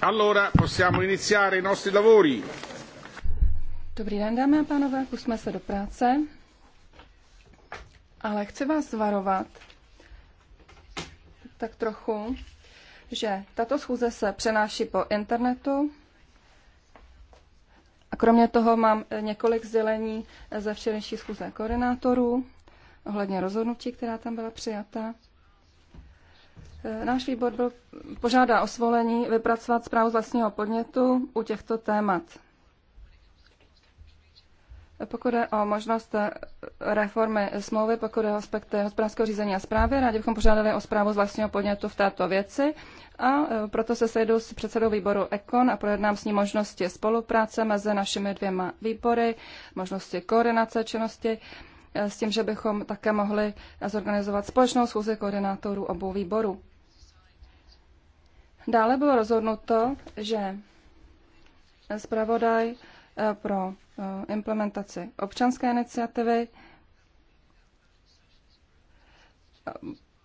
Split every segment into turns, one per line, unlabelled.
Allora possiamo iniziare i nostri lavori.
Dobrý den, dámy a pánové, pusme se do práce. Ale chci vás varovat tak trochu, že tato schůze se přenáší po internetu. A kromě toho mám několik sdělení ze včerejší schůze koordinátorů ohledně rozhodnutí, která tam byla přijata. Náš výbor byl, požádá o svolení vypracovat zprávu z vlastního podnětu u těchto témat. Pokud je o možnost reformy smlouvy, pokud je o aspekty hospodářského řízení a zprávy, rádi bychom požádali o zprávu z vlastního podnětu v této věci a e, proto se sejdu s předsedou výboru EKON a projednám s ní možnosti spolupráce mezi našimi dvěma výbory, možnosti koordinace činnosti e, s tím, že bychom také mohli zorganizovat společnou schůzi koordinátorů obou výborů. Dále bylo rozhodnuto, že zpravodaj eh, pro eh, implementaci občanské iniciativy eh,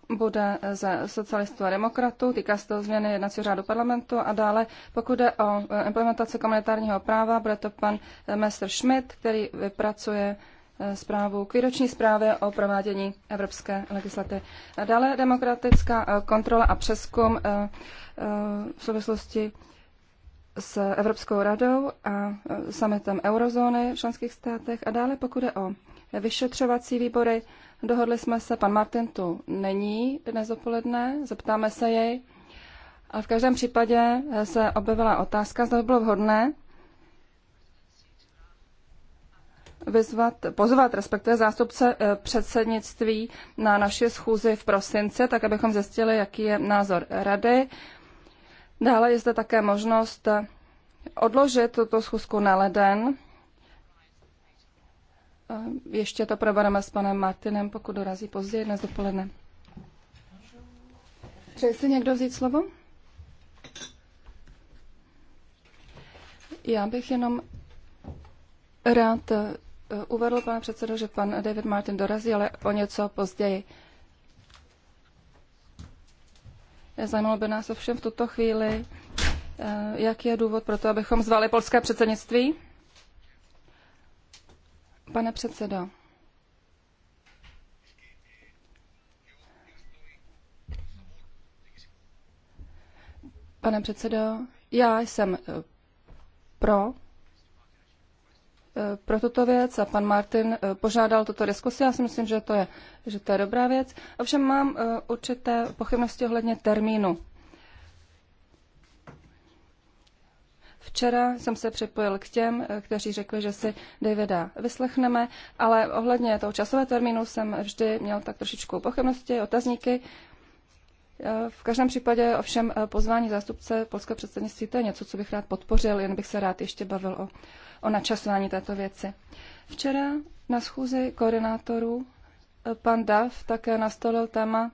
bude ze socialistů a demokratů, týká se to změny jednacího řádu parlamentu a dále, pokud jde o implementaci komunitárního práva, bude to pan Mester Schmidt, který vypracuje zprávu k výroční zprávě o provádění evropské legislativy. Dále demokratická eh, kontrola a přeskum eh, eh, v souvislosti s Evropskou radou a summitem eurozóny v členských státech. A dále, pokud je o vyšetřovací výbory, dohodli jsme se, pan Martin tu není dnes dopoledne, zeptáme se jej. A v každém případě se objevila otázka, zda by bylo vhodné, vyzvat, pozvat respektive zástupce eh, předsednictví na naši schůzi v prosinci, tak abychom zjistili, jaký je názor rady. Dále je zde také možnost eh, odložit tuto schůzku na leden. Eh, ještě to probereme s panem Martinem, pokud dorazí později dnes dopoledne. Přeje si někdo vzít slovo? Já bych jenom rád Eh, uvedl, pane předsedo, že pan David Martin dorazí, ale o něco později. Eh, zajímalo by nás ovšem v tuto chvíli, eh, jaký je důvod pro to, abychom zvali polské předsednictví? Pane předsedo. Pane předsedo, já jsem pro Eh, pro tuto věc a pan Martin eh, požádal tuto diskusi. Já si myslím, že to je, že to je dobrá věc. Ovšem mám eh, určité pochybnosti ohledně termínu. Včera jsem se připojil k těm, kteří řekli, že si Davida vyslechneme, ale ohledně toho časového termínu jsem vždy měl tak trošičku pochybnosti, otazníky. V každém případě ovšem pozvání zástupce polského předsednictví to je něco, co bych rád podpořil, jen bych se rád ještě bavil o o načasování této věci. Včera na schůzi koordinátorů eh, pan Dav také nastolil téma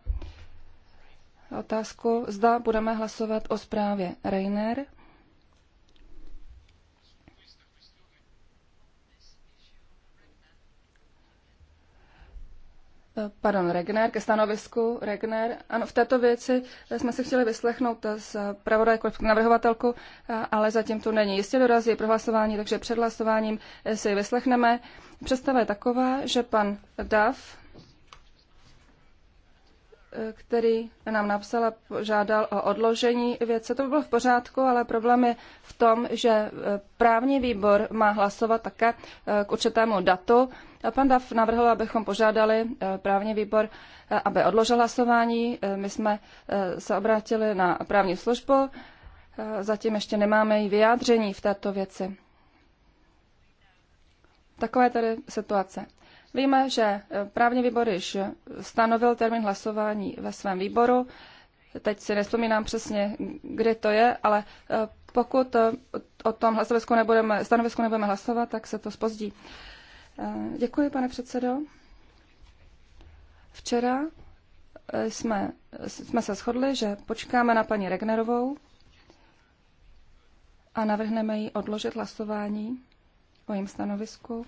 otázku, zda budeme hlasovat o zprávě Reiner – Eh, pardon, Regner, ke stanovisku Regner. Ano, v této věci eh, jsme si chtěli vyslechnout z eh, jako navrhovatelku, ale zatím tu není. Jistě dorazí pro hlasování, takže před hlasováním si vyslechneme. Představa je taková, že pan Dav který nám napsal a žádal o odložení věce. To by bylo v pořádku, ale problém je v tom, že e, právní výbor má hlasovat také e, k určitému datu. A pan Dav navrhl, abychom požádali e, právní výbor, aby odložil hlasování. My jsme se obrátili na právní službu. Zatím ještě nemáme i vyjádření v této věci. Taková je tedy situace. Víme, že eh, právní výbor již stanovil termín hlasování ve svém výboru. Teď si nespomínám přesně, kde to je, ale eh, pokud eh, o tom hlasovisku nebudeme, stanovisku nebudeme hlasovat, tak se to spozdí. Děkuji, pane předsedo. Včera jsme, jsme se shodli, že počkáme na paní Regnerovou a navrhneme jí odložit hlasování o jím stanovisku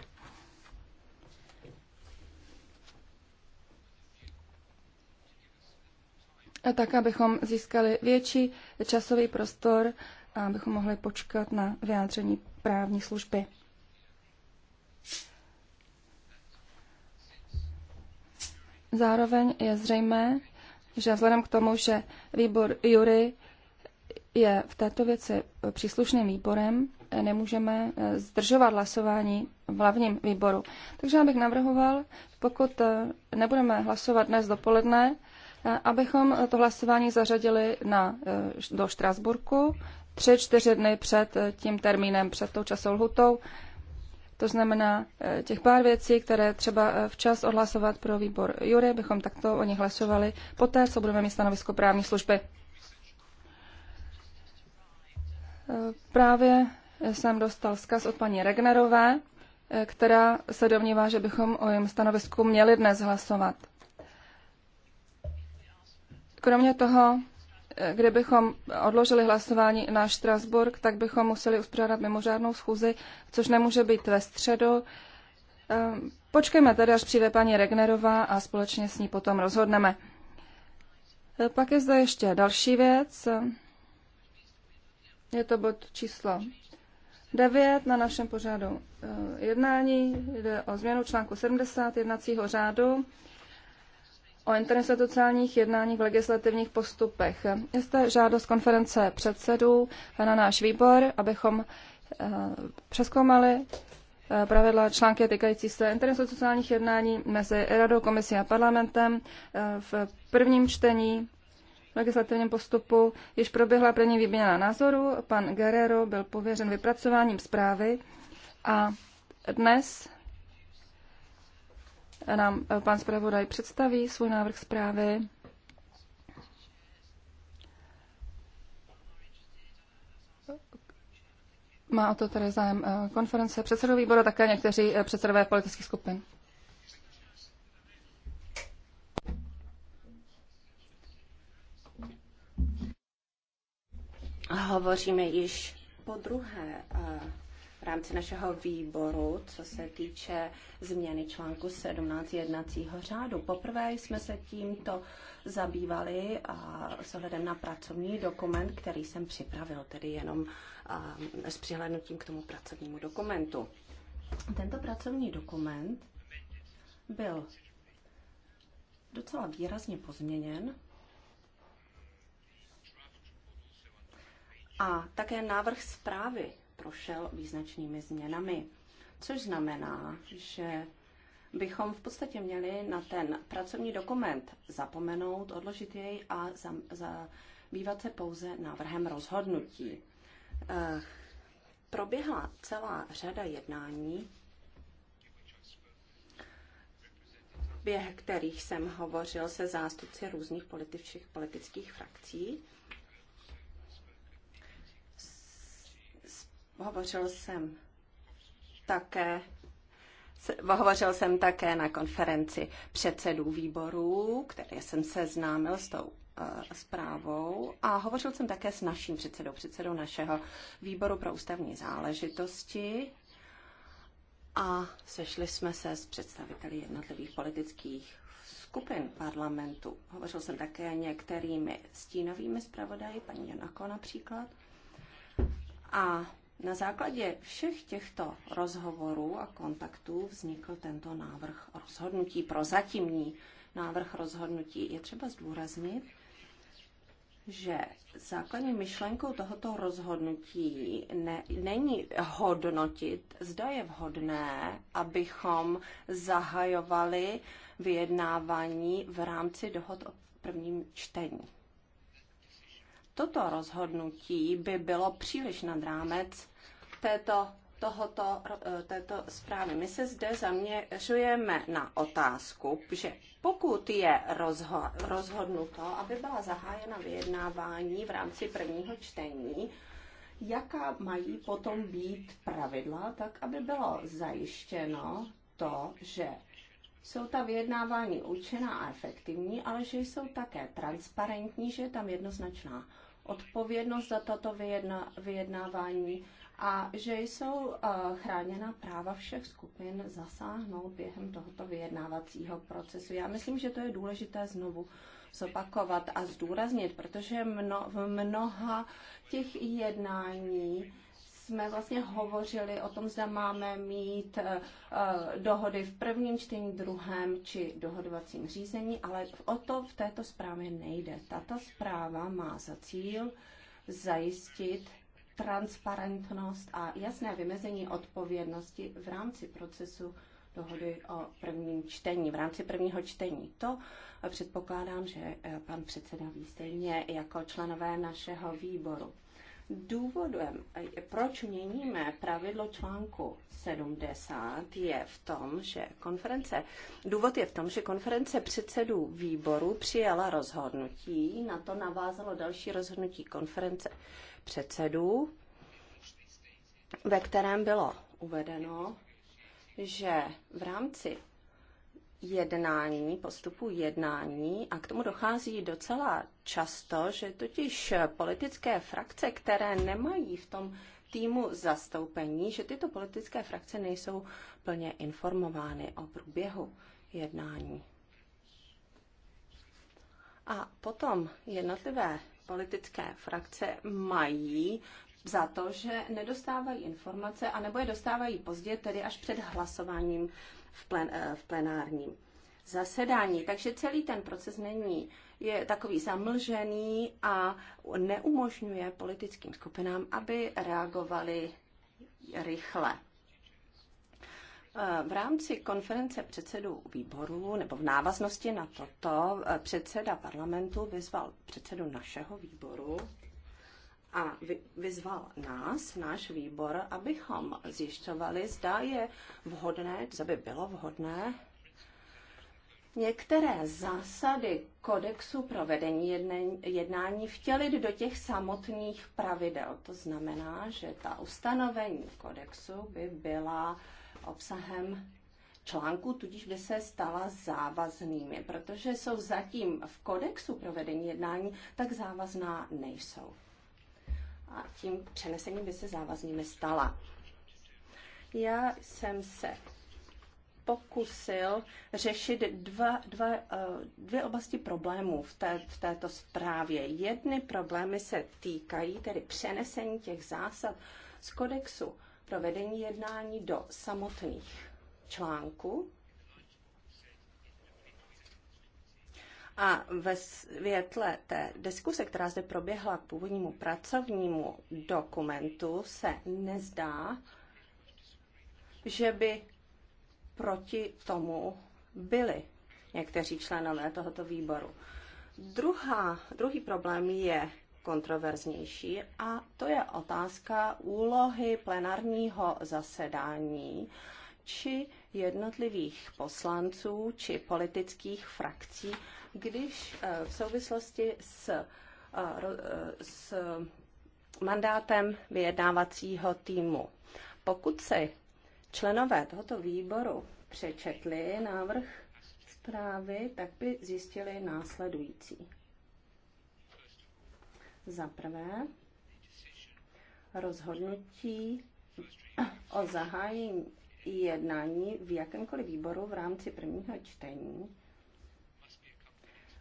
tak abychom získali větší časový prostor a abychom mohli počkat na vyjádření právní služby. Zároveň je zřejmé, že vzhledem k tomu, že výbor Jury je v této věci příslušným výborem, nemůžeme eh, zdržovat hlasování v hlavním výboru. Takže já bych navrhoval, pokud eh, nebudeme hlasovat dnes dopoledne, Eh, abychom eh, to hlasování zařadili na, eh, do Štrasburku tři, čtyři dny před tím termínem, před tou časovou lhutou. To znamená, těch pár věcí, které třeba včas odhlasovat pro výbor Jury, bychom takto o nich hlasovali poté, co budeme mít stanovisko právní služby. Právě jsem dostal zkaz od paní Regnerové, která se domnívá, že bychom o jejím stanovisku měli dnes hlasovat. Kromě toho, eh, kdybychom odložili hlasování na Štrasburg, tak bychom museli uspořádat mimořádnou schůzi, což nemůže být ve středu. Ehm, počkejme tedy, až přijde paní Regnerová a společně s ní potom rozhodneme. Eh, pak je zde ještě další věc. Je to bod číslo 9 na našem pořadu eh, jednání. Jde o změnu článku 70 jednacího řádu o interinstitucionálních jednáních v legislativních postupech. Je zde žádost konference předsedů na náš výbor, abychom eh, přeskoumali eh, pravidla články týkající se interinstitucionálních jednání mezi Radou, Komisí a parlamentem. Eh, v prvním čtení v legislativním postupu již proběhla první výměna názoru. Pan Guerrero byl pověřen vypracováním zprávy a dnes nám eh, pan zpravodaj představí svůj návrh zprávy. Má o to tedy zájem eh, konference předsedů výboru, také někteří eh, předsedové politických skupin.
Hovoříme již po druhé v rámci našeho výboru, co se týče změny článku 17 jednacího řádu. Poprvé jsme se tímto zabývali a s ohledem na pracovní dokument, který jsem připravil, tedy jenom a, um, s přihlednutím k tomu pracovnímu dokumentu. Tento pracovní dokument byl docela výrazně pozměněn a také návrh zprávy prošel význačnými změnami. Což znamená, že bychom v podstatě měli na ten pracovní dokument zapomenout, odložit jej a zabývat se pouze návrhem rozhodnutí. Eh, proběhla celá řada jednání, během kterých jsem hovořil se zástupci různých politických, politických frakcí hovořil jsem také Hovořil jsem také na konferenci předsedů výborů, které jsem seznámil s tou eh, zprávou a hovořil jsem také s naším předsedou, předsedou našeho výboru pro ústavní záležitosti a sešli jsme se s představiteli jednotlivých politických skupin parlamentu. Hovořil jsem také některými stínovými zpravodaji, paní Janako například. A na základě všech těchto rozhovorů a kontaktů vznikl tento návrh rozhodnutí, prozatímní návrh rozhodnutí. Je třeba zdůraznit, že základní myšlenkou tohoto rozhodnutí ne, není hodnotit, zda je vhodné, abychom zahajovali vyjednávání v rámci dohod o prvním čtení. Toto rozhodnutí by bylo příliš nad rámec této tohoto, eh, této zprávy. My se zde zaměřujeme na otázku, že pokud je rozho- rozhodnuto, aby byla zahájena vyjednávání v rámci prvního čtení, jaká mají potom být pravidla, tak aby bylo zajištěno to, že jsou ta vyjednávání účinná a efektivní, ale že jsou také transparentní, že je tam jednoznačná odpovědnost za tato vyjedna- vyjednávání, a že jsou eh, chráněna práva všech skupin zasáhnout během tohoto vyjednávacího procesu. Já myslím, že to je důležité znovu zopakovat a zdůraznit, protože mno, v mnoha těch jednání jsme vlastně hovořili o tom, zda máme mít uh, dohody v prvním čtení, druhém či dohodovacím řízení, ale o to v této zprávě nejde. Tato zpráva má za cíl zajistit transparentnost a jasné vymezení odpovědnosti v rámci procesu dohody o prvním čtení, v rámci prvního čtení. To předpokládám, že eh, pan předseda ví stejně jako členové našeho výboru. Důvodem, eh, proč měníme pravidlo článku 70, je v tom, že konference, důvod je v tom, že konference předsedů výboru přijala rozhodnutí, na to navázalo další rozhodnutí konference předsedů, ve kterém bylo uvedeno, že v rámci jednání, postupu jednání, a k tomu dochází docela často, že totiž politické frakce, které nemají v tom týmu zastoupení, že tyto politické frakce nejsou plně informovány o průběhu jednání. A potom jednotlivé politické frakce mají za to, že nedostávají informace, anebo je dostávají pozdě, tedy až před hlasováním v, plen, eh, v plenárním zasedání. Takže celý ten proces není je takový zamlžený a neumožňuje politickým skupinám, aby reagovali rychle. V rámci konference předsedů výboru nebo v návaznosti na toto eh, předseda parlamentu vyzval předsedu našeho výboru a vyzval nás, náš výbor, abychom zjišťovali, zda je vhodné, zda by bylo vhodné některé zásady kodexu pro vedení jednání vtělit do těch samotných pravidel. To znamená, že ta ustanovení kodexu by byla obsahem článku, tudíž by se stala závaznými, protože jsou zatím v kodexu provedení jednání, tak závazná nejsou. A tím přenesením by se závaznými stala. Já jsem se pokusil řešit dva, dva, eh, dvě oblasti problémů v, té, v této zprávě. Jedny problémy se týkají tedy přenesení těch zásad z kodexu pro vedení jednání do samotných článků. A ve světle té diskuse, která zde proběhla k původnímu pracovnímu dokumentu, se nezdá, že by proti tomu byli někteří členové tohoto výboru. Druhá, druhý problém je kontroverznější a to je otázka úlohy plenárního zasedání či jednotlivých poslanců či politických frakcí, když eh, v souvislosti s, eh, eh, s mandátem vyjednávacího týmu. Pokud se členové tohoto výboru přečetli návrh zprávy, tak by zjistili následující. Za prvé, rozhodnutí o zahájení jednání v jakémkoliv výboru v rámci prvního čtení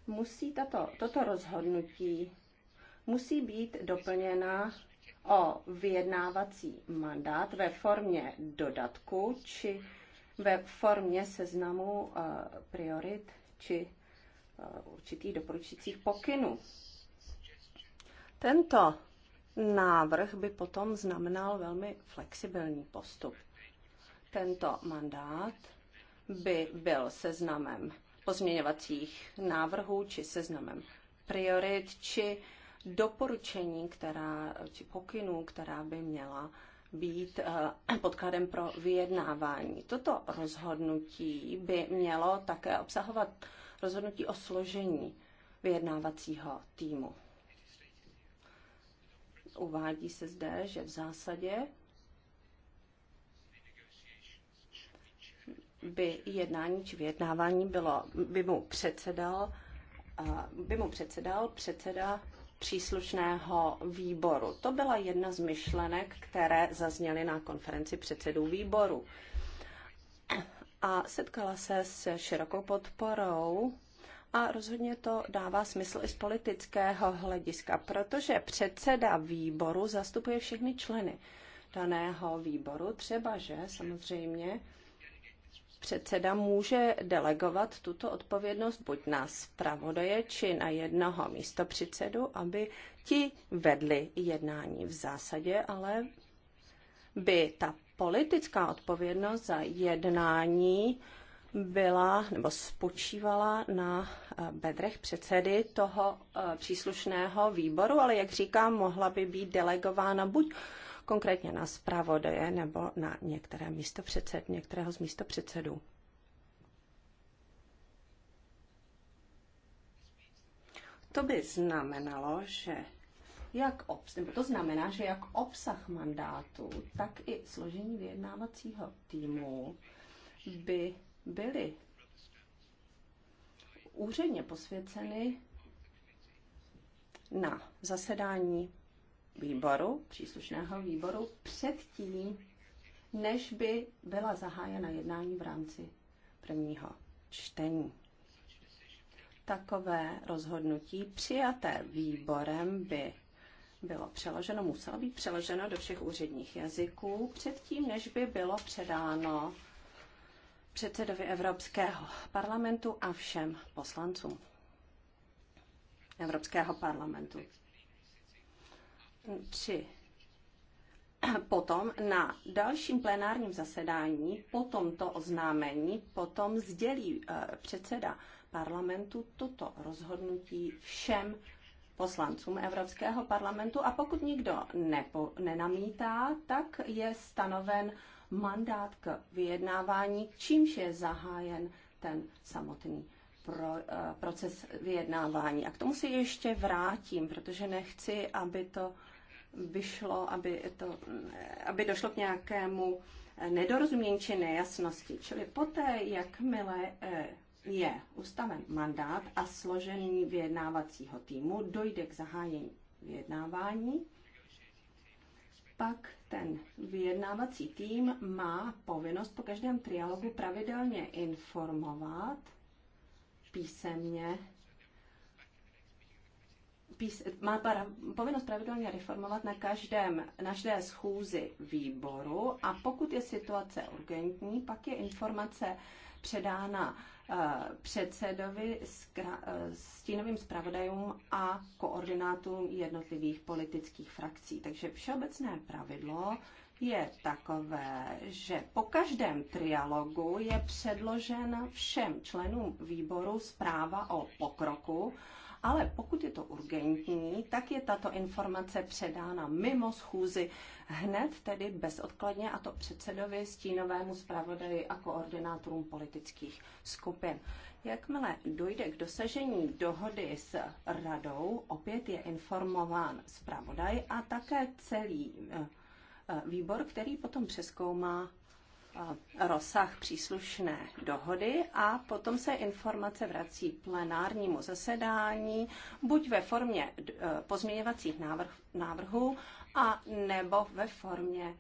musí tato, toto rozhodnutí musí být doplněna o vyjednávací mandát ve formě dodatku či ve formě seznamu uh, priorit či uh, určitých doporučujících pokynů. Tento návrh by potom znamenal velmi flexibilní postup. Tento mandát by byl seznamem pozměňovacích návrhů či seznamem priorit či doporučení, která, či pokynů, která by měla být eh, podkladem pro vyjednávání. Toto rozhodnutí by mělo také obsahovat rozhodnutí o složení vyjednávacího týmu uvádí se zde, že v zásadě by jednání či vyjednávání bylo, by mu předsedal, by mu předsedal předseda příslušného výboru. To byla jedna z myšlenek, které zazněly na konferenci předsedů výboru. A setkala se s širokou podporou a rozhodně to dává smysl i z politického hlediska, protože předseda výboru zastupuje všechny členy daného výboru, třeba že samozřejmě předseda může delegovat tuto odpovědnost buď na zpravodaje či na jednoho místopředsedu, aby ti vedli jednání v zásadě, ale by ta politická odpovědnost za jednání byla nebo spočívala na eh, bedrech předsedy toho eh, příslušného výboru, ale jak říkám, mohla by být delegována buď konkrétně na zpravodaje nebo na některé místo předsed, některého z místo předsedů. To by znamenalo, že jak obs- nebo to znamená, že jak obsah mandátu, tak i složení vyjednávacího týmu by byly úředně posvěceny na zasedání výboru, příslušného výboru, předtím, než by byla zahájena jednání v rámci prvního čtení. Takové rozhodnutí přijaté výborem by bylo přeloženo, muselo být přeloženo do všech úředních jazyků předtím, než by bylo předáno předsedovi Evropského parlamentu a všem poslancům Evropského parlamentu. Tři. Potom na dalším plenárním zasedání, po tomto oznámení, potom sdělí eh, předseda parlamentu toto rozhodnutí všem poslancům Evropského parlamentu a pokud nikdo nepo, nenamítá, tak je stanoven mandát k vyjednávání, čímž je zahájen ten samotný pro, eh, proces vyjednávání. A k tomu si ještě vrátím, protože nechci, aby to vyšlo, aby, to, eh, aby došlo k nějakému eh, nedorozumění či nejasnosti. Čili poté, jakmile je ustaven mandát a složení vyjednávacího týmu, dojde k zahájení vyjednávání, pak ten vyjednávací tým má povinnost po každém trialogu pravidelně informovat písemně pís, má para, povinnost pravidelně reformovat na každém, na každé schůzi výboru a pokud je situace urgentní, pak je informace předána předsedovi, stínovým zpravodajům a koordinátům jednotlivých politických frakcí. Takže všeobecné pravidlo je takové, že po každém trialogu je předložen všem členům výboru zpráva o pokroku ale pokud je to urgentní, tak je tato informace předána mimo schůzi hned, tedy bezodkladně, a to předsedovi, stínovému zpravodaji a koordinátorům politických skupin. Jakmile dojde k dosažení dohody s radou, opět je informován zpravodaj a také celý eh, eh, výbor, který potom přeskoumá rozsah příslušné dohody a potom se informace vrací plenárnímu zasedání buď ve formě eh, pozměňovacích návrh, návrhů a nebo ve formě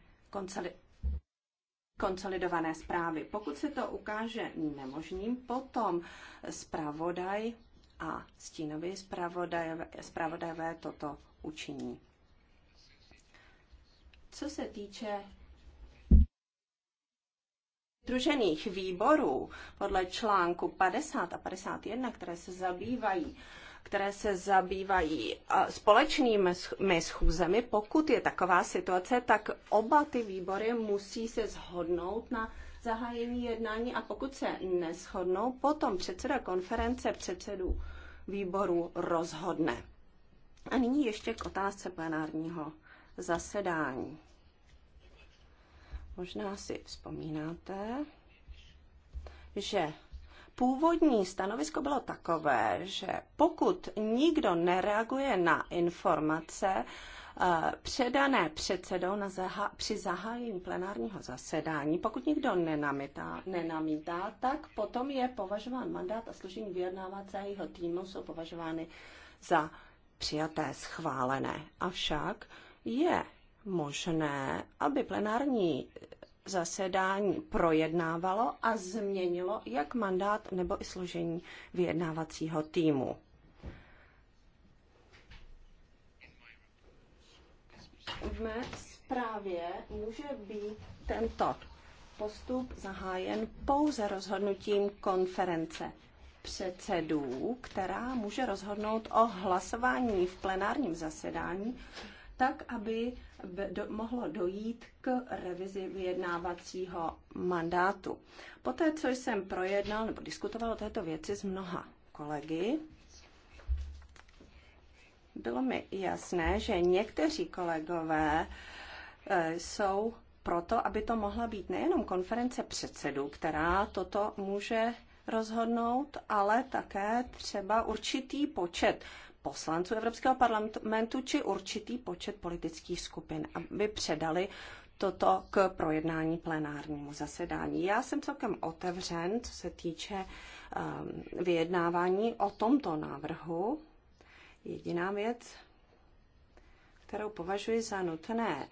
konsolidované zprávy. Pokud se to ukáže nemožným, potom zpravodaj a stínový zpravodajové, zpravodajové toto učiní. Co se týče Družených výborů podle článku 50 a 51, které se zabývají které se zabývají společnými schůzemi. Pokud je taková situace, tak oba ty výbory musí se shodnout na zahájení jednání a pokud se neshodnou, potom předseda konference předsedů výboru rozhodne. A nyní ještě k otázce plenárního zasedání. Možná si vzpomínáte, že původní stanovisko bylo takové, že pokud nikdo nereaguje na informace eh, předané předsedou na zaha- při zahájení plenárního zasedání, pokud nikdo nenamítá, nenamítá, tak potom je považován mandát a složení vyjednávacího týmu jsou považovány za přijaté, schválené. Avšak je možné, aby plenární zasedání projednávalo a změnilo jak mandát nebo i složení vyjednávacího týmu. V mé zprávě může být tento postup zahájen pouze rozhodnutím konference předsedů, která může rozhodnout o hlasování v plenárním zasedání, tak aby do, mohlo dojít k revizi vyjednávacího mandátu. Poté, co jsem projednal nebo diskutoval o této věci s mnoha kolegy, bylo mi jasné, že někteří kolegové eh, jsou proto, aby to mohla být nejenom konference předsedů, která toto může rozhodnout, ale také třeba určitý počet poslanců Evropského parlamentu či určitý počet politických skupin, aby předali toto k projednání plenárnímu zasedání. Já jsem celkem otevřen, co se týče um, vyjednávání o tomto návrhu. Jediná věc, kterou považuji za nutné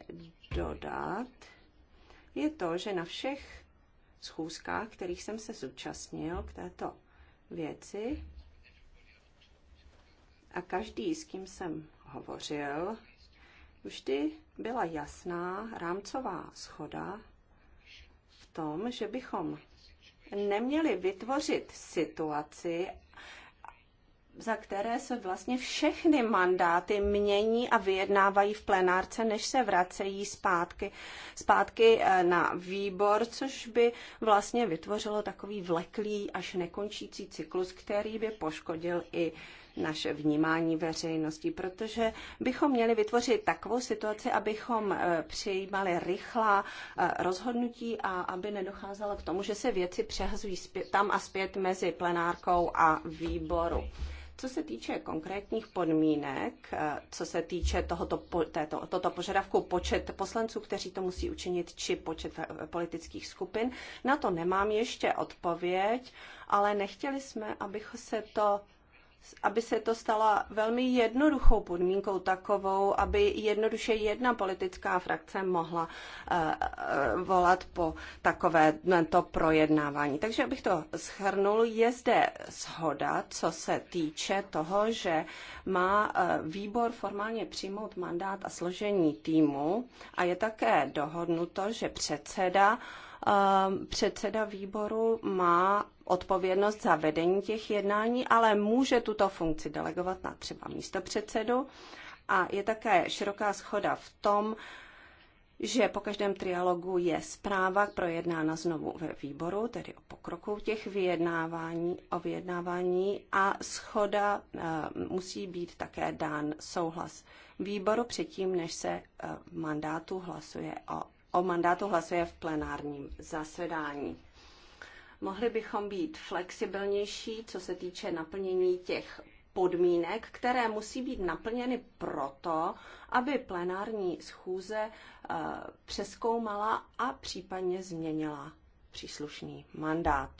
dodat, je to, že na všech schůzkách, kterých jsem se zúčastnil k této věci, a každý, s kým jsem hovořil, vždy byla jasná rámcová schoda v tom, že bychom neměli vytvořit situaci, za které se vlastně všechny mandáty mění a vyjednávají v plenárce, než se vracejí zpátky, zpátky eh, na výbor, což by vlastně vytvořilo takový vleklý až nekončící cyklus, který by poškodil i naše vnímání veřejnosti, protože bychom měli vytvořit takovou situaci, abychom eh, přijímali rychlá eh, rozhodnutí a aby nedocházelo k tomu, že se věci přehazují tam a zpět mezi plenárkou a výboru. Co se týče konkrétních podmínek, eh, co se týče tohoto, této, toto požadavku počet poslanců, kteří to musí učinit, či počet politických skupin, na to nemám ještě odpověď, ale nechtěli jsme, abych se to aby se to stala velmi jednoduchou podmínkou takovou, aby jednoduše jedna politická frakce mohla uh, volat po takové to projednávání. Takže abych to schrnul, je zde shoda, co se týče toho, že má eh, výbor formálně přijmout mandát a složení týmu a je také dohodnuto, že předseda uh, Ehm, předseda výboru má odpovědnost za vedení těch jednání, ale může tuto funkci delegovat na třeba místo předsedu. A je také široká schoda v tom, že po každém trialogu je zpráva projednána znovu ve výboru, tedy o pokroku těch vyjednávání, o vyjednávání a schoda e, musí být také dán souhlas výboru předtím, než se v ehm, mandátu hlasuje o o mandátu hlasuje v plenárním zasedání. Mohli bychom být flexibilnější, co se týče naplnění těch podmínek, které musí být naplněny proto, aby plenární schůze eh, přeskoumala a případně změnila příslušný mandát.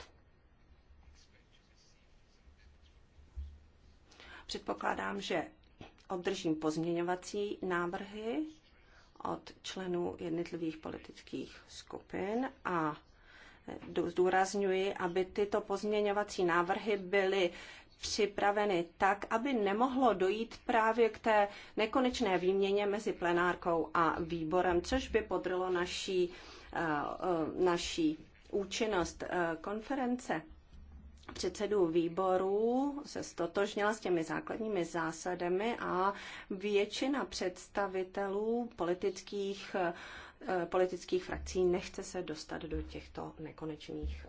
Předpokládám, že obdržím pozměňovací návrhy od členů jednotlivých politických skupin a zdůrazňuji, aby tyto pozměňovací návrhy byly připraveny tak, aby nemohlo dojít právě k té nekonečné výměně mezi plenárkou a výborem, což by podrilo naší, eh, eh, naší účinnost eh, konference předsedů výborů se stotožnila s těmi základními zásadami a většina představitelů politických, eh, politických frakcí nechce se dostat do těchto nekonečných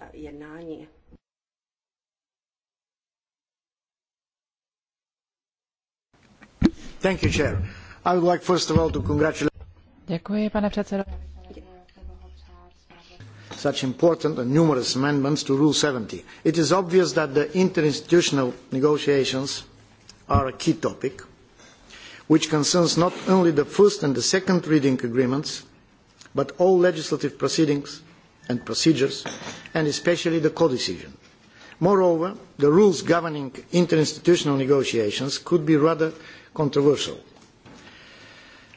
eh, jednání.
Thank you, Chair. I would like first of all to congratulate...
Děkuji, pane předsedo
such important and numerous amendments to Rule 70. It is obvious that the interinstitutional negotiations are a key topic, which concerns not only the first and the second reading agreements, but all legislative proceedings and procedures, and especially the codecision. Moreover, the rules governing interinstitutional negotiations could be rather controversial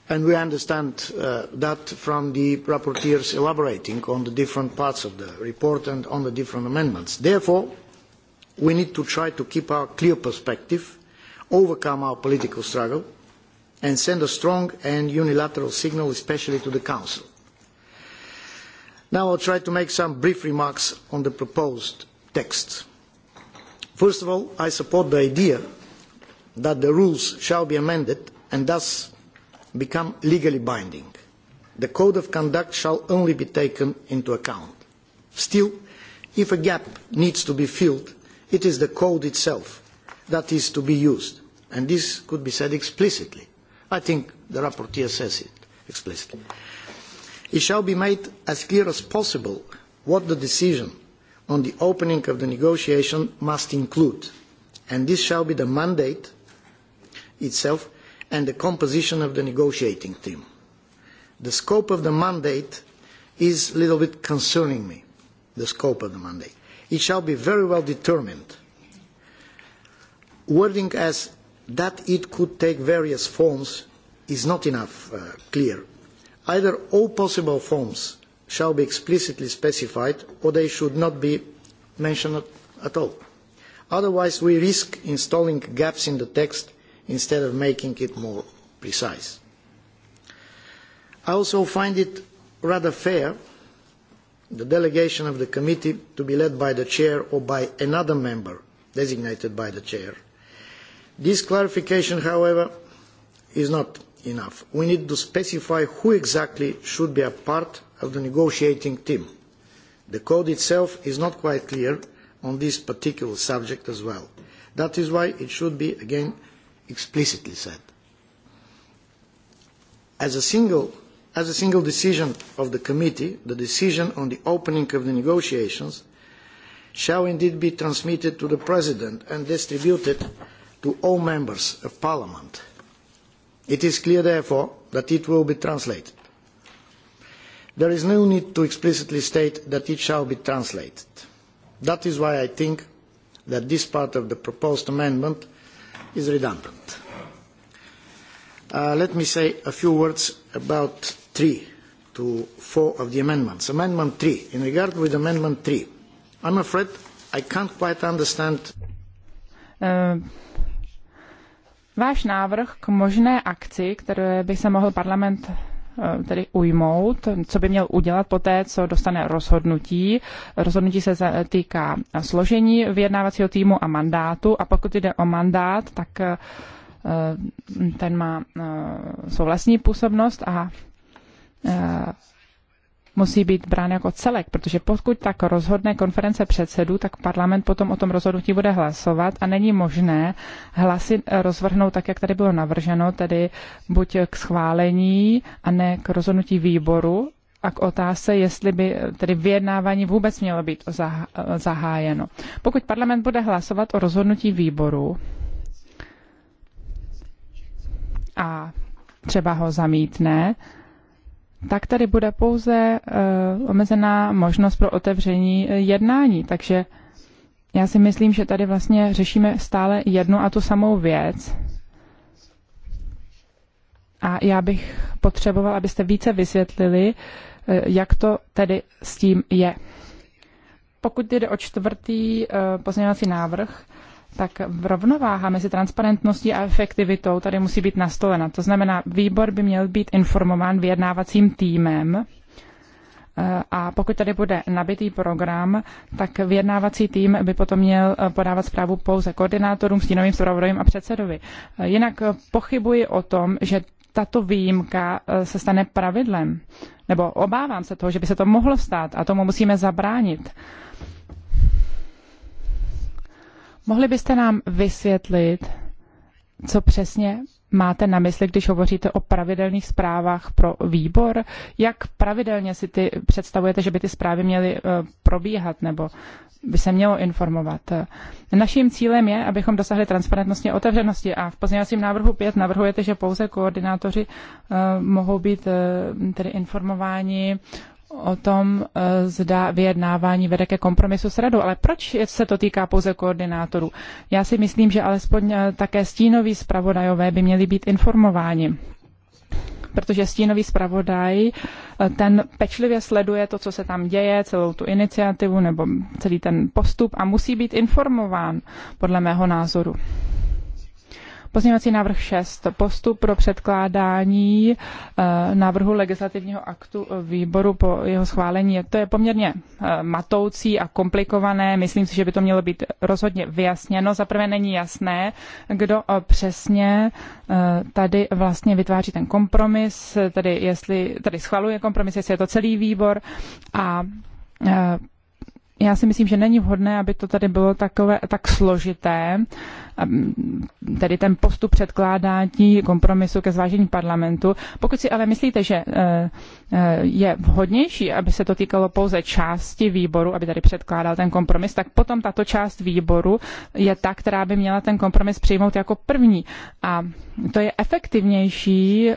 and we understand uh, that from the rapporteurs elaborating on the different parts of the report and on the different amendments. Therefore, we need to try to keep our clear perspective, overcome our political struggle, and send a strong and unilateral signal, especially to the Council. Now I'll try to make some brief remarks on the proposed text. First of all, I support the idea that the rules shall be amended and thus become legally binding. The code of conduct shall only be taken into account. Still, if a gap needs to be filled, it is the code itself that is to be used, and this could be said explicitly. I think the rapporteur says it explicitly. It shall be made as clear as possible what the decision on the opening of the negotiation must include, and this shall be the mandate itself and the composition of the negotiating team. The scope of the mandate is a little bit concerning me, the scope of the mandate. It shall be very well determined, wording as that it could take various forms is not enough uh, clear. Either all possible forms shall be explicitly specified or they should not be mentioned at all. Otherwise, we risk installing gaps in the text instead of making it more precise. I also find it rather fair the delegation of the committee to be led by the chair or by another member designated by the chair. This clarification, however, is not enough. We need to specify who exactly should be a part of the negotiating team. The code itself is not quite clear on this particular subject as well. That is why it should be, again, explicitly said. As a single as a single decision of the committee, the decision on the opening of the negotiations shall indeed be transmitted to the President and distributed to all members of Parliament. It is clear, therefore, that it will be translated. There is no need to explicitly state that it shall be translated. That is why I think that this part of the proposed amendment is redundant. Uh, let me say a few words about three to four of the amendments. Amendment three, in regard with amendment three, I'm afraid I can't quite understand. Uh, váš návrh
k možné akci, které by se mohl parlament Eh, tedy ujmout, co by měl udělat poté, co dostane rozhodnutí. Rozhodnutí se týká složení vyjednávacího týmu a mandátu a pokud jde o mandát, tak eh, ten má eh, svou vlastní působnost a musí být brán jako celek, protože pokud tak rozhodne konference předsedů, tak parlament potom o tom rozhodnutí bude hlasovat a není možné hlasy rozvrhnout tak, jak tady bylo navrženo, tedy buď k schválení a ne k rozhodnutí výboru a k otázce, jestli by tedy vyjednávání vůbec mělo být zahájeno. Pokud parlament bude hlasovat o rozhodnutí výboru a třeba ho zamítne, tak tady bude pouze eh, omezená možnost pro otevření eh, jednání. Takže já si myslím, že tady vlastně řešíme stále jednu a tu samou věc. A já bych potřeboval, abyste více vysvětlili, eh, jak to tedy s tím je. Pokud jde o čtvrtý pozměňovací návrh, tak rovnováha mezi transparentností a efektivitou tady musí být nastolena. To znamená, výbor by měl být informován vyjednávacím týmem eh, a pokud tady bude nabitý program, tak vyjednávací tým by potom měl eh, podávat zprávu pouze koordinátorům, stínovým zpravodajům a předsedovi. Eh, jinak pochybuji o tom, že tato výjimka se stane pravidlem. Nebo obávám se toho, že by se to mohlo stát a tomu musíme zabránit. Mohli byste nám vysvětlit, co přesně máte na mysli, když hovoříte o pravidelných zprávách pro výbor? Jak pravidelně si ty představujete, že by ty zprávy měly eh, probíhat nebo by se mělo informovat? Naším cílem je, abychom dosahli transparentnosti a otevřenosti a v pozměňovacím návrhu 5 navrhujete, že pouze koordinátoři eh, mohou být eh, tedy informováni o tom, eh, zda vyjednávání vede ke kompromisu s radou, ale proč se to týká pouze koordinátorů? Já si myslím, že alespoň eh, také stínoví zpravodajové by měli být informováni protože stínový zpravodaj, eh, ten pečlivě sleduje to, co se tam děje, celou tu iniciativu nebo celý ten postup a musí být informován, podle mého názoru. Pozměňovací návrh 6. Postup pro předkládání eh, návrhu legislativního aktu výboru po jeho schválení. To je poměrně eh, matoucí a komplikované. Myslím si, že by to mělo být rozhodně vyjasněno. Zaprvé není jasné, kdo eh, přesně tady vlastně vytváří ten kompromis, tedy jestli tady schvaluje kompromis, jestli je to celý výbor a já si myslím, že není vhodné, aby to tady bylo takové, tak složité, um, tedy ten postup předkládání kompromisu ke zvážení parlamentu. Pokud si ale myslíte, že eh, eh, je vhodnější, aby se to týkalo pouze části výboru, aby tady předkládal ten kompromis, tak potom tato část výboru je ta, která by měla ten kompromis přijmout jako první. A to je efektivnější eh,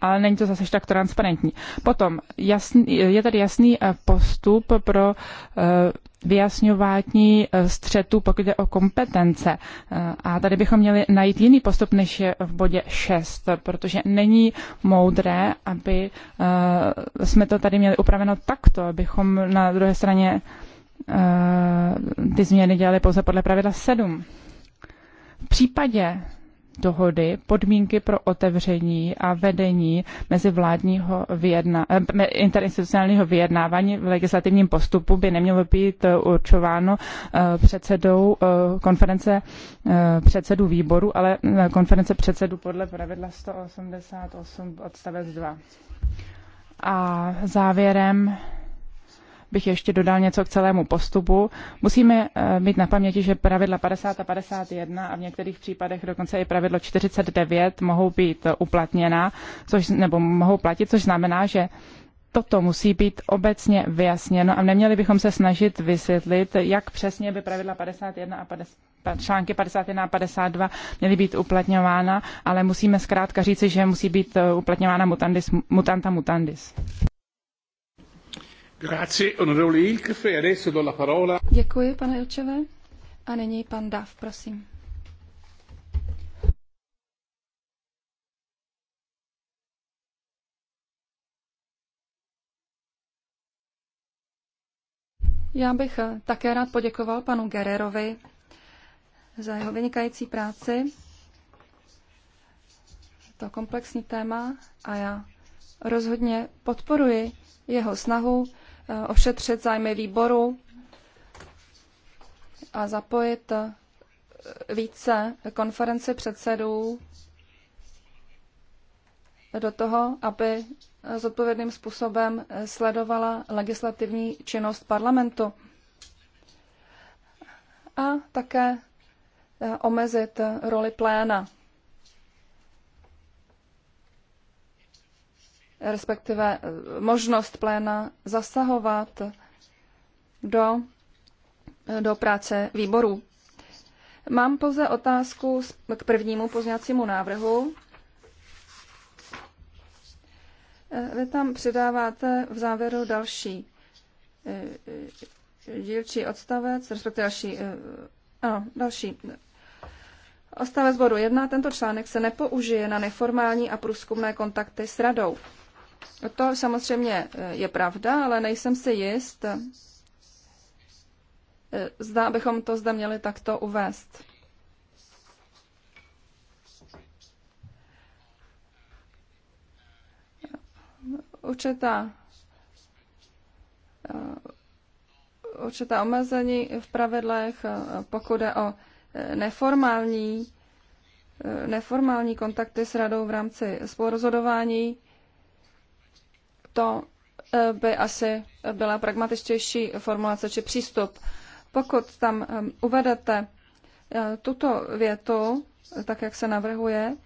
ale není to zase tak transparentní. Potom jasný, je tady jasný eh, postup pro eh, vyjasňování eh, střetu, pokud jde o kompetence. A tady bychom měli najít jiný postup, než je v bodě 6, protože není moudré, aby jsme to tady měli upraveno takto, abychom na druhé straně ty změny dělali pouze podle pravidla 7. V případě dohody podmínky pro otevření a vedení mezi vládního vyjedna, eh, interinstitucionálního vyjednávání v legislativním postupu by nemělo být eh, určováno eh, předsedou konference předsedů výboru, ale konference předsedů podle pravidla 188 odstavec 2. A závěrem bych ještě dodal něco k celému postupu. Musíme eh, mít na paměti, že pravidla 50 a 51 a v některých případech dokonce i pravidlo 49 mohou být eh, uplatněna, což, nebo mohou platit, což znamená, že toto musí být obecně vyjasněno a neměli bychom se snažit vysvětlit, jak přesně by pravidla 51 a 50, články 51 a 52 měly být uplatňována, ale musíme zkrátka říci, že musí být eh, uplatňována mutandis, mutanta mutandis.
E
Děkuji, pane Ilčeve. A nyní pan Dav, prosím. Já bych eh, také rád poděkoval panu Gererovi za jeho vynikající práci. To komplexní téma a já rozhodně podporuji jeho snahu Eh, ošetřit zájmy výboru a zapojit eh, více konferenci předsedů do toho, aby eh, zodpovědným způsobem sledovala legislativní činnost parlamentu a také omezit roli pléna. respektive eh, možnost pléna zasahovat do, eh, do práce výborů. Mám pouze otázku k prvnímu pozněcímu návrhu. Eh, vy tam přidáváte v závěru další dílčí odstavec, respektive další, ano, další odstavec bodu 1. Tento článek se nepoužije na neformální a průzkumné kontakty s radou. To samozřejmě eh, je pravda, ale nejsem si jist, eh, zda bychom to zde měli takto uvést. Určitá, eh, určitá omezení v pravidlech, pokud je o neformální, neformální kontakty s radou v rámci spolurozhodování, to eh, by asi byla pragmatičtější formulace či přístup. Pokud tam eh, uvedete eh, tuto větu, tak jak se navrhuje,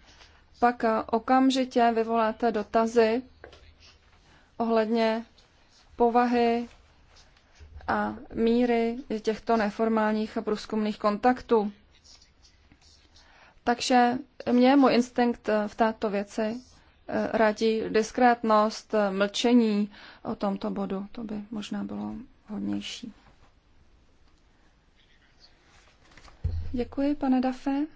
pak okamžitě vyvoláte dotazy ohledně povahy a míry těchto neformálních a průzkumných kontaktů. Takže mě můj instinkt v této věci Eh, radí diskrétnost, eh, mlčení o tomto bodu. To by možná bylo hodnější. Děkuji, pane Dafe.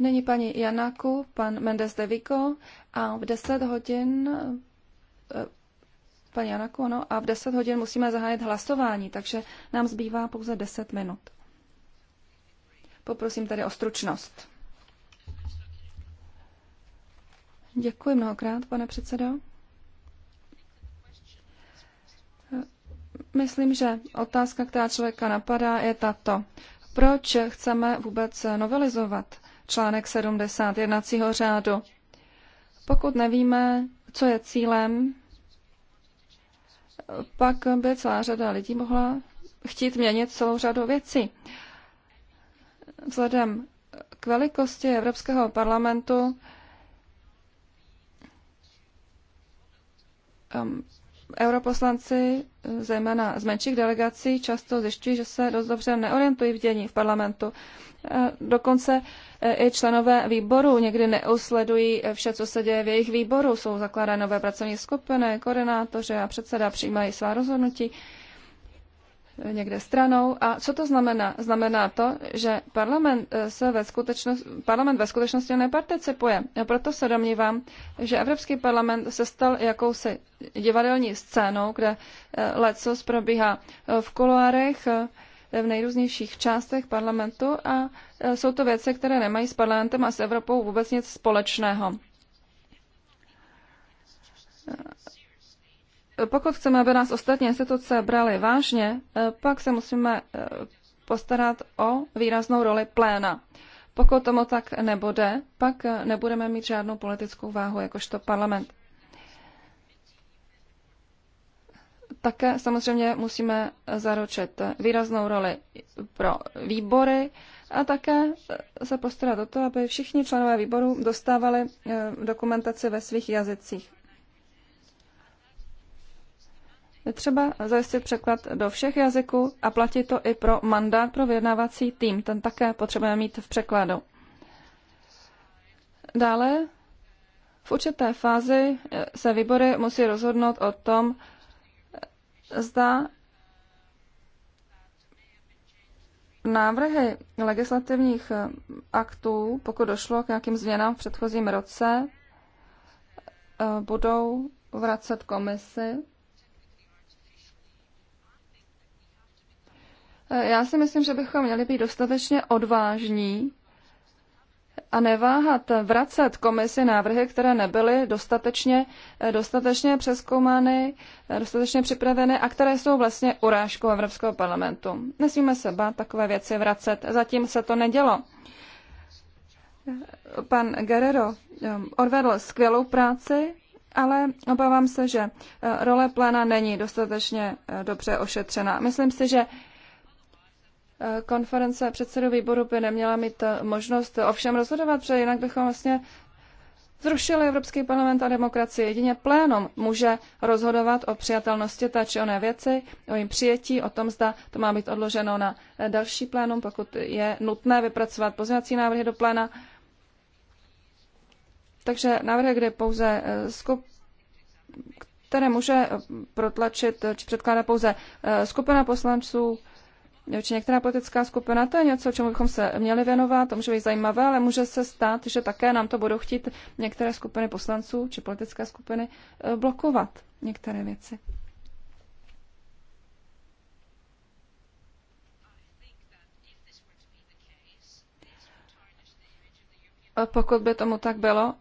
Nyní paní Janaku, pan Mendes de Vico a v 10 hodin eh, paní Janaku, ano, a v 10 hodin musíme zahájit hlasování, takže nám zbývá pouze 10 minut. Poprosím tady o stručnost. Děkuji mnohokrát, pane předsedo. Myslím, že otázka, která člověka napadá, je tato. Proč chceme vůbec novelizovat článek 70 jednacího řádu? Pokud nevíme, co je cílem, pak by celá řada lidí mohla chtít měnit celou řadu věcí vzhledem k velikosti Evropského parlamentu um, europoslanci, zejména z menších delegací, často zjišťují, že se dost dobře neorientují v dění v parlamentu. Eh, dokonce eh, i členové výboru někdy neusledují eh, vše, co se děje v jejich výboru. Jsou zakládány nové pracovní skupiny, koordinátoři a předseda přijímají svá rozhodnutí někde stranou. A co to znamená? Znamená to, že parlament, eh, se ve, skutečnosti parlament ve skutečnosti neparticipuje. A proto se domnívám, že Evropský parlament se stal jakousi divadelní scénou, kde eh, lecos probíhá eh, v kuloárech, v nejrůznějších částech parlamentu a jsou to věci, které nemají s parlamentem a s Evropou vůbec nic společného pokud chceme, aby nás ostatní instituce brali vážně, eh, pak se musíme eh, postarat o výraznou roli pléna. Pokud tomu tak nebude, pak eh, nebudeme mít žádnou politickou váhu, jakožto parlament. Také samozřejmě musíme zaručit výraznou roli pro výbory a také se postarat o to, aby všichni členové výboru dostávali dokumentaci ve svých jazycích. je třeba zajistit překlad do všech jazyků a platí to i pro mandát pro vyjednávací tým. Ten také potřebujeme mít v překladu. Dále v určité fázi se výbory musí rozhodnout o tom, zda návrhy legislativních aktů, pokud došlo k nějakým změnám v předchozím roce, eh, budou vracet komisi Já si myslím, že bychom měli být dostatečně odvážní a neváhat vracet komisi návrhy, které nebyly dostatečně, eh, dostatečně přeskoumány, eh, dostatečně připraveny a které jsou vlastně urážkou Evropského parlamentu. Nesmíme se bát takové věci vracet. Zatím se to nedělo. Pan Guerrero eh, odvedl skvělou práci, ale obávám se, že role pléna není dostatečně dobře ošetřena. Myslím si, že konference předsedů výboru by neměla mít možnost ovšem rozhodovat, protože jinak bychom vlastně zrušili Evropský parlament a demokracii. Jedině plénum může rozhodovat o přijatelnosti té či oné věci, o jejím přijetí, o tom, zda to má být odloženo na další plénum, pokud je nutné vypracovat pozměňovací návrhy do pléna. Takže návrhy, kde pouze eh, skup, které může protlačit či předkládá pouze eh, skupina poslanců, či některá politická skupina, to je něco, čemu bychom se měli věnovat, to může být zajímavé, ale může se stát, že také nám to budou chtít některé skupiny poslanců či politické skupiny eh, blokovat některé věci. Eh, pokud by tomu tak bylo,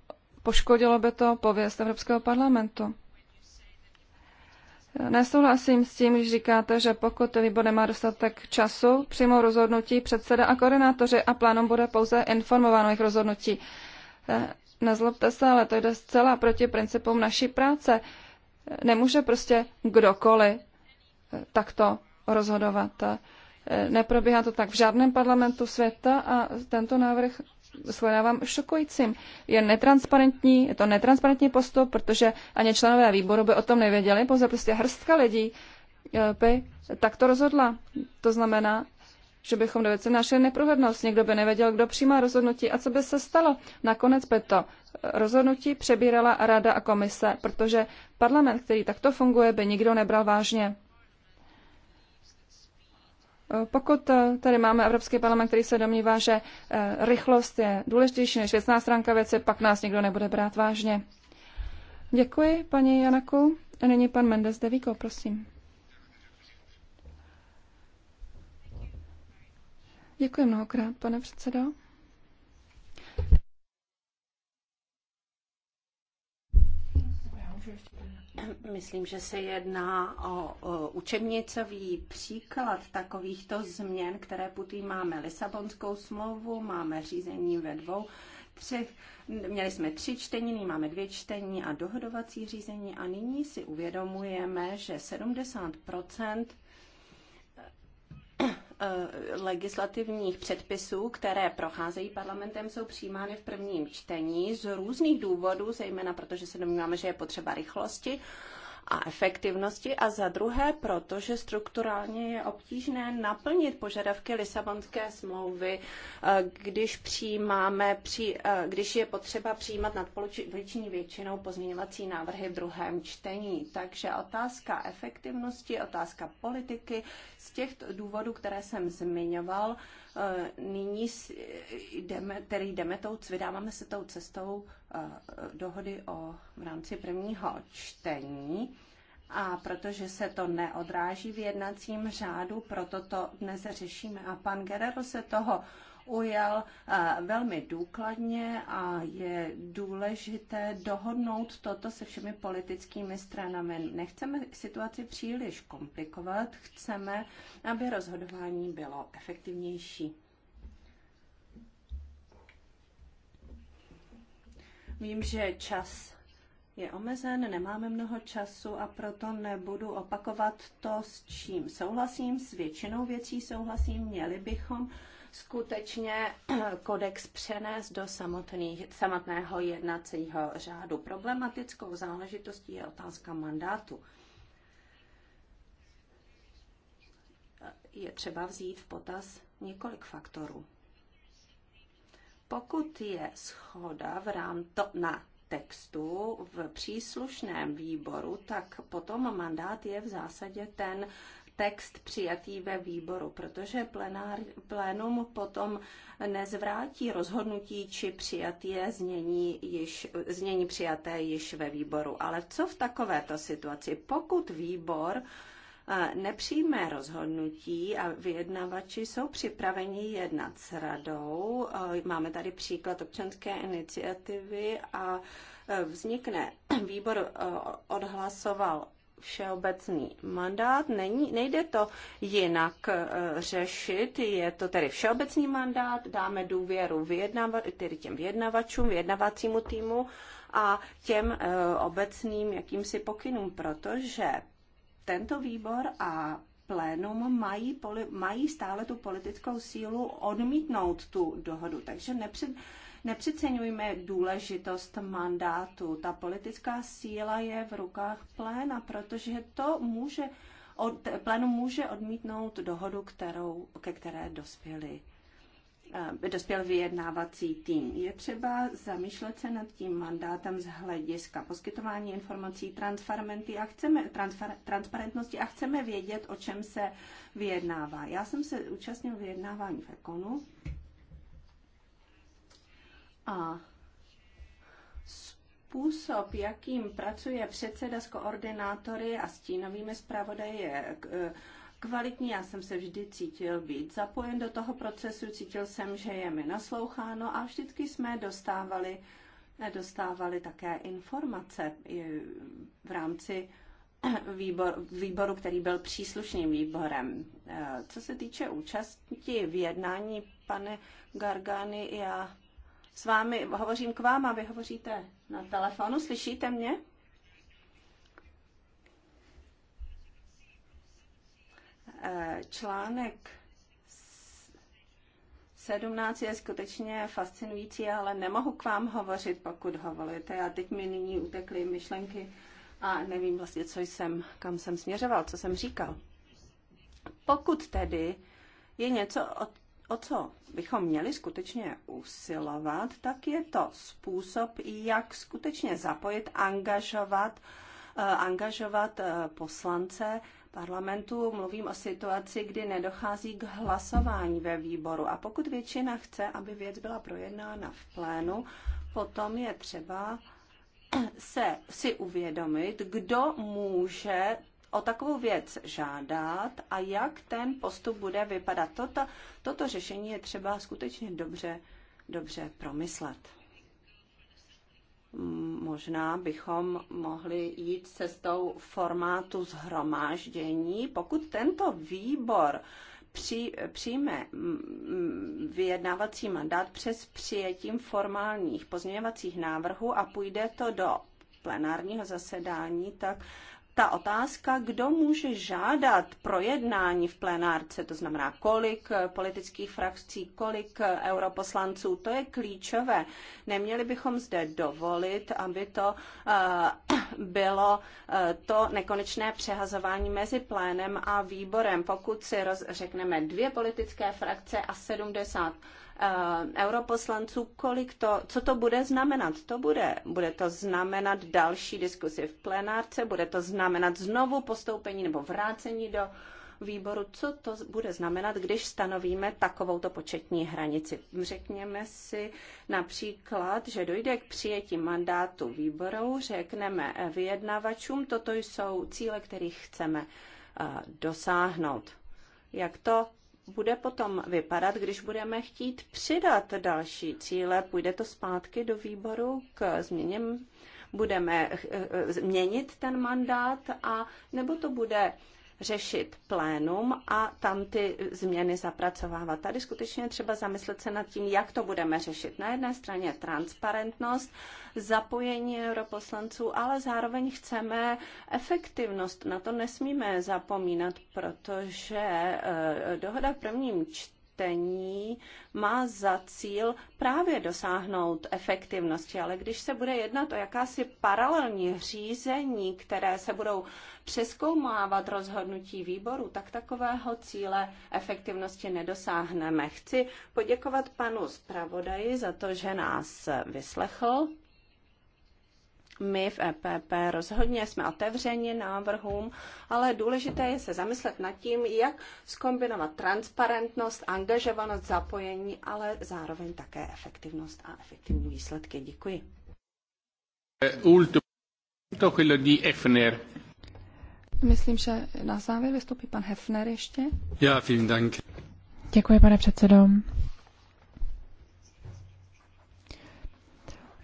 poškodilo by to pověst Evropského parlamentu. Nesouhlasím s tím, když říkáte, že pokud výbor nemá dostatek času, přímo rozhodnutí předseda a koordinátoři a plánom bude pouze informováno jejich rozhodnutí. Eh, nezlobte se, ale to jde zcela proti principům naší práce. Nemůže prostě kdokoliv eh, takto rozhodovat. Eh, neprobíhá to tak v žádném parlamentu světa a tento návrh shledávám šokujícím. Je netransparentní, je to netransparentní postup, protože ani členové výboru by o tom nevěděli, pouze prostě hrstka lidí eh, by tak to rozhodla. To znamená, že bychom do věci našli neprohlednost. Někdo by nevěděl, kdo přijímá rozhodnutí a co by se stalo. Nakonec by to eh, rozhodnutí přebírala rada a komise, protože parlament, který takto funguje, by nikdo nebral vážně. Eh, pokud eh, tady máme Evropský parlament, který se domnívá, že eh, rychlost je důležitější než věcná stránka věci, pak nás nikdo nebude brát vážně. Děkuji, paní Janaku. A nyní pan Mendes de Vico, prosím. Děkuji mnohokrát, pane předsedo.
Myslím, že se jedná o, o učebnicový příklad takovýchto změn, které putují. Máme Lisabonskou smlouvu, máme řízení ve dvou, tři, měli jsme tři čtení, nyní máme dvě čtení a dohodovací řízení a nyní si uvědomujeme, že 70 Eh, legislativních předpisů, které procházejí parlamentem, jsou přijímány v prvním čtení z různých důvodů, zejména protože se domníváme, že je potřeba rychlosti a efektivnosti a za druhé proto, že strukturálně je obtížné naplnit požadavky Lisabonské smlouvy, eh, když přijímáme, eh, když je potřeba přijímat nadpoloviční většinou pozměňovací návrhy v druhém čtení. Takže otázka efektivnosti, otázka politiky z těch důvodů, které jsem zmiňoval, Eh, nyní jdeme, tedy jdeme tou, vydáváme se tou cestou eh, dohody o, v rámci prvního čtení. A protože se to neodráží v jednacím řádu, proto to dnes řešíme. A pan Guerrero se toho ujal eh, velmi důkladně a je důležité dohodnout toto se všemi politickými stranami. Nechceme situaci příliš komplikovat, chceme, aby rozhodování bylo efektivnější. Vím, že čas je omezen, nemáme mnoho času a proto nebudu opakovat to, s čím souhlasím. S většinou věcí souhlasím. Měli bychom skutečně kodex přenést do samotný, samotného jednacího řádu. Problematickou záležitostí je otázka mandátu. Je třeba vzít v potaz několik faktorů. Pokud je schoda v rám to, na textu v příslušném výboru, tak potom mandát je v zásadě ten text přijatý ve výboru, protože plenár, plénum potom nezvrátí rozhodnutí, či přijaté znění, již, znění přijaté již ve výboru. Ale co v takovéto situaci? Pokud výbor eh, nepřijme rozhodnutí a vyjednavači jsou připraveni jednat s radou. Eh, máme tady příklad občanské iniciativy a eh, vznikne, výbor odhlasoval všeobecný mandát. Není, nejde to jinak eh, řešit, je to tedy všeobecný mandát, dáme důvěru vyjednava, tedy těm vyjednavačům, vyjednavacímu týmu a těm eh, obecným jakýmsi pokynům, protože tento výbor a plénum mají, poli, mají stále tu politickou sílu odmítnout tu dohodu. Takže nepřed, Nepřeceňujme důležitost mandátu. Ta politická síla je v rukách pléna, protože to může od, plénu může odmítnout dohodu, kterou, ke které dospěli eh, dospěl vyjednávací tým. Je třeba zamýšlet se nad tím mandátem z hlediska poskytování informací, transparenty a chceme, transfer, transparentnosti a chceme vědět, o čem se vyjednává. Já jsem se účastnil vyjednávání v Ekonu a způsob, jakým pracuje předseda s koordinátory a stínovými zpravodaji, je e, kvalitní. Já jsem se vždy cítil být zapojen do toho procesu, cítil jsem, že je mi nasloucháno a vždycky jsme dostávali, e, dostávali také informace v rámci výbor, výboru, který byl příslušným výborem. E, co se týče účasti v jednání, pane Gargany, já s vámi, hovořím k vám a vy hovoříte na telefonu, slyšíte mě? Eh, článek 17 je skutečně fascinující, ale nemohu k vám hovořit, pokud hovoríte. A teď mi nyní utekly myšlenky a nevím vlastně, co jsem, kam jsem směřoval, co jsem říkal. Pokud tedy je něco, o co bychom měli skutečně usilovat, tak je to způsob, jak skutečně zapojit, angažovat, eh, angažovat eh, poslance parlamentu. Mluvím o situaci, kdy nedochází k hlasování ve výboru. A pokud většina chce, aby věc byla projednána v plénu, potom je třeba se si uvědomit, kdo může o takovou věc žádat a jak ten postup bude vypadat. Toto, toto řešení je třeba skutečně dobře, dobře promyslet. Možná bychom mohli jít cestou formátu zhromáždění, pokud tento výbor při, přijme vyjednávací mandát přes přijetím formálních pozměňovacích návrhů a půjde to do plenárního zasedání, tak ta otázka, kdo může žádat projednání v plenárce, to znamená kolik politických frakcí, kolik europoslanců, to je klíčové. Neměli bychom zde dovolit, aby to eh, bylo eh, to nekonečné přehazování mezi plénem a výborem. Pokud si roz, řekneme dvě politické frakce a 70 Eh, europoslanců, kolik to, co to bude znamenat. To bude, bude to znamenat další diskusi v plenárce, bude to znamenat znovu postoupení nebo vrácení do výboru, co to bude znamenat, když stanovíme takovouto početní hranici. Řekněme si například, že dojde k přijetí mandátu výboru, řekneme vyjednavačům, toto jsou cíle, kterých chceme eh, dosáhnout. Jak to bude potom vypadat, když budeme chtít přidat další cíle? Půjde to zpátky do výboru k změně? Budeme eh, eh, změnit ten mandát a nebo to bude řešit plénum a tam ty změny zapracovávat. Tady skutečně třeba zamyslet se nad tím, jak to budeme řešit. Na jedné straně transparentnost, zapojení europoslanců, ale zároveň chceme efektivnost. Na to nesmíme zapomínat, protože eh, dohoda v prvním čtení čtení má za cíl právě dosáhnout efektivnosti, ale když se bude jednat o jakási paralelní řízení, které se budou přeskoumávat rozhodnutí výboru, tak takového cíle efektivnosti nedosáhneme. Chci poděkovat panu zpravodaji za to, že nás vyslechl my v EPP rozhodně jsme otevřeni návrhům, ale důležité je se zamyslet nad tím, jak skombinovat transparentnost, angažovanost, zapojení, ale zároveň také efektivnost a efektivní výsledky. Děkuji.
Myslím, že na závěr
vystoupí pan Hefner ještě.
Já, vielen Dank.
Děkuji, pane předsedo.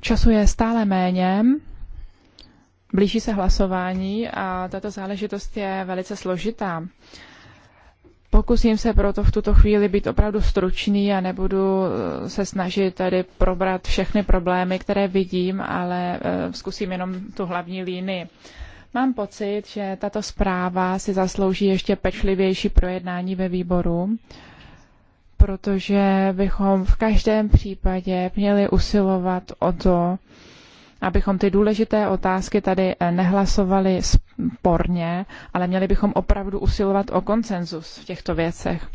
Času je stále méně Blíží se hlasování a tato záležitost je velice složitá. Pokusím se proto v tuto chvíli být opravdu stručný a nebudu eh, se snažit tady probrat všechny problémy, které vidím, ale eh, zkusím jenom tu hlavní línii. Mám pocit, že tato zpráva si zaslouží ještě pečlivější projednání ve výboru, protože bychom v každém případě měli usilovat o to, abychom ty důležité otázky tady eh, nehlasovali sporně, ale měli bychom opravdu usilovat o konsenzus v těchto věcech.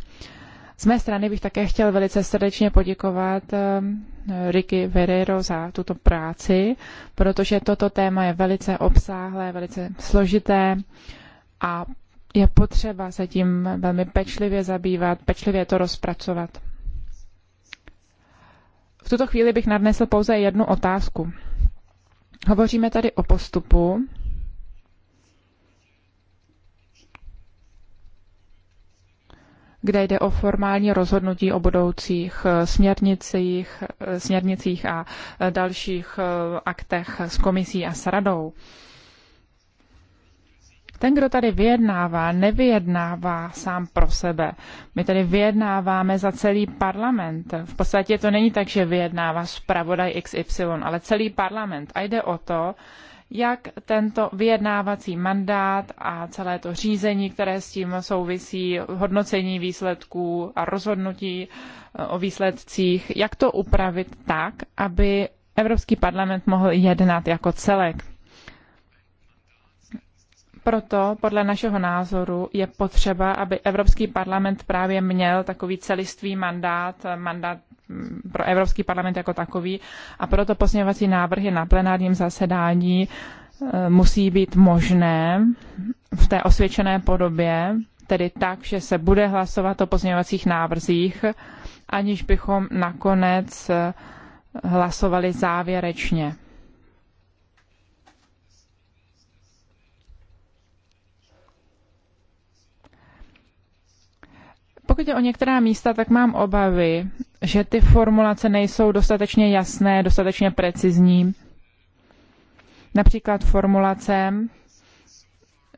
Z mé strany bych také chtěl velice srdečně poděkovat eh, Ricky Verero za tuto práci, protože toto téma je velice obsáhlé, velice složité a je potřeba se tím velmi pečlivě zabývat, pečlivě to rozpracovat. V tuto chvíli bych nadnesl pouze jednu otázku. Hovoříme tady o postupu, kde jde o formální rozhodnutí o budoucích eh, směrnicích, eh, směrnicích a eh, dalších aktech s komisí a s radou. Ten, kdo tady vyjednává, nevyjednává sám pro sebe. My tady vyjednáváme za celý parlament. V podstatě to není tak, že vyjednává zpravodaj XY, ale celý parlament. A jde o to, jak tento vyjednávací mandát a celé to řízení, které s tím souvisí, hodnocení výsledků a rozhodnutí eh, o výsledcích, jak to upravit tak, aby Evropský parlament mohl jednat jako celek. Proto podle našeho názoru je potřeba, aby Evropský parlament právě měl takový celistvý mandát, mandát pro Evropský parlament jako takový a proto posměvací návrhy na plenárním zasedání eh, musí být možné v té osvědčené podobě, tedy tak, že se bude hlasovat o pozměňovacích návrzích, aniž bychom nakonec eh, hlasovali závěrečně. Pokud je o některá místa, tak mám obavy, že ty formulace nejsou dostatečně jasné, dostatečně precizní. Například formulace,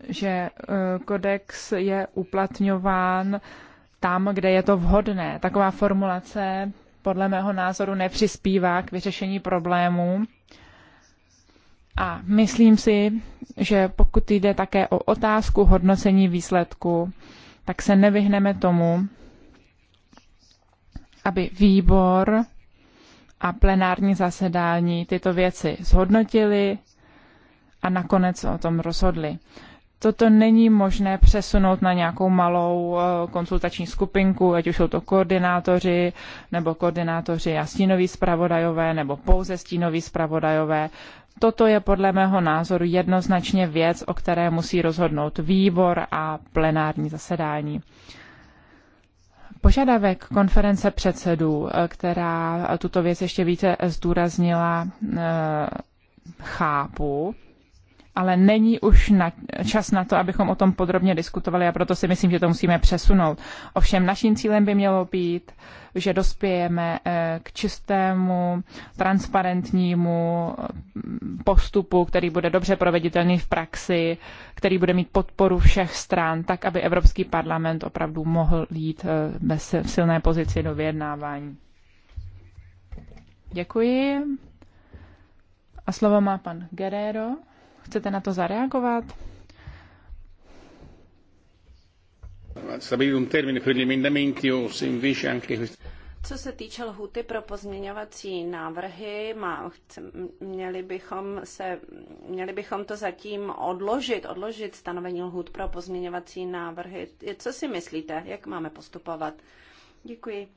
že e, kodex je uplatňován tam, kde je to vhodné. Taková formulace podle mého názoru nepřispívá k vyřešení problémů. A myslím si, že pokud jde také o otázku hodnocení výsledku, tak se nevyhneme tomu, aby výbor a plenární zasedání tyto věci zhodnotili a nakonec o tom rozhodli. Toto není možné přesunout na nějakou malou eh, konsultační skupinku, ať už jsou to koordinátoři, nebo koordinátoři a stínoví zpravodajové, nebo pouze stínoví zpravodajové. Toto je podle mého názoru jednoznačně věc, o které musí rozhodnout výbor a plenární zasedání. Požadavek konference předsedů, která tuto věc ještě více zdůraznila, eh, chápu, ale není už na, čas na to, abychom o tom podrobně diskutovali a proto si myslím, že to musíme přesunout. Ovšem naším cílem by mělo být že dospějeme eh, k čistému, transparentnímu mm, postupu, který bude dobře proveditelný v praxi, který bude mít podporu všech stran, tak aby Evropský parlament opravdu mohl jít eh, ve silné pozici do vyjednávání. Děkuji. A slovo má pan Guerrero. Chcete na to zareagovat?
un termine per gli emendamenti o se invece anche questo.
Co se týče lhuty
pro pozměňovací návrhy, má, měli, bychom se, měli bychom to zatím odložit, odložit stanovení lhut pro pozměňovací návrhy. Co si myslíte, jak máme postupovat? Děkuji.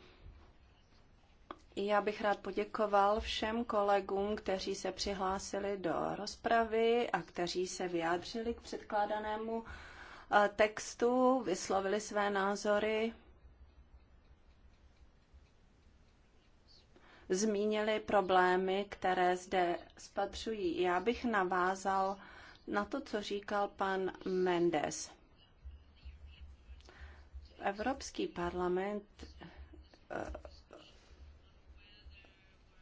Já bych rád poděkoval všem kolegům, kteří se přihlásili do rozpravy a kteří se vyjádřili k předkládanému Eh, textu, vyslovili své názory, zmínili problémy, které zde spatřují. Já bych navázal na to, co říkal pan Mendes. Evropský parlament eh,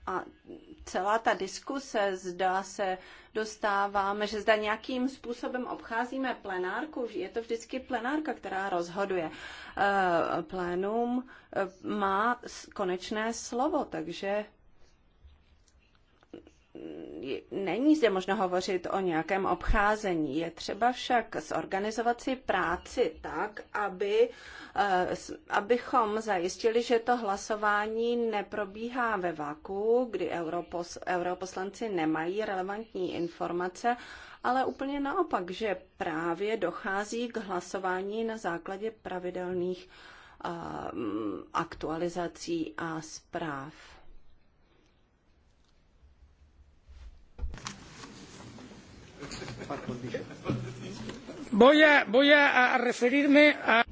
a celá ta diskuse, zda se dostáváme, že zda nějakým způsobem obcházíme plenárku, je to vždycky plenárka, která rozhoduje. Eh, plénum eh, má konečné slovo, takže není zde možno hovořit o nějakém obcházení. Je třeba však zorganizovat si práci tak, aby, eh, abychom zajistili, že to hlasování neprobíhá ve vaku, kdy europos, europoslanci nemají relevantní informace, ale úplně naopak, že právě dochází k hlasování na základě pravidelných eh, aktualizací a zpráv.
Voy a, referirme a...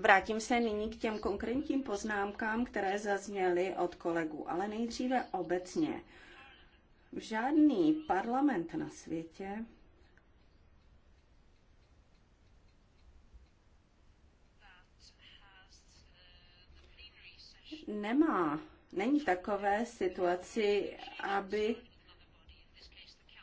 Vrátím se nyní k těm konkrétním poznámkám, které zazněly od kolegů, ale nejdříve obecně. Žádný parlament na světě nemá není v takové situaci, aby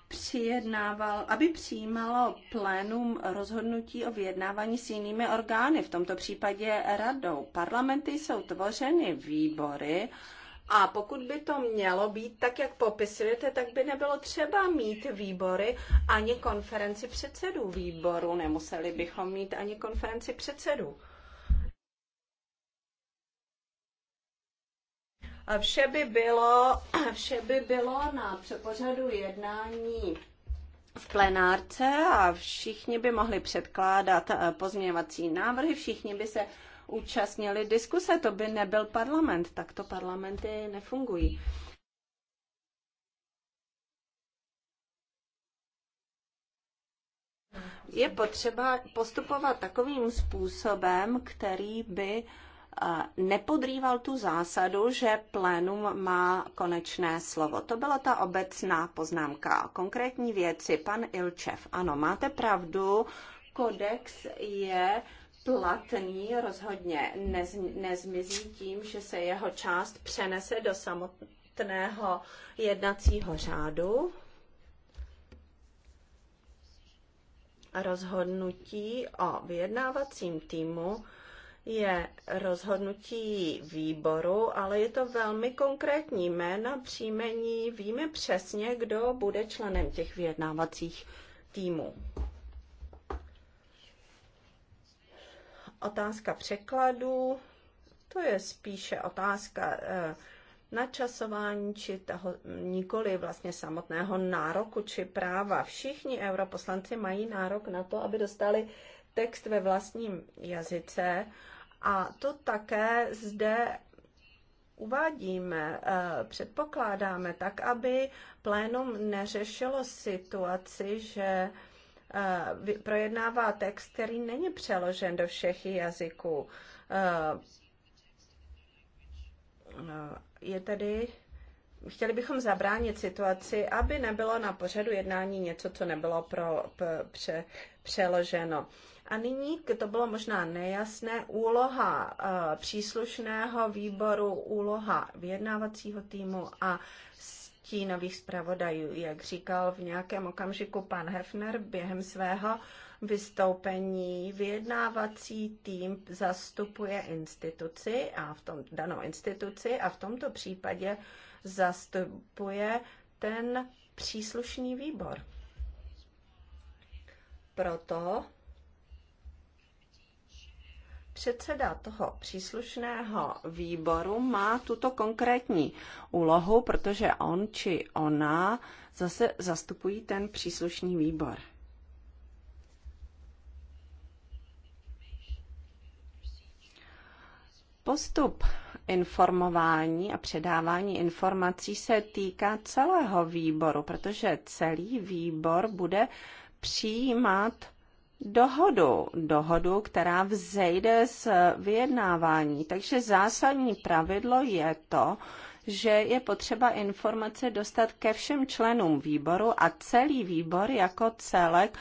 přijednával, aby přijímalo plénum rozhodnutí o vyjednávání s jinými orgány, v tomto případě radou. Parlamenty jsou tvořeny výbory a pokud by to mělo být tak, jak popisujete, tak by nebylo třeba mít výbory ani konferenci předsedů výboru. Nemuseli bychom mít ani konferenci předsedů. Vše by bylo, vše by bylo na přepořadu jednání v plenárce a všichni by mohli předkládat eh, pozměňovací návrhy, všichni by se účastnili diskuse, to by nebyl parlament, takto parlamenty nefungují. Je potřeba postupovat takovým způsobem, který by uh, nepodrýval tu zásadu, že plénum má konečné slovo. To byla ta obecná poznámka. Konkrétní věci, pan Ilčev, ano, máte pravdu, kodex je platný rozhodně nez, nezmizí tím, že se jeho část přenese do samotného jednacího řádu. Rozhodnutí o vyjednávacím týmu je rozhodnutí výboru, ale je to velmi konkrétní jména, příjmení, víme přesně, kdo bude členem těch vyjednávacích týmů. Otázka překladu, to je spíše otázka eh, načasování či toho, nikoli vlastně samotného nároku či práva. Všichni europoslanci mají nárok na to, aby dostali text ve vlastním jazyce a to také zde uvádíme, eh, předpokládáme tak, aby plénum neřešilo situaci, že eh, projednává text, který není přeložen do všech jazyků. Eh, je tedy Chtěli bychom zabránit situaci, aby nebylo na pořadu jednání něco, co nebylo pro, pře, přeloženo. A nyní, to bylo možná nejasné, úloha eh, příslušného výboru, úloha vyjednávacího týmu a stínových zpravodajů, jak říkal v nějakém okamžiku pan Hefner během svého vystoupení. Vyjednávací tým zastupuje instituci a v tom danou instituci a v tomto případě zastupuje ten příslušný výbor. Proto Předseda toho příslušného výboru má tuto konkrétní úlohu, protože on či ona zase zastupují ten příslušný výbor. Postup informování a předávání informací se týká celého výboru, protože celý výbor bude přijímat dohodu, dohodu, která vzejde z vyjednávání. Takže zásadní pravidlo je to, že je potřeba informace dostat ke všem členům výboru a celý výbor jako celek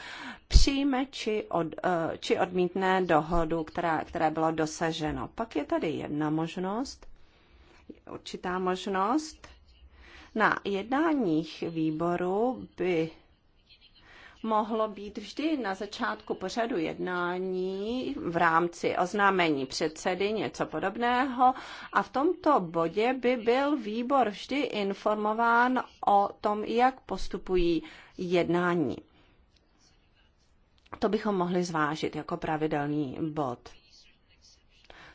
přijme či, od, eh, či odmítne dohodu, která, která bylo dosaženo. Pak je tady jedna možnost, určitá možnost. Na jednáních výboru by mohlo být vždy na začátku pořadu jednání v rámci oznámení předsedy něco podobného a v tomto bodě by byl výbor vždy informován o tom, jak postupují jednání. To bychom mohli zvážit jako pravidelný bod.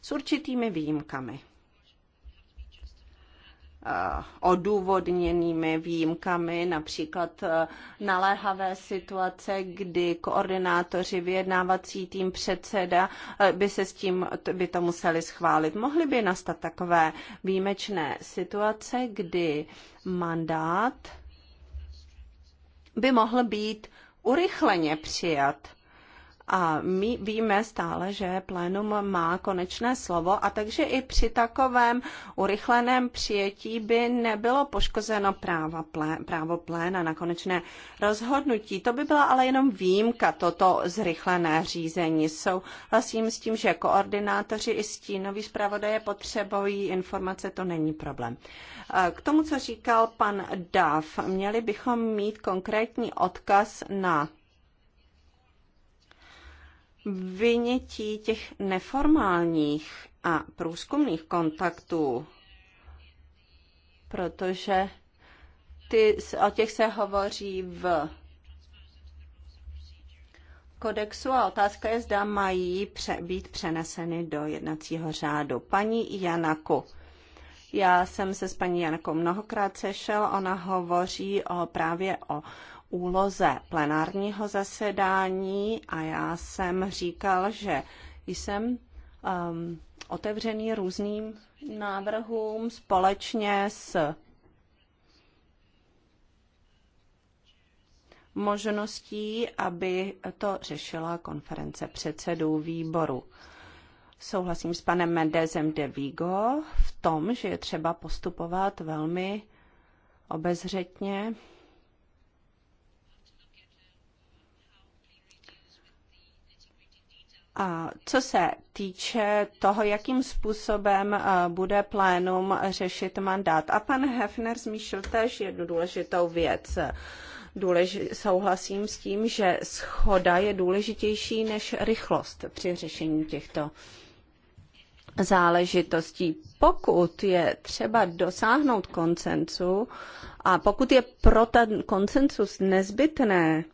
S určitými výjimkami. Eh, odůvodněnými výjimkami, například eh, naléhavé situace, kdy koordinátoři, vyjednávací tým předseda eh, by se s tím, by to museli schválit. Mohly by nastat takové výjimečné situace, kdy mandát by mohl být urychleně přijat a my víme stále, že plénum má konečné slovo a takže i při takovém urychleném přijetí by nebylo poškozeno práva plé, právo pléna na konečné rozhodnutí. To by byla ale jenom výjimka, toto zrychlené řízení. Souhlasím s tím, že koordinátoři i stínoví zpravodaje potřebují informace, to není problém. K tomu, co říkal pan Dav, měli bychom mít konkrétní odkaz na vynětí těch neformálních a průzkumných kontaktů, protože ty, o těch se hovoří v kodexu a otázka je, zda mají pře- být přeneseny do jednacího řádu. Paní Janaku, já jsem se s paní Janakou mnohokrát sešel, ona hovoří o, právě o úloze plenárního zasedání a já jsem říkal, že jsem um, otevřený různým návrhům společně s možností, aby to řešila konference předsedů výboru. Souhlasím s panem Mendezem de Vigo v tom, že je třeba postupovat velmi obezřetně A co se týče toho, jakým způsobem eh, bude plénum řešit mandát. A pan Hefner zmíšil tež jednu důležitou věc. Důleži- souhlasím s tím, že schoda je důležitější než rychlost při řešení těchto záležitostí. Pokud je třeba dosáhnout koncensu a pokud je pro ten koncensus nezbytné,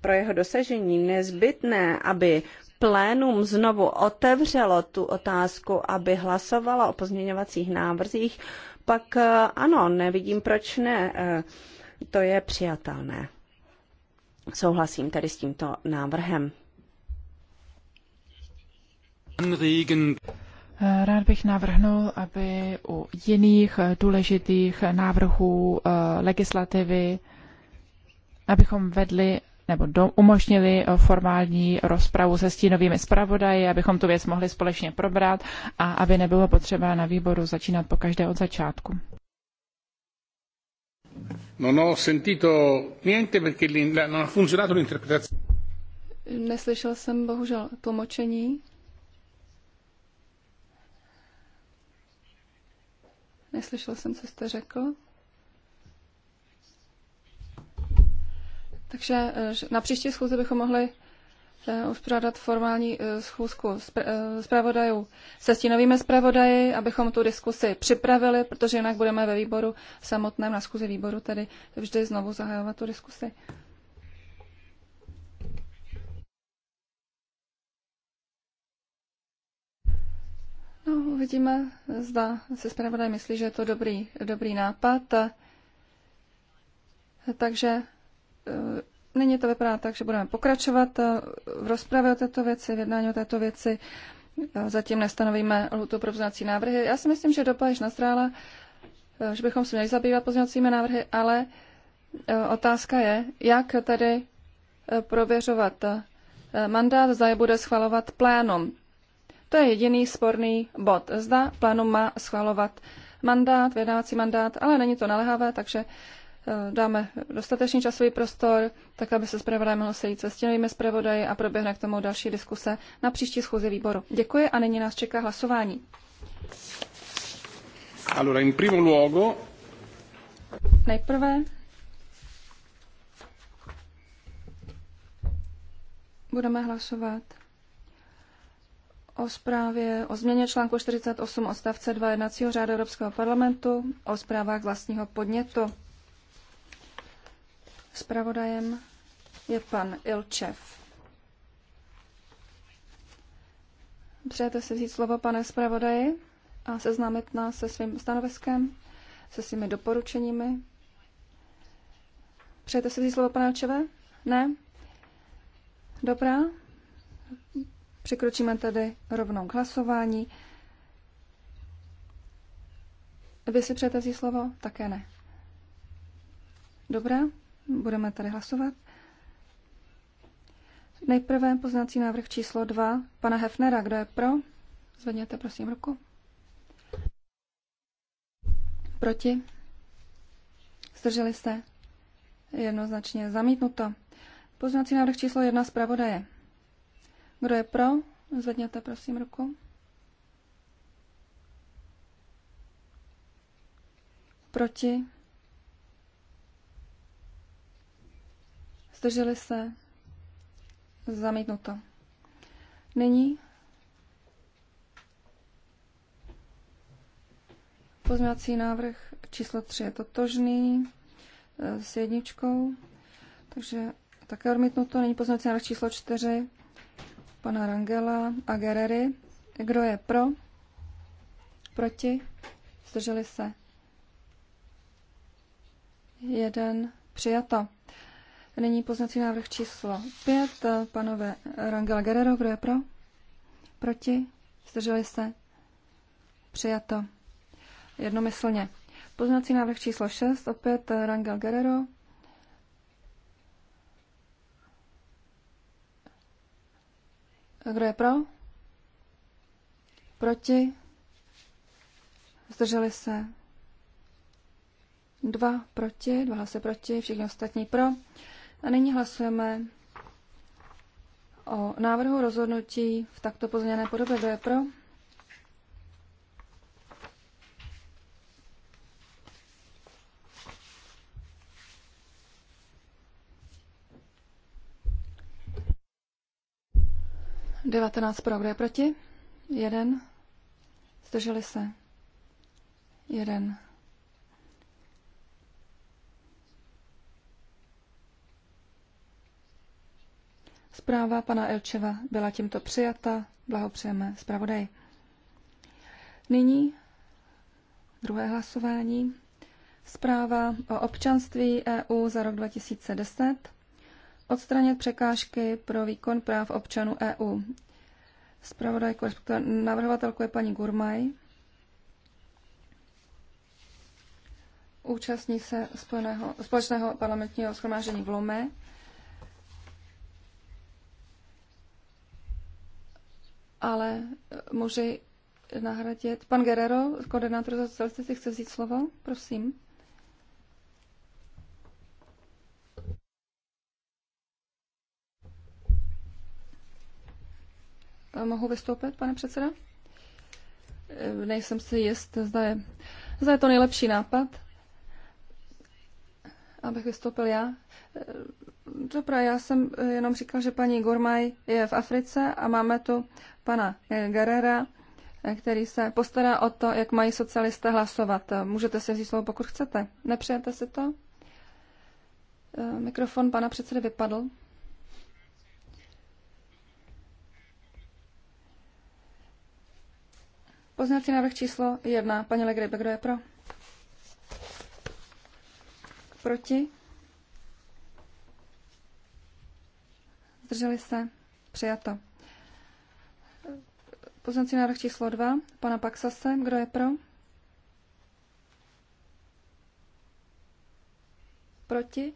pro jeho dosažení nezbytné, aby plénum znovu otevřelo tu otázku, aby hlasovalo o pozměňovacích návrzích, pak eh, ano, nevidím, proč ne. Eh, to je přijatelné.
Souhlasím tedy s tímto návrhem. Rád bych navrhnul, aby u jiných důležitých návrhů eh, legislativy, abychom vedli nebo do, umožnili eh, formální rozpravu se stínovými zpravodaji, abychom tu věc mohli společně probrat a aby nebylo potřeba na výboru začínat po každé od začátku.
Non ho sentito niente perché non ha funzionato l'interpretazione.
Neslyšel jsem bohužel tlumočení. Neslyšel jsem, co jste řekl. Takže eh, na příští schůzi bychom mohli eh, uspořádat formální eh, schůzku s zpravodajů se stínovými zpravodaji, abychom tu diskusi připravili, protože jinak budeme ve výboru samotném, na schůzi výboru tedy vždy znovu zahajovat tu diskusi. No, uvidíme, zda se zpravodaj myslí, že je to dobrý, dobrý nápad. Takže E, nyní to vypadá tak, že budeme pokračovat e, v rozpravě o této věci, v jednání o této věci. E, zatím nestanovíme lhutu pro poznací návrhy. Já si myslím, že doba již nastrála, že bychom se měli zabývat poznacími návrhy, ale otázka je, jak tady prověřovat mandát, zda je bude schvalovat plénum. To je jediný sporný bod. Zda plénum má schvalovat mandát, vědnávací mandát, ale není to nalehavé, takže Eh, dáme dostatečný časový prostor, tak aby se zpravodaj mohl sejít se stěnovými zpravodaji a proběhne k tomu další diskuse na příští schůzi výboru. Děkuji a nyní nás čeká hlasování.
Allora, in primo luogo...
Nejprve budeme hlasovat o zprávě o změně článku 48 odstavce 2 jednacího řádu Evropského parlamentu o zprávách vlastního podnětu. Spravodajem je pan Ilčev. Přejete si vzít slovo, pane zpravodaji, a seznámit nás se svým stanoviskem, se svými doporučeními. Přejete si vzít slovo, pane Ilčeve? Ne? Dobrá. Přikročíme tedy rovnou k hlasování. Vy si přejete vzít slovo? Také ne. Dobrá. Budeme tady hlasovat. Nejprve poznací návrh číslo 2 pana Hefnera. Kdo je pro? Zvedněte prosím ruku. Proti? Zdrželi se? Jednoznačně zamítnuto. Poznací návrh číslo 1 zpravodaje. Kdo je pro? Zvedněte prosím ruku. Proti? Zdrželi se? Zamítnuto. Nyní pozměňovací návrh číslo 3 je totožný eh, s jedničkou, takže také odmítnuto. Nyní pozměňovací návrh číslo 4 pana Rangela a Gerery. Kdo je pro? Proti? Zdrželi se? Jeden. Přijato. Nyní poznací návrh číslo 5, eh, panové Rangela Guerrero, kdo je pro? Proti? Zdrželi se? Přijato. Jednomyslně. Poznací návrh číslo 6, opět eh, Rangel Guerrero. Kdo je pro? Proti? Zdrželi se? Dva proti, dva hlasy proti, všichni ostatní pro. A nyní hlasujeme o návrhu rozhodnutí v takto pozměněné podobě. Kdo je pro? Devatenáct pro, kdo je proti? Jeden. Zdrželi se. Jeden. Zpráva pana Elčeva byla tímto přijata. Blahopřejeme zpravodaj. Nyní druhé hlasování. Zpráva o občanství EU za rok 2010. Odstranit překážky pro výkon práv občanů EU. Zpravodajku, respektive navrhovatelku je paní Gurmaj. Účastní se společného parlamentního schromáždění v Lome. ale eh, může nahradit. Pan Guerrero, koordinátor za socialisty, chce vzít slovo? Prosím. Eh, mohu vystoupit, pane předseda? Eh, nejsem si jist, zda je, zda je to nejlepší nápad, abych vystoupil já. Dobrá, já jsem eh, jenom říkal, že paní Gormaj je v Africe a máme tu pana eh, Guerrera, eh, který se postará o to, jak mají socialisté hlasovat. Můžete si vzít slovo, pokud chcete. Nepřejete si to? Mikrofon pana předsedy vypadl. Poznací návrh číslo jedna. Paní Legrebe, kdo je pro? Proti? zdrželi se, přijato. Poznací návrh číslo 2, pana Paxase, kdo je pro? Proti?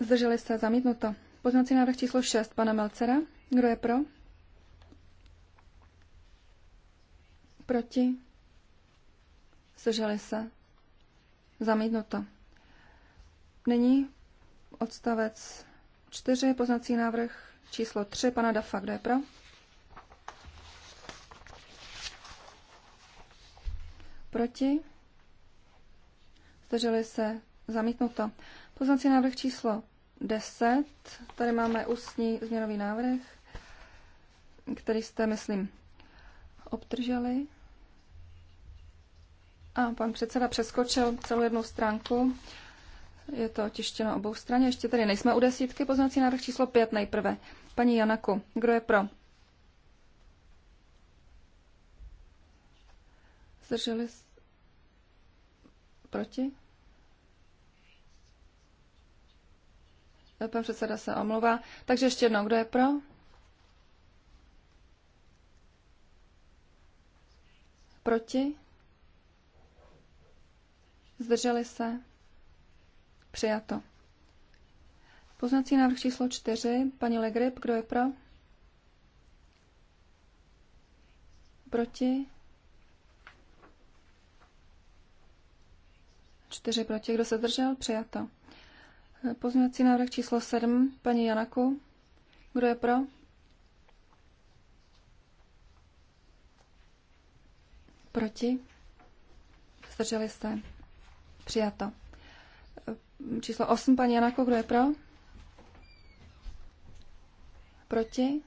Zdrželi se, zamítnuto. Poznací návrh číslo 6, pana Melcera, kdo je pro? Proti? Zdrželi se, zamítnuto. Nyní Odstavec 4, poznací návrh číslo 3, pana Dafa, kdo je pro? Proti? Zdrželi se zamítnuto. Poznací návrh číslo 10. Tady máme ústní změnový návrh, který jste, myslím, obdrželi. A pan předseda přeskočil celou jednu stránku. Je to tištěno obou straně. Ještě tady nejsme u desítky. Poznací návrh číslo pět. nejprve. Paní Janaku, kdo je pro? Zdrželi s... proti? Pan předseda se omlouvá. Takže ještě jednou, kdo je pro? Proti? Zdrželi se? Přijato. Poznací návrh číslo čtyři, paní Legrip, kdo je pro? Proti? Čtyři proti. Kdo se držel? Přijato. Pozměňovací návrh číslo 7, paní Janaku. Kdo je pro? Proti? Zdrželi se. Přijato číslo 8, paní Janako, kdo je pro? Proti?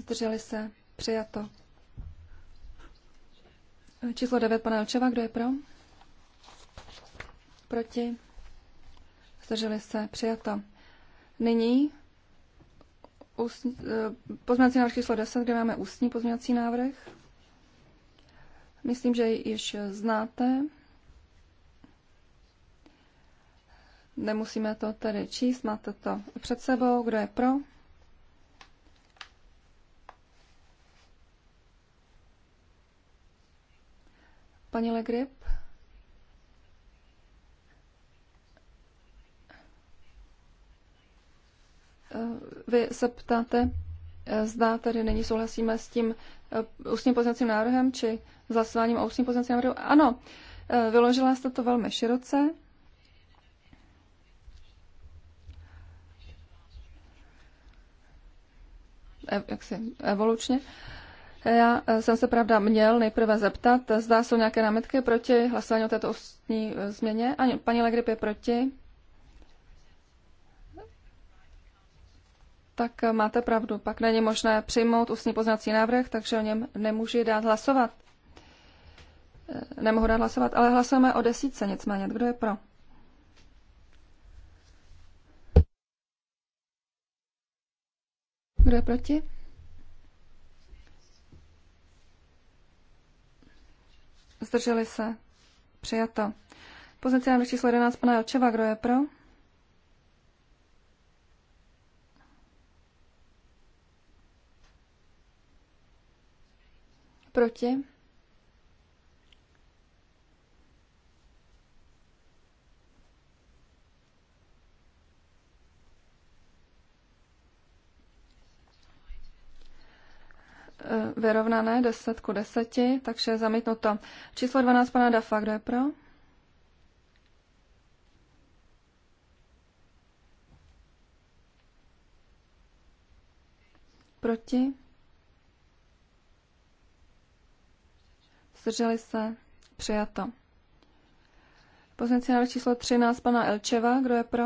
Zdrželi se. Přijato. Číslo 9, pana Očeva, kdo je pro? Proti? Zdrželi se. Přijato. Nyní ústní, eh, pozměňovací návrh číslo 10, kde máme ústní pozměňovací návrh. Myslím, že již znáte. Nemusíme to tedy číst, máte to před sebou, kdo je pro. Pani Legrip? Eh, vy se ptáte, eh, zda tedy není souhlasíme s tím Eh, ústním pozněcím návrhem či s hlasováním o ústním pozněcím návrhu? Ano, eh, vyložila jste to velmi široce. Eh, jak si evolučně. Já jsem se pravda měl nejprve zeptat, zda jsou nějaké námitky proti hlasování o této ústní změně. Ani paní Legrip je proti. tak eh, máte pravdu. Pak není možné přijmout ústní poznací návrh, takže o něm nemůžu dát hlasovat. Eh, nemohu dát hlasovat, ale hlasujeme o desítce nicméně. Kdo je pro? Kdo je proti? Zdrželi se. Přijato. Pozice návrh číslo 11 pana Jočeva. Kdo je pro? Proti? E, vyrovnané 10 ku 10, takže zamítnuto. Číslo 12 pana Dafa, kdo je pro? Proti? zdrželi se, přijato. Pozměňovací návrh číslo 13 pana Elčeva, kdo je pro?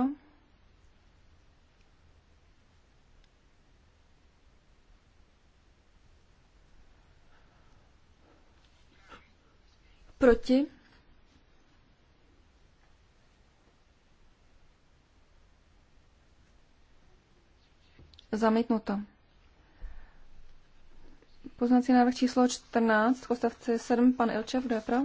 Proti? Zamítnuto. Poznací návrh číslo 14 k odstavci 7. Pan Ilčev, kdo je pro?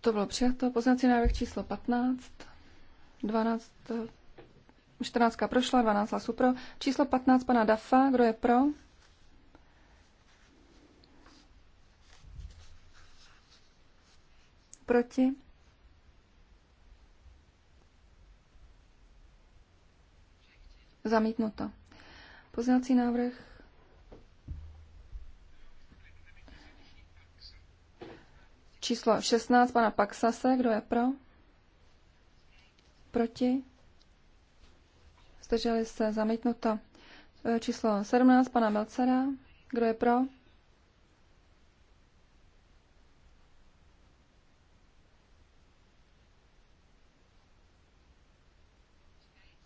To bylo přijato. Poznací návrh číslo 15. 12. 14 prošla, 12 hlasů pro. Číslo 15 pana Dafa, kdo je pro? Proti? Zamítnuto. Poznací návrh číslo 16 pana Paxase. Kdo je pro? Proti? Zdrželi se. Zamítnuto. E, číslo 17 pana Melcera. Kdo je pro?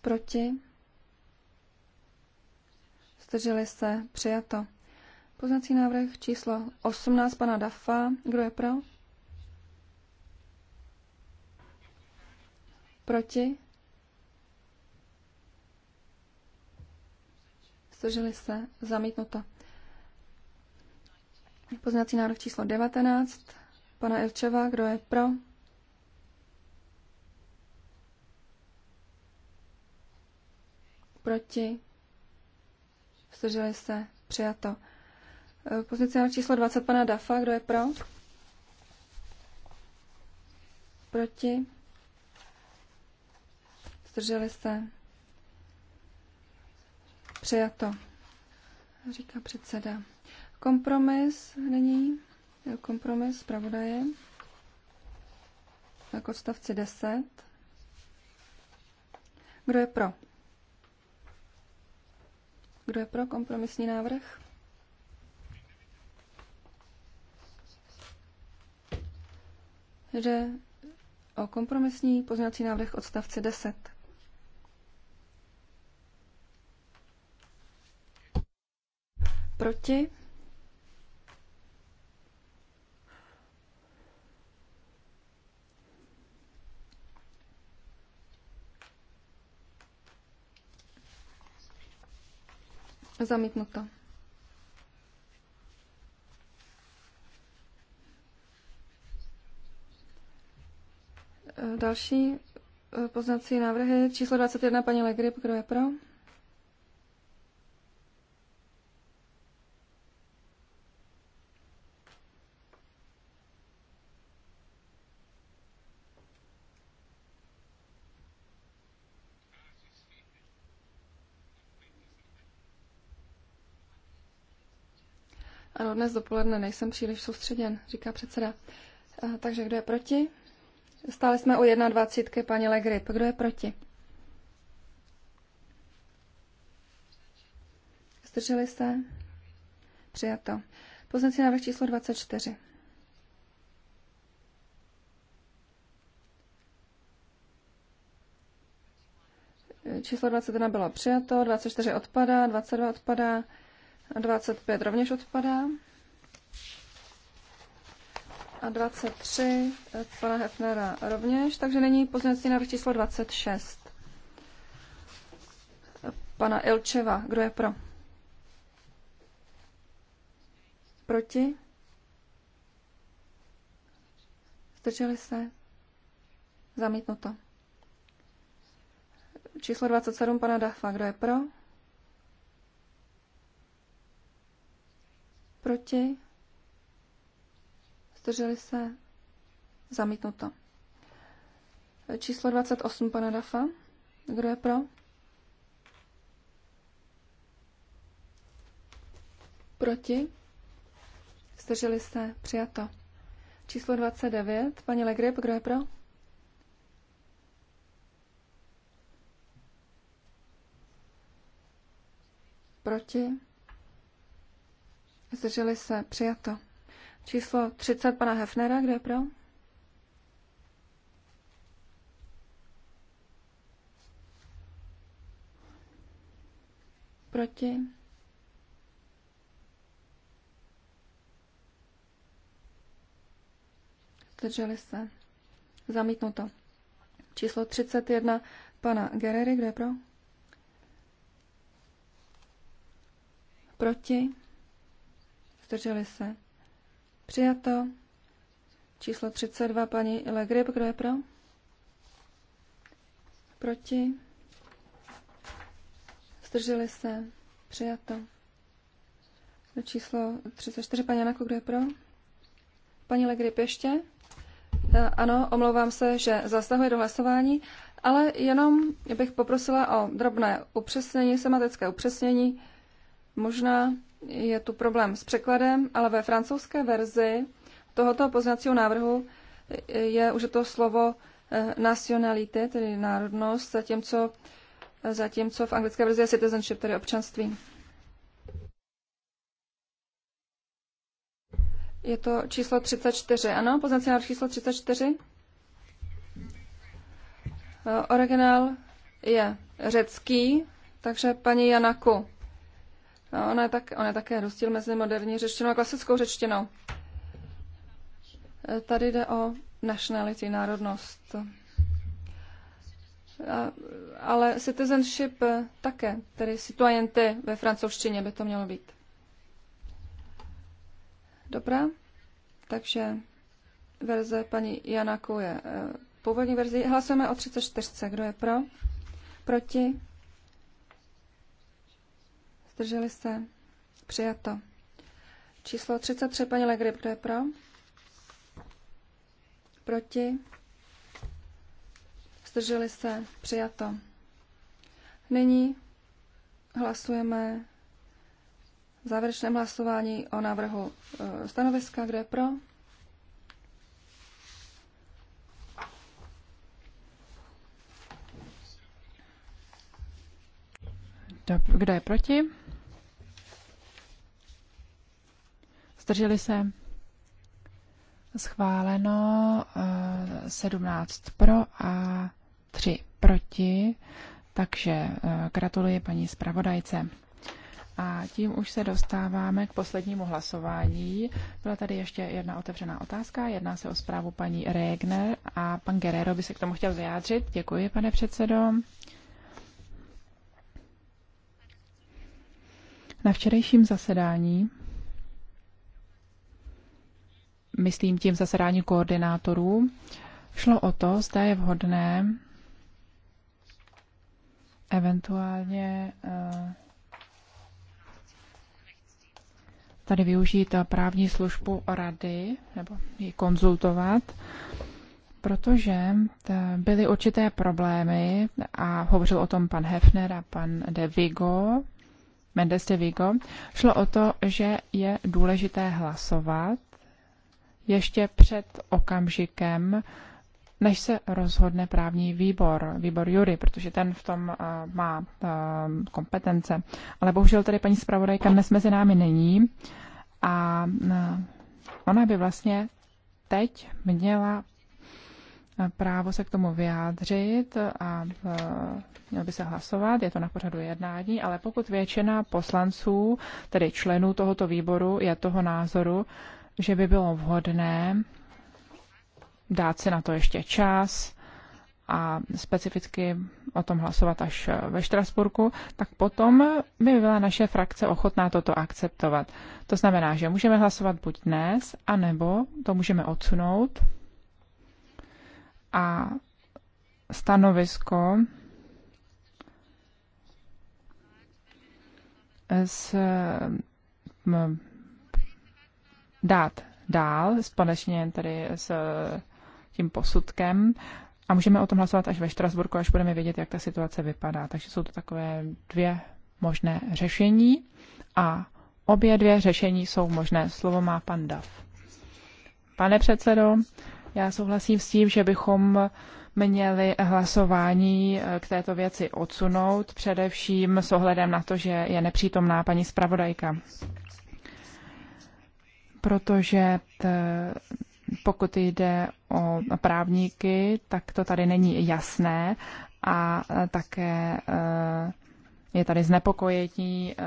Proti? Zdrželi se? Přijato. Poznací návrh číslo 18 pana Dafa. Kdo je pro? Proti? Zdrželi se? Zamítnuto. Poznací návrh číslo 19 pana Ilčeva. Kdo je pro? Proti? zdrželi se, přijato. E, Pozice číslo 20 pana Dafa, kdo je pro? Proti? Zdrželi se? Přijato, říká předseda. Kompromis není? Kompromis zpravodaje. Tak odstavci 10. Kdo je pro? Kdo je pro kompromisní návrh? Jde o kompromisní pozměňovací návrh odstavce 10. Proti? Zamítnuto. Další eh, poznací návrhy. Číslo 21, paní Legry, kdo je pro? Ano, dnes dopoledne nejsem příliš soustředěn, říká předseda. Takže kdo je proti? Stále jsme u 21. paní Legrip. Kdo je proti? Zdrželi se? Přijato. Poznací návrh číslo 24. Číslo 21 bylo přijato, 24 odpadá, 22 odpadá, 25 rovněž odpadá. A 23 eh, pana Hefnera rovněž, takže není pozměňovací návrh číslo 26. Pana Ilčeva, kdo je pro? Proti? Zdrželi se? Zamítnuto. Číslo 27 pana Dafa, kdo je pro? Proti? Zdrželi se? Zamítnuto. Číslo 28 pana Dafa. Kdo je pro? Proti? Zdrželi se? Přijato. Číslo 29. Paní Legrip, kdo je pro? Proti? Zdrželi se. Přijato. Číslo 30 pana Hefnera. Kdo je pro? Proti? Zdrželi se. Zamítnuto. Číslo 31 pana Gerery. Kdo je pro? Proti? zdrželi se. Přijato. Číslo 32, paní Legrib, kdo je pro? Proti. Zdrželi se. Přijato. Číslo 34, paní Anako, kdo je pro? Paní Legrib ještě? Eh, ano, omlouvám se, že zasahuje do hlasování, ale jenom bych poprosila o drobné upřesnění, sematické upřesnění. Možná je tu problém s překladem, ale ve francouzské verzi tohoto poznacího návrhu je už to slovo eh, nationalité, tedy národnost, zatímco, eh, zatímco v anglické verzi je citizenship, tedy občanství. Je to číslo 34, ano, poznací návrh číslo 34. Eh, originál je řecký, takže paní Janaku. No, ona je, tak, ona je také rozdíl mezi moderní řečtinou a klasickou řečtinou. E, tady jde o nationality, národnost. A, ale citizenship také, tedy citoyenty ve francouzštině by to mělo být. Dobrá, takže verze paní Janaku je e, původní verzi. Hlasujeme o 34. Kdo je pro? Proti? Zdrželi se? Přijato. Číslo 33, paní Legrip, kdo je pro? Proti? Zdrželi se? Přijato. Nyní hlasujeme v závěrečném hlasování o návrhu e, stanoviska, kdo je pro.
Kdo je proti? zdrželi se, schváleno 17 eh, pro a 3 proti, takže eh, gratuluji paní zpravodajce. A tím už se dostáváme k poslednímu hlasování. Byla tady ještě jedna otevřená otázka. Jedná se o zprávu paní Regner a pan Guerrero by se k tomu chtěl vyjádřit. Děkuji, pane předsedo. Na včerejším zasedání myslím tím zasedání koordinátorů, šlo o to, zda je vhodné eventuálně eh, tady využít právní službu rady nebo ji konzultovat, protože eh, byly určité problémy a hovořil o tom pan Hefner a pan De Vigo, Mendes de Vigo. Šlo o to, že je důležité hlasovat ještě před okamžikem, než se rozhodne právní výbor, výbor jury, protože ten v tom uh, má uh, kompetence. Ale bohužel tady paní zpravodajka dnes mezi námi není a uh, ona by vlastně teď měla právo se k tomu vyjádřit a měl by se hlasovat, je to na pořadu jednání, ale pokud většina poslanců, tedy členů tohoto výboru, je toho názoru, že by bylo vhodné dát si na to ještě čas a specificky o tom hlasovat až ve Štrasburku, tak potom by byla naše frakce ochotná toto akceptovat. To znamená, že můžeme hlasovat buď dnes, anebo to můžeme odsunout a stanovisko z dát dál, společně tady s eh, tím posudkem. A můžeme o tom hlasovat až ve Štrasburku, až budeme vědět, jak ta situace vypadá. Takže jsou to takové dvě možné řešení a obě dvě řešení jsou možné. Slovo má pan Dav. Pane předsedo, já souhlasím s tím, že bychom měli hlasování eh, k této věci odsunout, především s ohledem na to, že je nepřítomná paní zpravodajka protože t, pokud jde o právníky, tak to tady není jasné a e, také e, je tady znepokojení e,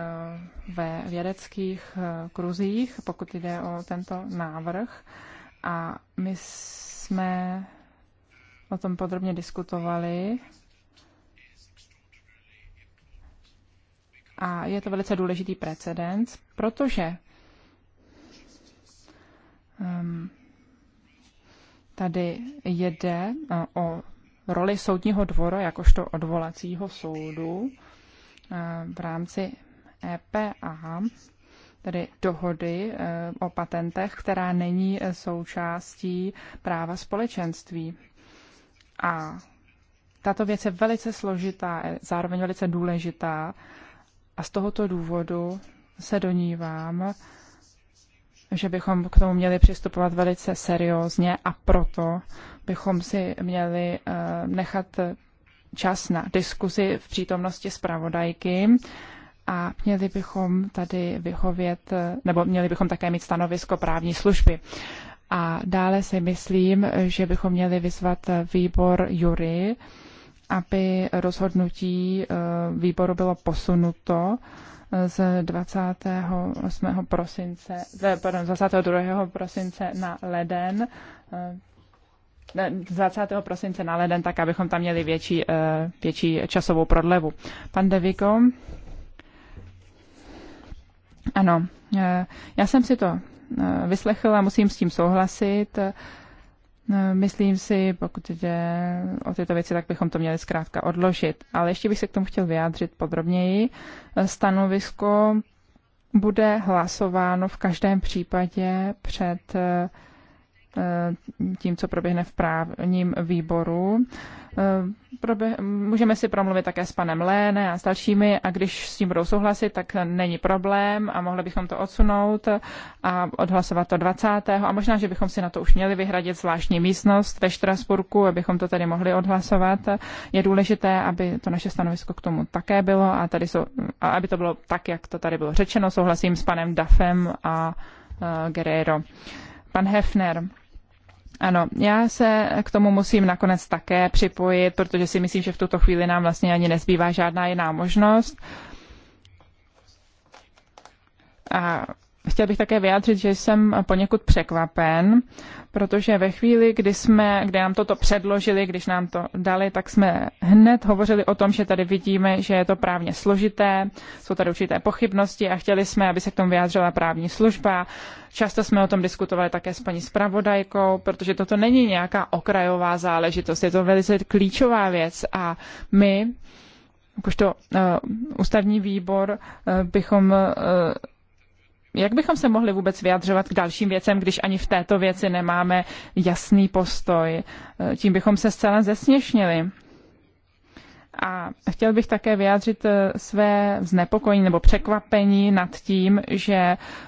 ve vědeckých kruzích, pokud jde o tento návrh. A my jsme o tom podrobně diskutovali. A je to velice důležitý precedens, protože Ehm, tady jede eh, o roli soudního dvora jakožto odvolacího soudu eh, v rámci EPA, tedy dohody eh, o patentech, která není součástí práva společenství. A tato věc je velice složitá, zároveň velice důležitá a z tohoto důvodu se donívám, že bychom k tomu měli přistupovat velice seriózně a proto bychom si měli eh, nechat čas na diskuzi v přítomnosti zpravodajky a měli bychom tady vyhovět, eh, nebo měli bychom také mít stanovisko právní služby. A dále si myslím, že bychom měli vyzvat výbor jury, aby rozhodnutí eh, výboru bylo posunuto z 28. prosince, pardon, z 22. prosince na leden, 20. Eh, prosince na leden, tak abychom tam měli větší, eh, větší časovou prodlevu. Pan Deviko. Ano, eh, já jsem si to vyslechl a musím s tím souhlasit. Myslím si, pokud jde o tyto věci, tak bychom to měli zkrátka odložit. Ale ještě bych se k tomu chtěl vyjádřit podrobněji. Stanovisko bude hlasováno v každém případě před eh, Eh, tím, co proběhne v právním výboru. Eh, Proběh, můžeme si promluvit také s panem Léne a s dalšími a když s tím budou souhlasit, tak není problém a mohli bychom to odsunout a odhlasovat to 20. a možná, že bychom si na to už měli vyhradit zvláštní místnost ve Štrasburku, abychom to tady mohli odhlasovat. Je důležité, aby to naše stanovisko k tomu také bylo a, tady jsou, a aby to bylo tak, jak to tady bylo řečeno. Souhlasím s panem Dafem a uh, Guerrero. Pan Hefner, ano, já se k tomu musím nakonec také připojit, protože si myslím, že v tuto chvíli nám vlastně ani nezbývá žádná jiná možnost. A chtěl bych také vyjádřit, že jsem poněkud překvapen, protože ve chvíli, kdy jsme, kdy nám toto předložili, když nám to dali, tak jsme hned hovořili o tom, že tady vidíme, že je to právně složité, jsou tady určité pochybnosti a chtěli jsme, aby se k tomu vyjádřila právní služba. Často jsme o tom diskutovali také s paní zpravodajkou, protože toto není nějaká okrajová záležitost, je to velice klíčová věc a my jakožto uh, ústavní výbor uh, bychom uh, jak bychom se mohli vůbec vyjadřovat k dalším věcem, když ani v této věci nemáme jasný postoj? Tím bychom se zcela zesměšnili. A chtěl bych také vyjádřit eh, své znepokojení nebo překvapení nad tím, že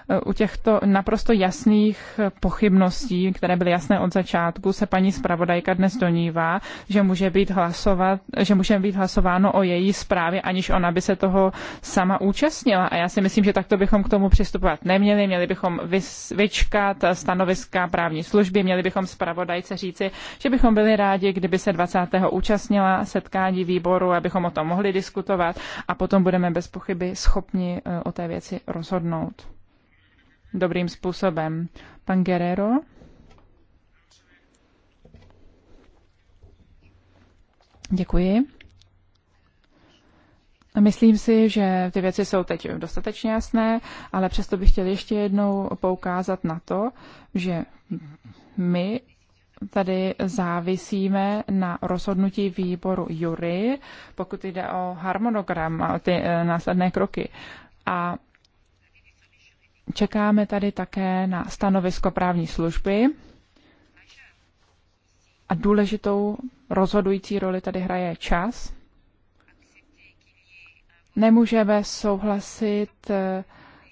eh, u těchto naprosto jasných eh, pochybností, které byly jasné od začátku, se paní zpravodajka dnes donívá, že může být, hlasovat, že může být hlasováno o její zprávě, aniž ona by se toho sama účastnila. A já si myslím, že takto bychom k tomu přistupovat neměli. Měli bychom vyčkat stanoviska právní služby, měli bychom zpravodajce říci, že bychom byli rádi, kdyby se 20. účastnila setkání výboru výboru, abychom o tom mohli diskutovat a potom budeme bez pochyby schopni eh, o té věci rozhodnout dobrým způsobem. Pan Guerrero? Děkuji. Myslím si, že ty věci jsou teď dostatečně jasné, ale přesto bych chtěl ještě jednou poukázat na to, že my tady závisíme na rozhodnutí výboru jury, pokud jde o harmonogram a ty e, následné kroky. A čekáme tady také na stanovisko právní služby. A důležitou rozhodující roli tady hraje čas. Nemůžeme souhlasit e,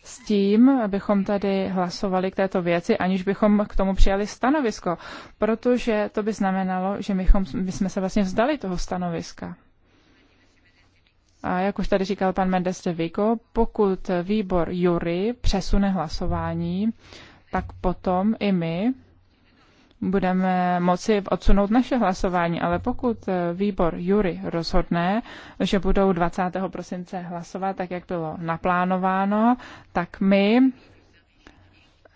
s tím, abychom tady hlasovali k této věci, aniž bychom k tomu přijali stanovisko, protože to by znamenalo, že bychom, bychom se vlastně vzdali toho stanoviska. A jak už tady říkal pan Mendes de Vigo, pokud výbor Jury přesune hlasování, tak potom i my budeme moci odsunout naše hlasování, ale pokud eh, výbor Jury rozhodne, že budou 20. prosince hlasovat tak, jak bylo naplánováno, tak my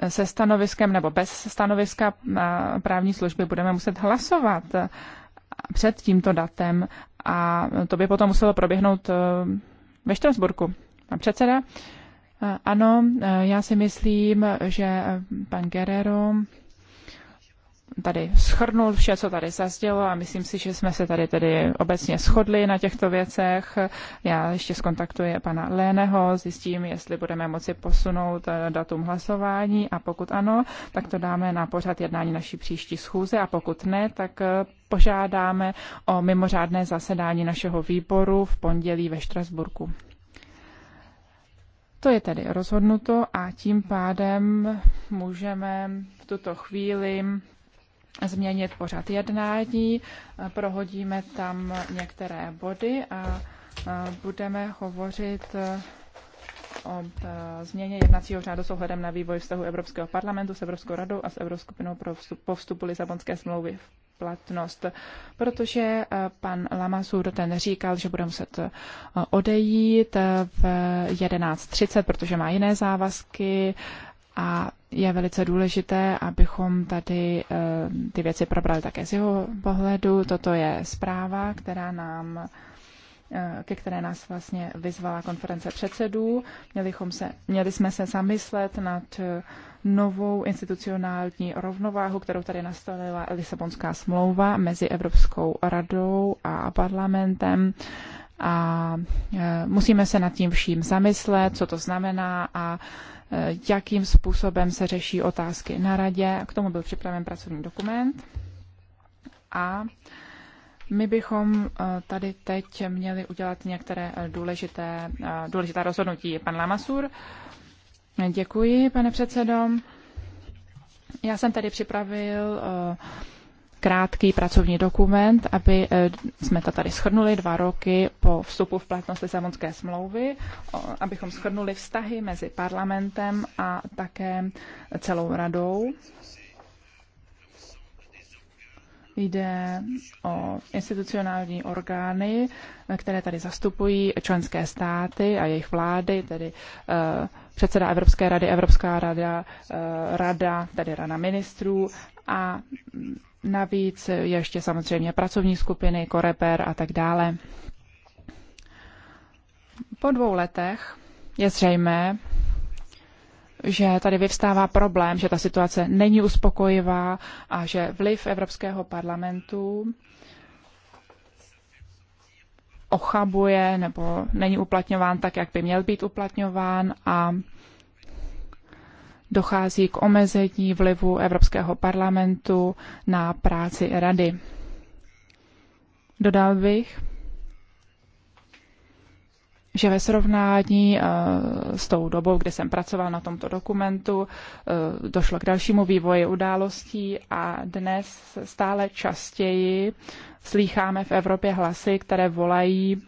se stanoviskem nebo bez stanoviska eh, právní služby budeme muset hlasovat eh, před tímto datem a to by potom muselo proběhnout ve Štrasburku. A předseda? Ano, já si myslím, že pan Guerrero tady schrnul vše, co tady zazdělo a myslím si, že jsme se tady tedy obecně shodli na těchto věcech. Já ještě skontaktuji pana Léneho, zjistím, jestli budeme moci posunout eh, datum hlasování a pokud ano, tak to dáme na pořad jednání naší příští schůze a pokud ne, tak eh, požádáme o mimořádné zasedání našeho výboru v pondělí ve Štrasburku. To je tedy rozhodnuto a tím pádem můžeme v tuto chvíli změnit pořad jednání, prohodíme tam některé body a budeme hovořit o změně jednacího řádu s ohledem na vývoj vztahu Evropského parlamentu s Evropskou radou a s Evropskou pro vstup, po vstupu Lisabonské smlouvy v platnost, protože pan Lamasur ten říkal, že bude muset odejít v 11.30, protože má jiné závazky a je velice důležité, abychom tady eh, ty věci probrali také z jeho pohledu. Toto je zpráva, která nám eh, ke které nás vlastně vyzvala konference předsedů. Měli, se, měli jsme se zamyslet nad eh, novou institucionální rovnováhu, kterou tady nastolila Lisabonská smlouva mezi Evropskou radou a parlamentem. A musíme se nad tím vším zamyslet, co to znamená a Eh, jakým způsobem se řeší otázky na radě. K tomu byl připraven pracovní dokument. A my bychom eh, tady teď měli udělat některé eh, důležité, důležitá rozhodnutí. Pan Lamasur, děkuji, pane předsedo. Já jsem tady připravil krátký pracovní dokument, aby eh, jsme to tady schrnuli dva roky po vstupu v platnost Lisabonské smlouvy, abychom schrnuli vztahy mezi parlamentem a také celou radou Jde o institucionální orgány, které tady zastupují členské státy a jejich vlády, tedy eh, předseda Evropské rady, Evropská rada, eh, rada, tedy rada ministrů a navíc ještě samozřejmě pracovní skupiny, koreper a tak dále. Po dvou letech je zřejmé, že tady vyvstává problém, že ta situace není uspokojivá a že vliv Evropského parlamentu ochabuje nebo není uplatňován tak, jak by měl být uplatňován a dochází k omezení vlivu Evropského parlamentu na práci rady. Dodal bych, že ve srovnání eh, s tou dobou, kdy jsem pracoval na tomto dokumentu, eh, došlo k dalšímu vývoji událostí a dnes stále častěji slýcháme v Evropě hlasy, které volají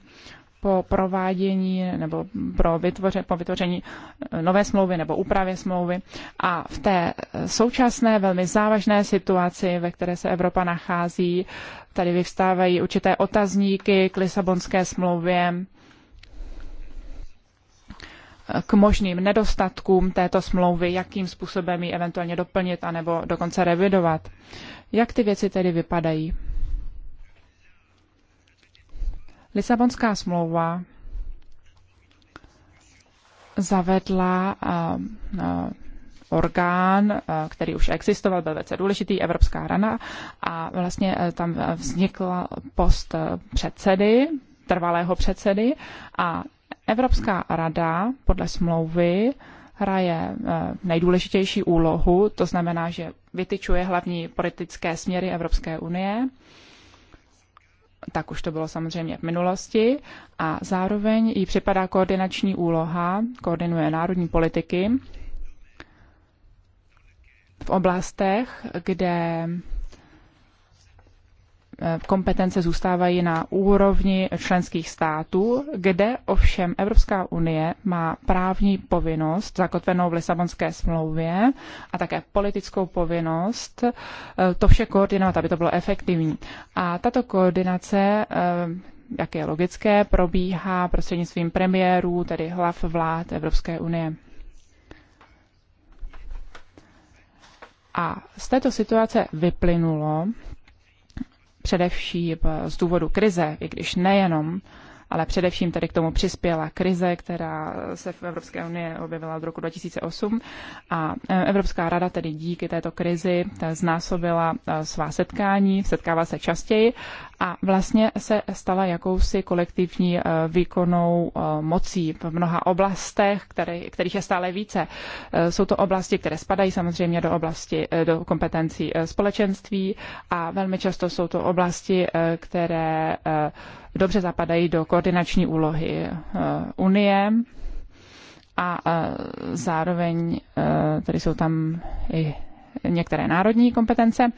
po provádění nebo pro vytvoře, po vytvoření eh, nové smlouvy nebo úpravě smlouvy. A v té současné velmi závažné situaci, ve které se Evropa nachází, tady vyvstávají určité otazníky k Lisabonské smlouvě k možným nedostatkům této smlouvy, jakým způsobem ji eventuálně doplnit anebo dokonce revidovat. Jak ty věci tedy vypadají? Lisabonská smlouva zavedla orgán, který už existoval, byl velice důležitý, Evropská rana, a vlastně e, tam vznikl post e, předsedy, trvalého předsedy a Evropská rada podle smlouvy hraje eh, nejdůležitější úlohu, to znamená, že vytyčuje hlavní politické směry Evropské unie, tak už to bylo samozřejmě v minulosti, a zároveň jí připadá koordinační úloha, koordinuje národní politiky v oblastech, kde Eh, kompetence zůstávají na úrovni členských států, kde ovšem Evropská unie má právní povinnost zakotvenou v Lisabonské smlouvě a také politickou povinnost eh, to vše koordinovat, aby to bylo efektivní. A tato koordinace eh, jak je logické, probíhá prostřednictvím premiérů, tedy hlav vlád Evropské unie. A z této situace vyplynulo, především eh, z důvodu krize, i když nejenom, ale především tady k tomu přispěla krize, která se v Evropské unii objevila od roku 2008 a e, Evropská rada tedy díky této krizi e, znásobila e, svá setkání, setkává se častěji a vlastně se stala jakousi kolektivní výkonnou mocí v mnoha oblastech, které, kterých je stále více. Jsou to oblasti, které spadají samozřejmě do oblasti, do kompetencí společenství a velmi často jsou to oblasti, které dobře zapadají do koordinační úlohy eh, Unie a eh, zároveň eh, tady jsou tam i některé národní kompetence.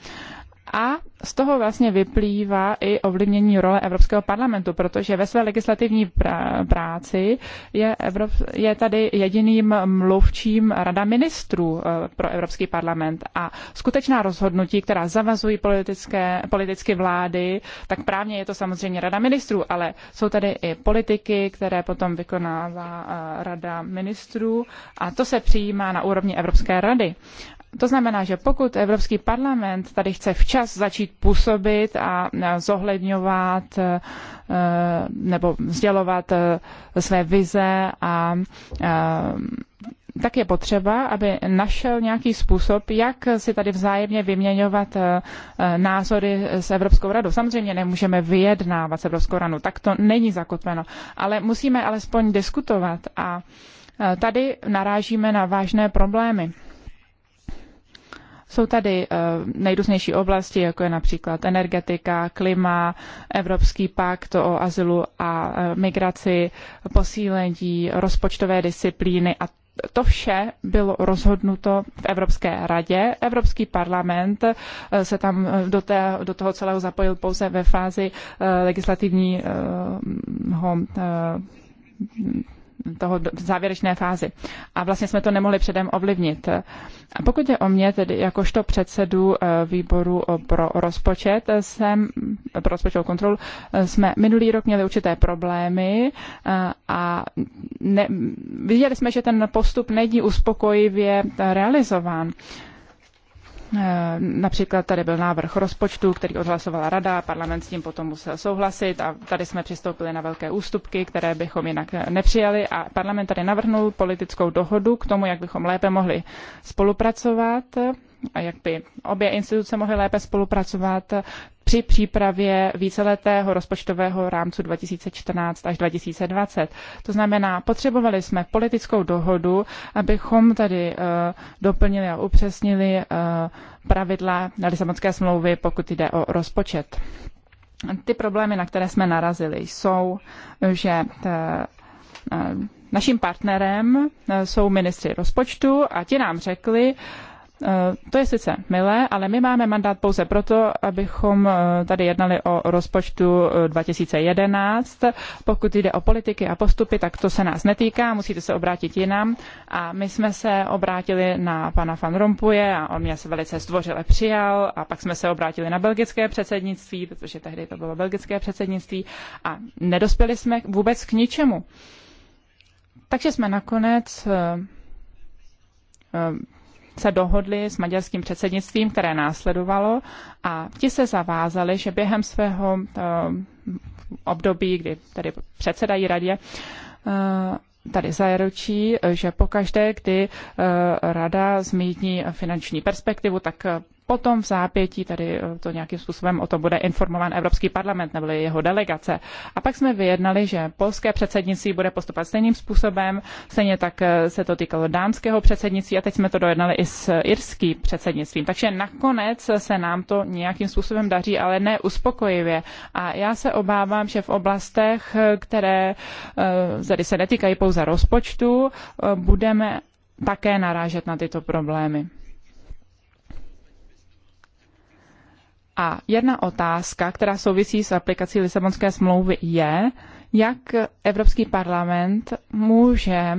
A z toho vlastně vyplývá i ovlivnění role Evropského parlamentu, protože ve své legislativní práci je, Evrop- je tady jediným mluvčím Rada ministrů eh, pro Evropský parlament. A skutečná rozhodnutí, která zavazují politické, politicky vlády, tak právně je to samozřejmě Rada ministrů, ale jsou tady i politiky, které potom vykonává eh, Rada ministrů a to se přijímá na úrovni Evropské rady. To znamená, že pokud Evropský parlament tady chce včas začít působit a zohledňovat e, nebo sdělovat e, své vize a tak je potřeba, aby našel nějaký způsob, jak si tady vzájemně vyměňovat e, názory s Evropskou radou. Samozřejmě nemůžeme vyjednávat s Evropskou radou, tak to není zakotveno, ale musíme alespoň diskutovat a tady narážíme na vážné problémy. Jsou tady eh, nejrůznější oblasti, jako je například energetika, klima, Evropský pakt o azylu a eh, migraci, posílení rozpočtové disciplíny a to vše bylo rozhodnuto v Evropské radě. Evropský parlament eh, se tam do, té, do toho celého zapojil pouze ve fázi legislativního toho závěrečné fázi. A vlastně jsme to nemohli předem ovlivnit. A pokud je o mě, tedy jakožto předsedu eh, výboru eh, pro rozpočet, eh, jsem, pro rozpočtovou kontrolu, jsme minulý rok měli určité problémy a ne, viděli jsme, že ten postup není uspokojivě realizován. Eh, například tady byl návrh rozpočtu, který odhlasovala rada, parlament s tím potom musel souhlasit a tady jsme přistoupili na velké ústupky, které bychom jinak eh, nepřijali a parlament tady navrhnul politickou dohodu k tomu, jak bychom lépe mohli spolupracovat jak by obě instituce mohly lépe spolupracovat při přípravě víceletého rozpočtového rámcu 2014 až 2020. To znamená, potřebovali jsme politickou dohodu, abychom tady eh, doplnili a upřesnili eh, pravidla Lisabonské smlouvy, pokud jde o rozpočet. Ty problémy, na které jsme narazili, jsou, že eh, naším partnerem jsou ministři rozpočtu a ti nám řekli, Eh, to je sice milé, ale my máme mandát pouze proto, abychom eh, tady jednali o rozpočtu 2011. Eh, Pokud jde o politiky a postupy, tak to se nás netýká, musíte se obrátit jinam. A my jsme se obrátili na pana Van Rompuje a on mě se velice zdvořile přijal a pak jsme se obrátili na belgické předsednictví, protože tehdy to bylo belgické předsednictví a nedospěli jsme vůbec k ničemu. Takže jsme nakonec se dohodli s maďarským předsednictvím, které následovalo, a ti se zavázali, že během svého eh, období, kdy tady předsedají radě, eh, tady zaručí, že pokaždé, kdy eh, rada zmíní finanční perspektivu, tak potom v zápětí tady eh, to nějakým způsobem o to bude informován Evropský parlament nebo jeho delegace. A pak jsme vyjednali, že polské předsednictví bude postupovat stejným způsobem, stejně tak eh, se to týkalo dánského předsednictví a teď jsme to dojednali i s irským předsednictvím. Takže nakonec se nám to nějakým způsobem daří, ale ne uspokojivě. A já se obávám, že v oblastech, které eh, tady se netýkají pouze rozpočtu, budeme také narážet na tyto problémy. A jedna otázka, která souvisí s aplikací Lisabonské smlouvy, je, jak Evropský parlament může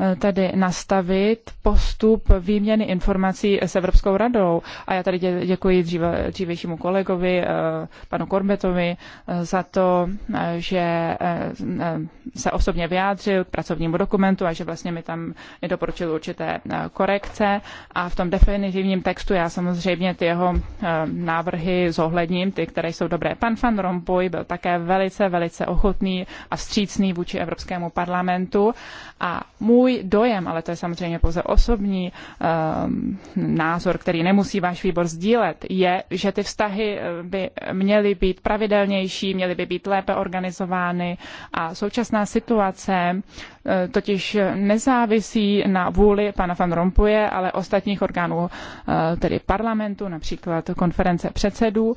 Eh, tady nastavit postup výměny informací s Evropskou radou. A já tady děkuji dříve, dřívějšímu kolegovi, eh, panu Korbetovi, eh, za to, že se osobně vyjádřil k pracovnímu dokumentu a že vlastně mi tam doporučil určité korekce. A v tom definitivním textu já samozřejmě ty jeho návrhy zohledním, ty, které jsou dobré. Pan Van Rompuy byl také velice, velice ochotný a vstřícný vůči Evropskému parlamentu a můj můj dojem, ale to je samozřejmě pouze osobní um, názor, který nemusí váš výbor sdílet, je, že ty vztahy eh, by měly být pravidelnější, měly by být lépe organizovány a současná situace eh, totiž nezávisí na vůli pana Van Rompuje, ale ostatních orgánů, eh, tedy parlamentu, například konference předsedů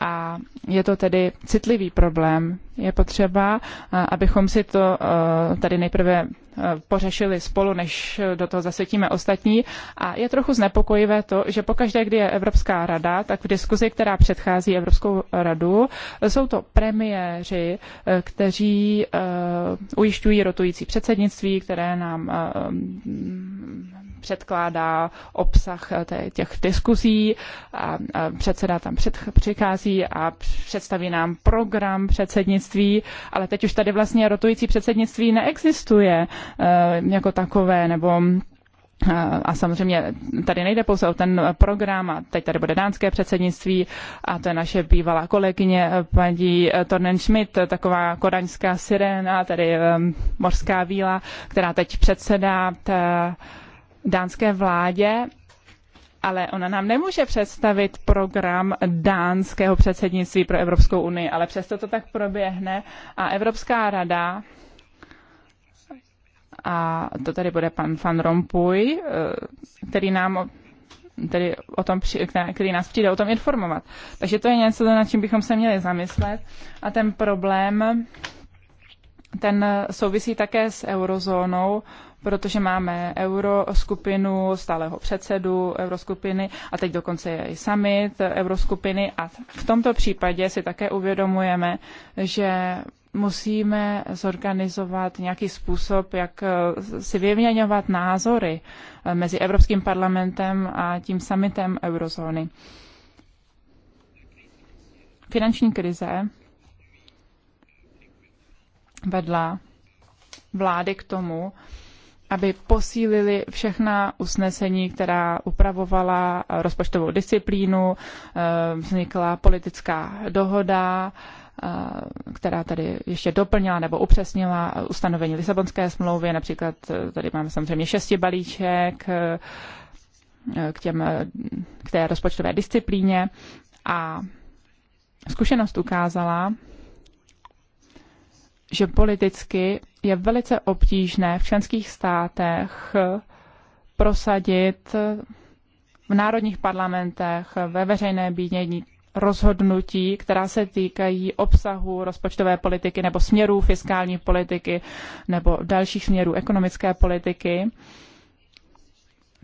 a je to tedy citlivý problém. Je potřeba, eh, abychom si to eh, tady nejprve eh, pořešili spolu, než do toho zasvětíme ostatní. A je trochu znepokojivé to, že pokaždé, kdy je Evropská rada, tak v diskuzi, která předchází Evropskou radu, jsou to premiéři, kteří ujišťují rotující předsednictví, které nám předkládá obsah eh, těch diskuzí a předseda tam před, přichází a představí nám program předsednictví, ale teď už tady vlastně rotující předsednictví neexistuje eh, jako takové, nebo eh, a samozřejmě tady nejde pouze o ten program, a teď tady bude dánské předsednictví, a to je naše bývalá kolegyně paní Tornen Schmidt, taková kodaňská sirena, tedy mořská víla, která teď předsedá. Ta, dánské vládě, ale ona nám nemůže představit program dánského předsednictví pro Evropskou unii, ale přesto to tak proběhne a Evropská rada a to tady bude pan Van Rompuy, eh, který nám tedy o tom, který nás přijde o tom informovat. Takže to je něco, nad čím bychom se měli zamyslet. A ten problém, ten souvisí také s eurozónou, protože máme euroskupinu, stáleho předsedu euroskupiny a teď dokonce je i summit euroskupiny a v tomto případě si také uvědomujeme, že musíme zorganizovat nějaký způsob, jak eh, si vyměňovat názory eh, mezi Evropským parlamentem a tím summitem eurozóny. Finanční krize vedla vlády k tomu, aby posílili všechna usnesení, která upravovala rozpočtovou disciplínu, eh, vznikla politická dohoda, eh, která tady ještě doplnila nebo upřesnila ustanovení Lisabonské smlouvy. Například eh, tady máme samozřejmě šesti balíček k, těm, k té rozpočtové disciplíně a zkušenost ukázala, že politicky je velice obtížné v členských státech prosadit v národních parlamentech, ve veřejné bínění rozhodnutí, která se týkají obsahu rozpočtové politiky nebo směrů fiskální politiky nebo dalších směrů ekonomické politiky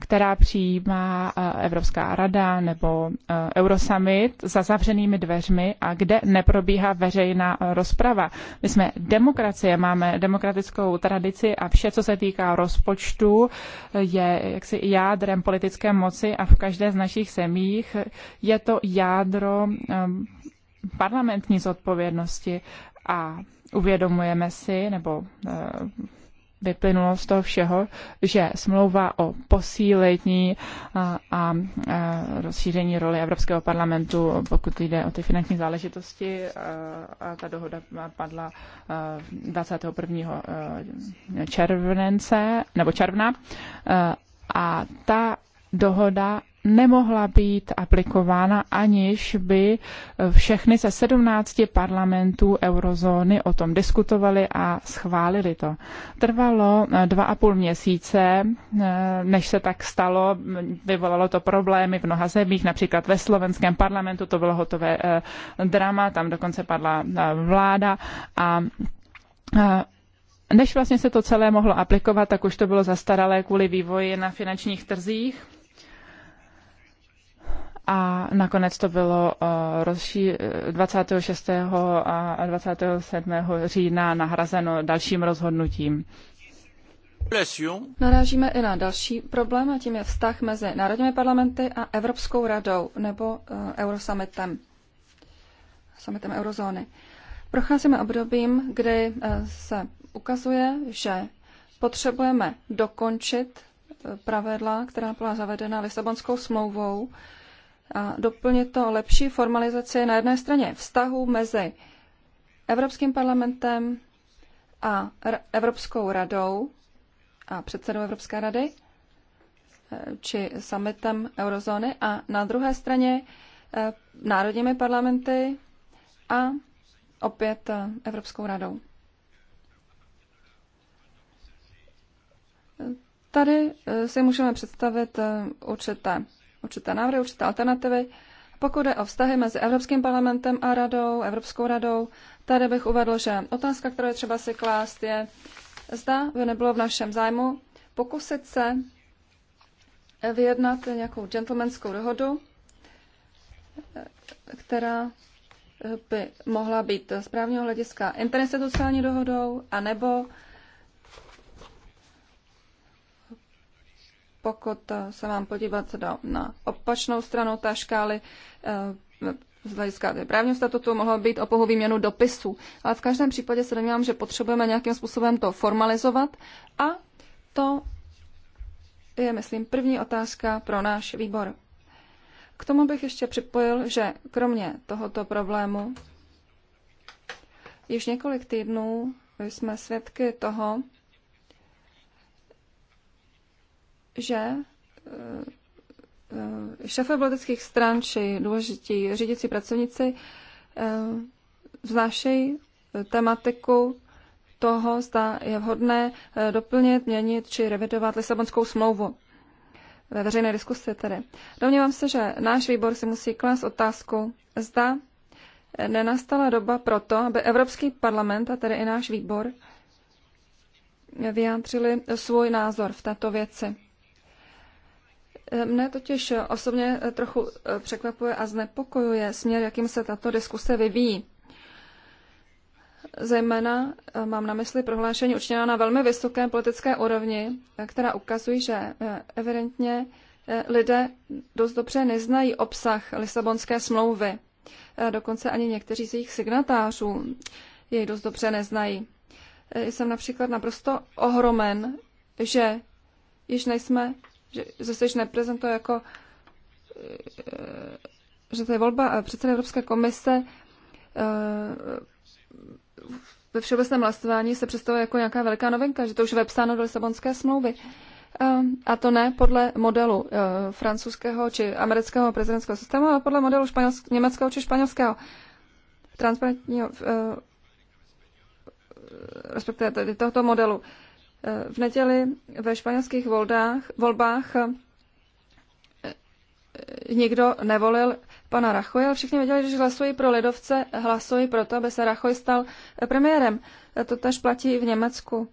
která přijímá eh, Evropská rada nebo eh, Eurosummit za zavřenými dveřmi a kde neprobíhá veřejná eh, rozprava. My jsme demokracie, máme demokratickou tradici a vše, co se týká rozpočtu, je jaksi jádrem politické moci a v každé z našich zemích je to jádro ehm, parlamentní zodpovědnosti a uvědomujeme si, nebo vyplynulo z toho všeho, že smlouva o posílení a, a rozšíření roli Evropského parlamentu, pokud jde o ty finanční záležitosti, a ta dohoda padla 21. E, července, nebo června, e, a ta dohoda nemohla být aplikována, aniž by všechny ze 17 parlamentů eurozóny o tom diskutovali a schválili to. Trvalo eh, dva a půl měsíce, eh, než se tak stalo. Vyvolalo to problémy v mnoha zemích, například ve slovenském parlamentu to bylo hotové eh, drama, tam dokonce padla vláda a než vlastně se to celé mohlo aplikovat, tak už to bylo zastaralé kvůli vývoji na finančních trzích a nakonec to bylo eh, rozší 26. Eh, a 27. října nahrazeno dalším rozhodnutím.
Narážíme i na další problém a tím je vztah mezi národními parlamenty a Evropskou radou nebo eh, Eurosummitem, summitem eurozóny. Procházíme obdobím, kdy se ukazuje, že potřebujeme dokončit pravidla, která byla zavedena Lisabonskou smlouvou a doplnit to lepší formalizaci na jedné straně vztahu mezi Evropským parlamentem a Evropskou radou a předsedou Evropské rady eh, či summitem eurozóny a na druhé straně eh, národními parlamenty a opět eh, Evropskou radou. Tady si můžeme představit určité určité návrhy, určité alternativy. Pokud jde o vztahy mezi Evropským parlamentem a radou, Evropskou radou, tady bych uvedl, že otázka, kterou je třeba si klást, je, zda by nebylo v našem zájmu pokusit se vyjednat nějakou gentlemanskou dohodu, která by mohla být z právního hlediska interinstitucionální dohodou, anebo pokud se vám podívat do, na opačnou stranu té škály, eh, z hlediska právního statutu mohlo být o pohu výměnu dopisů. Ale v každém případě se domnívám, že potřebujeme nějakým způsobem to formalizovat a to je, myslím, první otázka pro náš výbor. K tomu bych ještě připojil, že kromě tohoto problému již několik týdnů jsme svědky toho, že eh, eh, šéfé politických stran či důležití řídící pracovníci eh, vznášejí tematiku toho, zda je vhodné doplnit, měnit či revidovat Lisabonskou smlouvu. Ve veřejné diskusi tedy. Domnívám se, že náš výbor si musí klást otázku, zda nenastala doba proto, aby Evropský parlament, a tedy i náš výbor, vyjádřili svůj názor v této věci. Mne totiž osobně trochu eh, překvapuje a znepokojuje směr, jakým se tato diskuse vyvíjí. Zejména eh, mám na mysli prohlášení učiněná na velmi vysoké politické úrovni, eh, která ukazují, že evidentně lidé dost dobře neznají obsah Lisabonské smlouvy. Dokonce ani někteří z jejich signatářů jej dost dobře neznají. Jsem například naprosto ohromen, že již nejsme že, že se již neprezentuje jako, eh, že to je volba eh, předsedy Evropské komise eh, ve všeobecném hlasování se představuje jako nějaká velká novinka, že to už je vepsáno do Lisabonské smlouvy. Ehm, a to ne podle modelu francouzského či amerického prezidentského systému, ale podle modelu španělsk- německého či španělského transparentního, respektive tohoto modelu. V neděli ve španělských voldách, volbách eh, nikdo nevolil pana Rachoje, ale všichni věděli, že hlasují pro lidovce, hlasují pro to, aby se Rachoj stal premiérem. Eh, to tež platí i v Německu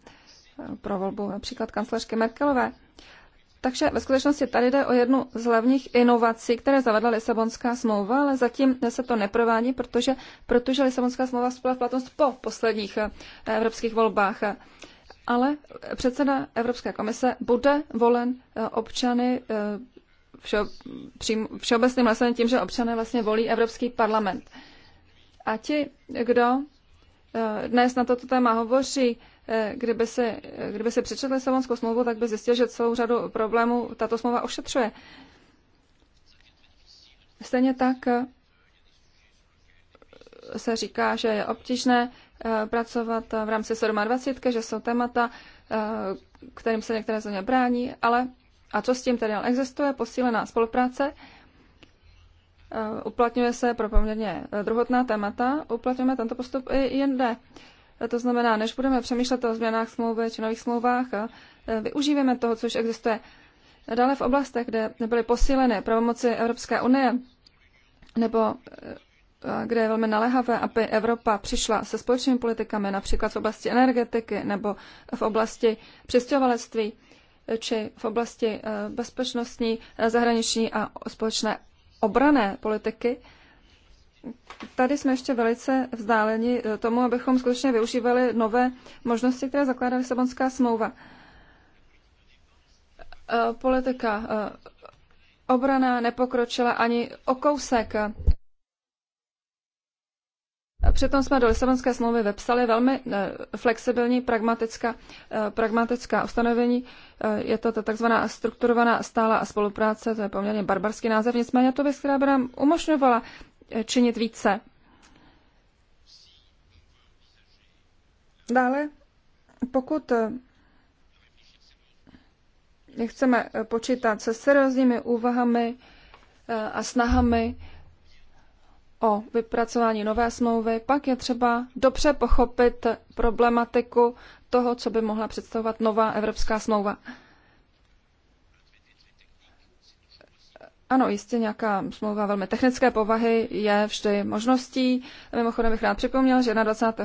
eh, pro volbu například kancelářky Merkelové. Takže ve skutečnosti tady jde o jednu z hlavních inovací, které zavedla Lisabonská smlouva, ale zatím se to neprovádí, protože, protože Lisabonská smlouva vstoupila v platnost po posledních evropských volbách ale předseda Evropské komise bude volen eh, občany eh, vše, přím, všeobecným hlasem tím, že občané vlastně volí Evropský parlament. A ti, kdo eh, dnes na toto téma hovoří, kdyby si, kdyby si přečetli Savonskou smlouvu, tak by zjistil, že celou řadu problémů tato smlouva ošetřuje. Stejně tak se říká, že je obtížné Eh, pracovat eh, v rámci 27, že jsou témata, eh, kterým se některé země brání, ale a co s tím tedy existuje? Posílená spolupráce. Uplatňuje se pro poměrně druhotná témata, uplatňujeme tento postup i jinde. To znamená, než budeme přemýšlet o změnách smlouvy či nových smlouvách, využijeme toho, co už existuje. Dále v oblastech, kde nebyly posíleny, pravomoci Evropské unie, nebo kde je velmi naléhavé, aby Evropa přišla se společnými politikami, například v oblasti energetiky nebo v oblasti přistěhovalectví či v oblasti eh, bezpečnostní, eh, zahraniční a společné obrané politiky. Tady jsme ještě velice vzdáleni eh, tomu, abychom skutečně využívali nové možnosti, které zakládá Lisabonská smlouva. Politika obrana nepokročila ani o kousek. Přitom jsme do Lisabonské smlouvy vepsali velmi eh, flexibilní pragmatická, eh, pragmatická ustanovení. Eh, je to ta tzv. strukturovaná stála spolupráce, to je poměrně barbarský název, nicméně to věc, která by nám umožňovala činit více. Dále, pokud chceme počítat se seriózními úvahami a snahami, o vypracování nové smlouvy, pak je třeba dobře pochopit problematiku toho, co by mohla představovat nová evropská smlouva. Ano, jistě nějaká smlouva velmi technické povahy je vždy možností. Mimochodem bych rád připomněl, že na 20.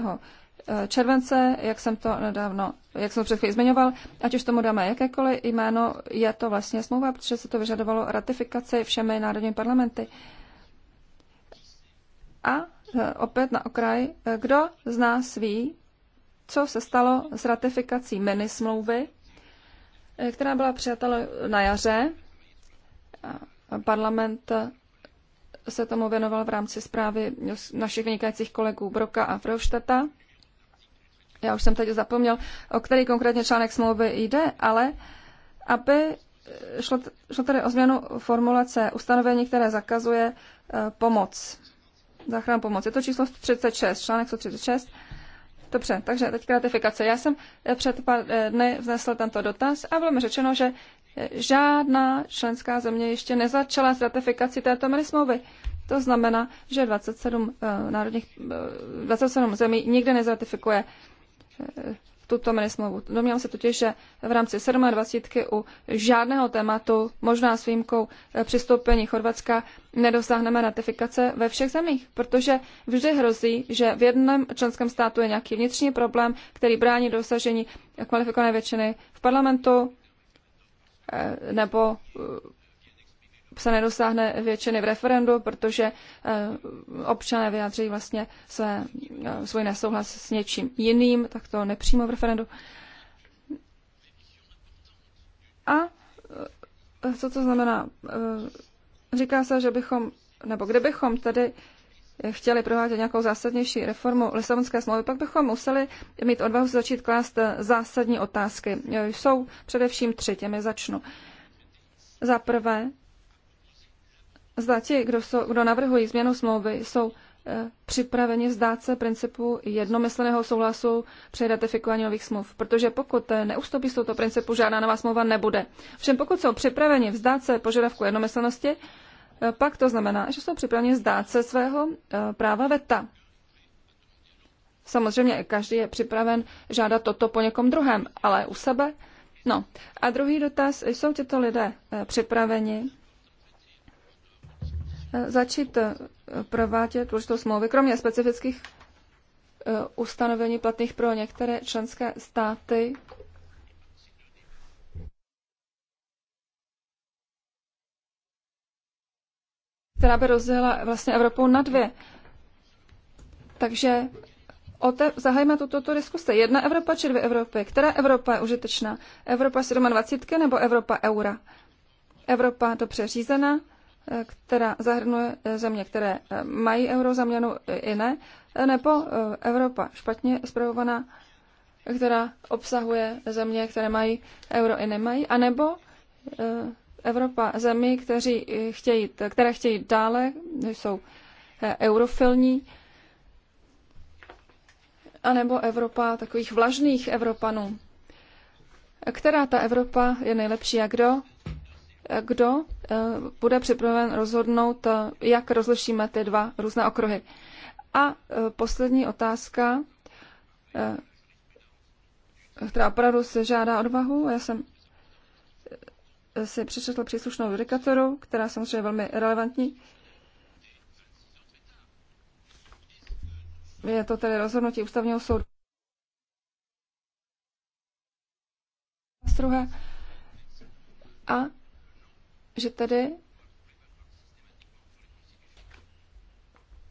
Eh, července, jak jsem to nedávno, jak jsem to před chvíli zmiňoval, ať už tomu dáme jakékoliv jméno, je to vlastně smlouva, protože se to vyžadovalo ratifikaci všemi národními parlamenty. Uh, a e, opět na okraj, e, kdo z nás ví, co se stalo s ratifikací meny smlouvy, e, která byla přijata na jaře. Parlament se tomu věnoval v rámci zprávy našich vynikajících kolegů Broka a Frouštata. Já už jsem teď zapomněl, o který konkrétně článek smlouvy jde, ale aby šlo, šlo tedy o změnu formulace ustanovení, které zakazuje pomoc záchranná pomoc. Je to číslo 136, článek 136. Dobře, takže teď ratifikace. Já jsem eh, před pár eh, dny vznesl tento dotaz a bylo mi řečeno, že eh, žádná členská země ještě nezačala s ratifikací této měny smlouvy. To znamená, že 27, národních, 27 zemí nikdy nezratifikuje tuto minismluvu. Domnívám se totiž, že v rámci 27 u žádného tématu, možná s výjimkou eh, přistoupení Chorvatska, nedosáhneme ratifikace ve všech zemích, protože vždy hrozí, že v jednom členském státu je nějaký vnitřní problém, který brání dosažení kvalifikované většiny v parlamentu eh, nebo eh, se nedosáhne většiny v referendu, protože eh, občané vyjádří vlastně své, eh, svůj nesouhlas s něčím jiným, tak to nepřímo v referendu. A eh, co to znamená? Říká se, že bychom, nebo kdybychom tedy chtěli provádět nějakou zásadnější reformu Lisabonské smlouvy, pak bychom museli mít odvahu začít klást zásadní otázky. Jsou především tři, těmi začnu. Za prvé, zda ti, kdo, jsou, kdo navrhují změnu smlouvy, jsou eh, připraveni vzdát se principu jednomyslného souhlasu při ratifikování nových smluv. Protože pokud eh, neustoupí z tohoto principu, žádná nová smlouva nebude. Všem pokud jsou připraveni vzdát se požadavku jednomyslnosti, eh, pak to znamená, že jsou připraveni vzdát se svého práva veta. Samozřejmě každý je připraven žádat toto po někom druhém, ale u sebe. No a druhý dotaz, jsou tyto lidé připraveni začít eh, provádět určitou smlouvy, kromě specifických eh, ustanovení platných pro některé členské státy. která by rozdělila vlastně Evropou na dvě. Takže ote- zahajme tuto tu diskuse. Jedna Evropa či dvě Evropy? Která Evropa je užitečná? Evropa 27 nebo Evropa eura? Evropa dobře řízená, která zahrnuje eh, země, které eh, mají euro zaměnu eh, i ne, nebo Evropa špatně zpravovaná, která obsahuje země, které mají euro i nemají, anebo Evropa zemí, kteří chtějí, které chtějí dále, jsou eurofilní, anebo Evropa takových vlažných Evropanů. Která ta Evropa je nejlepší a kdo? kdo eh, bude připraven rozhodnout, eh, jak rozlišíme ty dva různé okruhy. A eh, poslední otázka, která opravdu se žádá odvahu. Já jsem si přečetl příslušnou judikatoru, která samozřejmě je velmi relevantní. Je to tedy rozhodnutí ústavního soudu. A že tady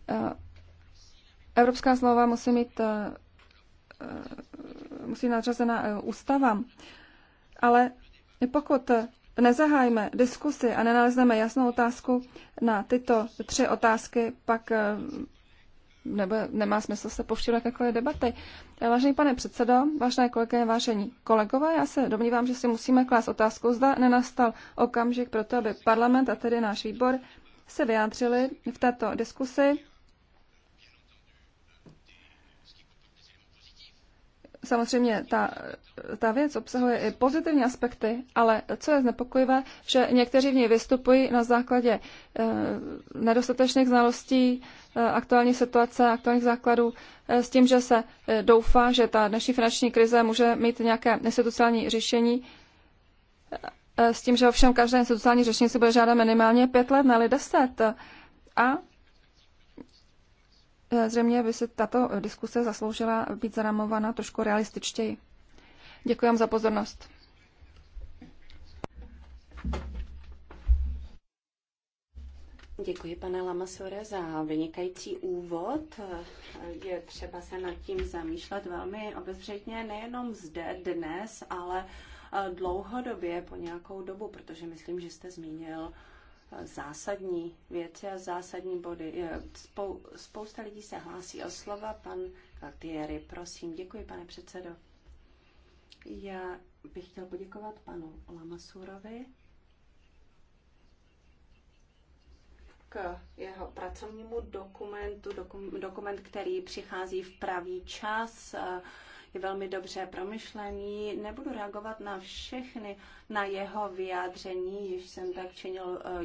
eh, evropská slova musí mít eh, eh, musí nadřazená ústavám. Ale pokud nezahájíme diskusy a nenalezneme jasnou otázku na tyto tři otázky, pak nebo nemá smysl se povštět jakékoliv debaty. Eh, Vážený pane předsedo, vážené kolegyně, vážení kolegové, já se domnívám, že si musíme klást otázku, zda nenastal okamžik pro to, aby parlament a tedy náš výbor se vyjádřili v této diskusi Samozřejmě ta, ta věc obsahuje i pozitivní aspekty, ale co je znepokojivé, že někteří v ní vystupují na základě e, nedostatečných znalostí, e, aktuální situace, aktuálních základů, e, s tím, že se e, doufá, že ta dnešní finanční krize může mít nějaké institucionální řešení, e, s tím, že ovšem každé institucionální řešení si bude žádat minimálně pět let, ne deset. A Eh, zřejmě by se tato eh, diskuse zasloužila být zaramována trošku realističtěji. Děkuji vám za pozornost.
Děkuji, pane Lamasore, za vynikající úvod. Eh, je třeba se nad tím zamýšlet velmi obezřetně, nejenom zde dnes, ale dlouhodobě po nějakou dobu, protože myslím, že jste zmínil zásadní věci a zásadní body. Spou, spousta lidí se hlásí o slova. Pan Galtieri, prosím. Děkuji, pane předsedo. Já bych chtěl poděkovat panu Lamasurovi k jeho pracovnímu dokumentu, dokum, dokument, který přichází v pravý čas. Uh, je velmi dobře promyšlený. Nebudu reagovat na všechny, na jeho vyjádření, již jsem tak činil eh,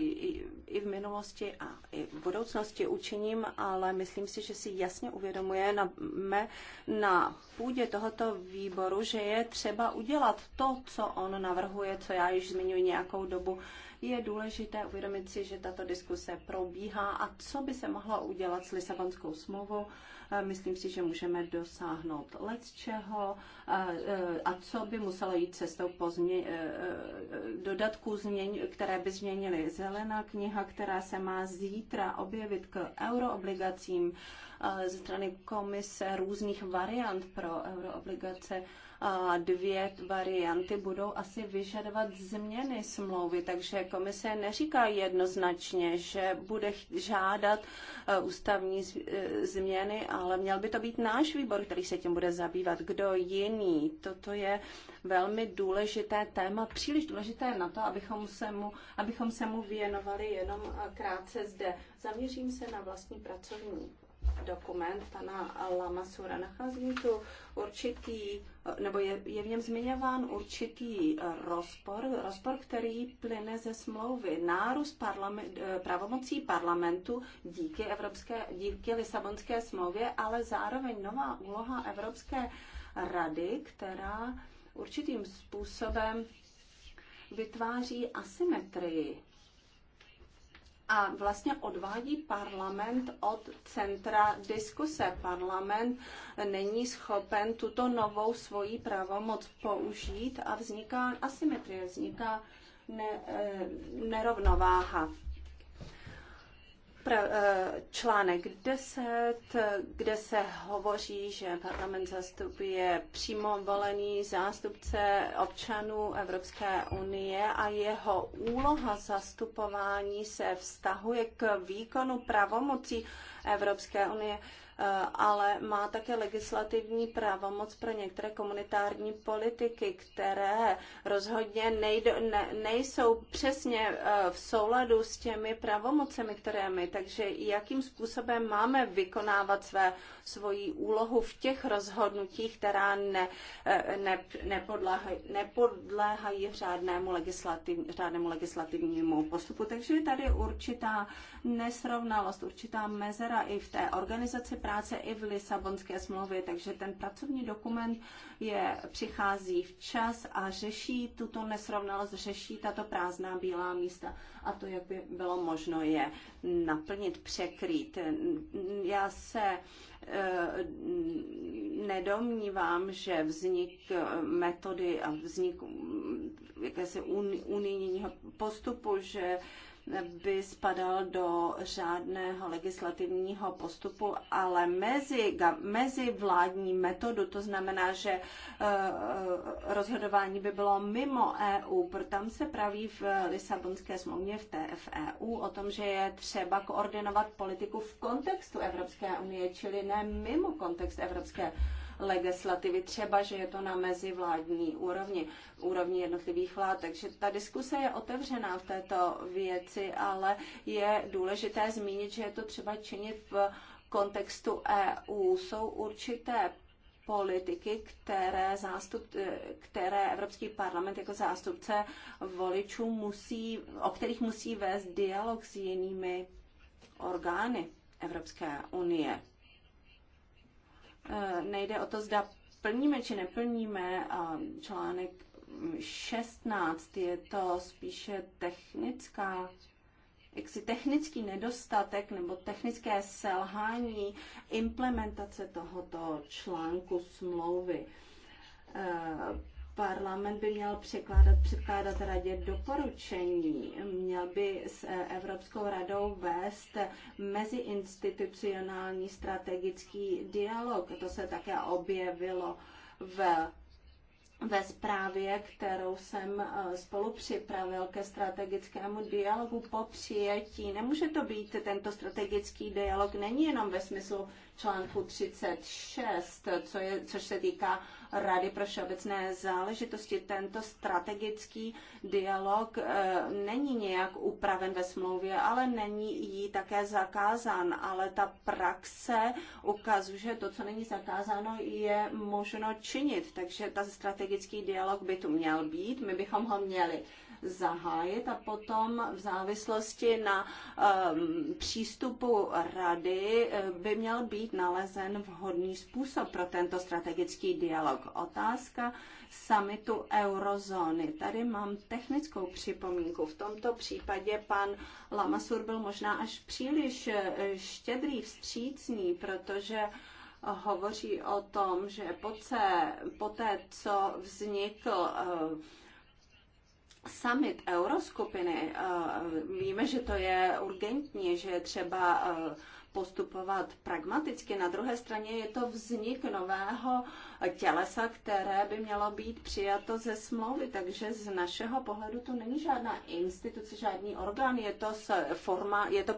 i v minulosti a i v budoucnosti učiním, ale myslím si, že si jasně uvědomuje na, na půdě tohoto výboru, že je třeba udělat to, co on navrhuje, co já již zmiňuji nějakou dobu je důležité uvědomit si, že tato diskuse probíhá a co by se mohlo udělat s Lisabonskou smlouvou Eh, myslím si, že můžeme dosáhnout let čeho eh, eh, a co by muselo jít cestou po změ, dodatku, změň, které by změnily zelená kniha, která se má zítra objevit k euroobligacím ze strany komise různých variant pro euroobligace dvě varianty budou asi vyžadovat změny smlouvy, takže komise neříká jednoznačně, že bude žádat e, ústavní e, změny, ale měl by to být náš výbor, který se tím bude zabývat. Kdo jiný? Toto je velmi důležité téma, příliš důležité na to, abychom se mu, abychom se mu věnovali jenom krátce zde. Zaměřím se na vlastní pracovní dokument pana Lamasura. nachází tu určitý, nebo je, je v něm zmiňován určitý rozpor, rozpor, který plyne ze smlouvy. Nárůst parlament, eh, pravomocí parlamentu díky, Evropské, díky Lisabonské smlouvě, ale zároveň nová úloha Evropské rady, která určitým způsobem vytváří asymetrii a vlastně odvádí parlament od centra diskuse. Parlament není schopen tuto novou svoji pravomoc použít a vzniká asymetrie, vzniká ne, eh, nerovnováha. Eh, článek 10, kde se hovoří, že parlament zastupuje přímo volený zástupce občanů Evropské unie a jeho úloha zastupování se vztahuje k výkonu pravomocí Evropské unie. Eh, ale má také legislativní právomoc pro některé komunitární politiky, které rozhodně nejdo, ne, nejsou přesně eh, v souladu s těmi pravomocemi, které my. Takže jakým způsobem máme vykonávat své svoji úlohu v těch rozhodnutích, která ne, eh, ne, nepodléhají, nepodléhají řádnému, legislativ, řádnému legislativnímu postupu. Takže je tady určitá nesrovnalost, určitá mezera i v té organizaci práce, i v Lisabonské smlouvě, takže ten pracovní dokument je, přichází včas a řeší tuto nesrovnalost, řeší tato prázdná bílá místa a to, jak by bylo možno je naplnit, překrýt. Já se Eh, nedomnívám, že vznik eh, metody a vznik mm, jakési unijního postupu, že by spadal do řádného legislativního postupu, ale mezi, mezi vládní metodu, to znamená, že eh, eh, rozhodování by bylo mimo EU, protože tam se praví v Lisabonské smlouvě v TFEU o tom, že je třeba koordinovat politiku v kontextu Evropské unie, čili ne mimo kontext Evropské unie legislativy, třeba, že je to na mezivládní úrovni, úrovni jednotlivých vlád. Takže ta diskuse je otevřená v této věci, ale je důležité zmínit, že je to třeba činit v kontextu EU. Jsou určité politiky, které, zástup, které Evropský parlament jako zástupce voličů musí, o kterých musí vést dialog s jinými orgány Evropské unie. Eh, nejde o to, zda plníme či neplníme článek 16. Je to spíše technická jaksi technický nedostatek nebo technické selhání implementace tohoto článku smlouvy eh, Parlament by měl překládat, předkládat radě doporučení, měl by s eh, Evropskou radou vést meziinstitucionální strategický dialog. To se také objevilo v ve zprávě, kterou jsem eh, spolu připravil ke strategickému dialogu po přijetí. Nemůže to být, tento strategický dialog není jenom ve smyslu článku 36, co je, což se týká Rady pro všeobecné záležitosti. Tento strategický dialog eh, není nějak upraven ve smlouvě, ale není jí také zakázán. Ale ta praxe ukazuje, že to, co není zakázáno, je možno činit. Takže ta strategický dialog by tu měl být, my bychom ho měli zahájit a potom v závislosti na um, přístupu rady eh, by měl být nalezen vhodný způsob pro tento strategický dialog. Otázka samitu eurozóny. Tady mám technickou připomínku. V tomto případě pan Lamasur byl možná až příliš eh, štědrý, vstřícný, protože hovoří o tom, že po té, co vznikl eh, summit euroskupiny, eh, víme, že to je urgentní, že je třeba eh, postupovat pragmaticky. Na druhé straně je to vznik nového tělesa, které by mělo být přijato ze smlouvy. Takže z našeho pohledu to není žádná instituce, žádný orgán, je to forma, je to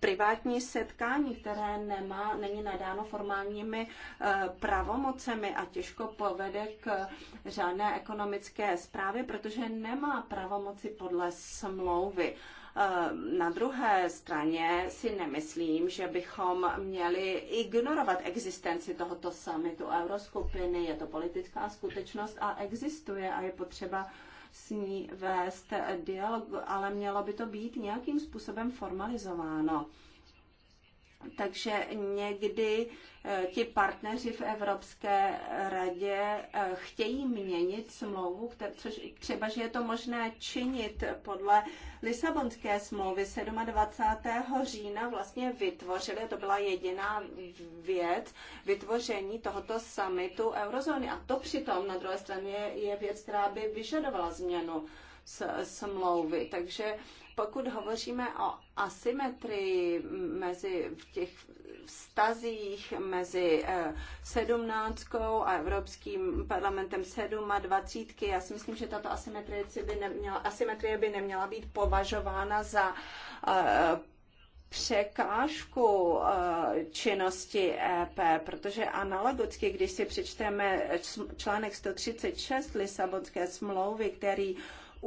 privátní setkání, které nemá, není nadáno formálními eh, pravomocemi a těžko povede k žádné ekonomické zprávě, protože nemá pravomoci podle smlouvy. Eh, na druhé straně si nemyslím, že bychom měli ignorovat existenci tohoto summitu euroskupiny. Je to politická skutečnost a existuje a je potřeba s ní vést dialog, ale mělo by to být nějakým způsobem formalizováno. Takže někdy eh, ti partneři v Evropské radě eh, chtějí měnit smlouvu, což třeba, že je to možné činit podle Lisabonské smlouvy 27. října vlastně vytvořili, to byla jediná věc, vytvoření tohoto summitu eurozóny. A to přitom na druhé straně je věc, která by vyžadovala změnu smlouvy. Takže pokud hovoříme o asymetrii mezi v těch vztazích mezi eh, sedmnáctkou a Evropským parlamentem sedm a dvacítky, já si myslím, že tato asymetrie by neměla, asymetrie by neměla být považována za eh, překážku eh, činnosti EP, protože analogicky, když si přečteme článek 136 Lisabonské smlouvy, který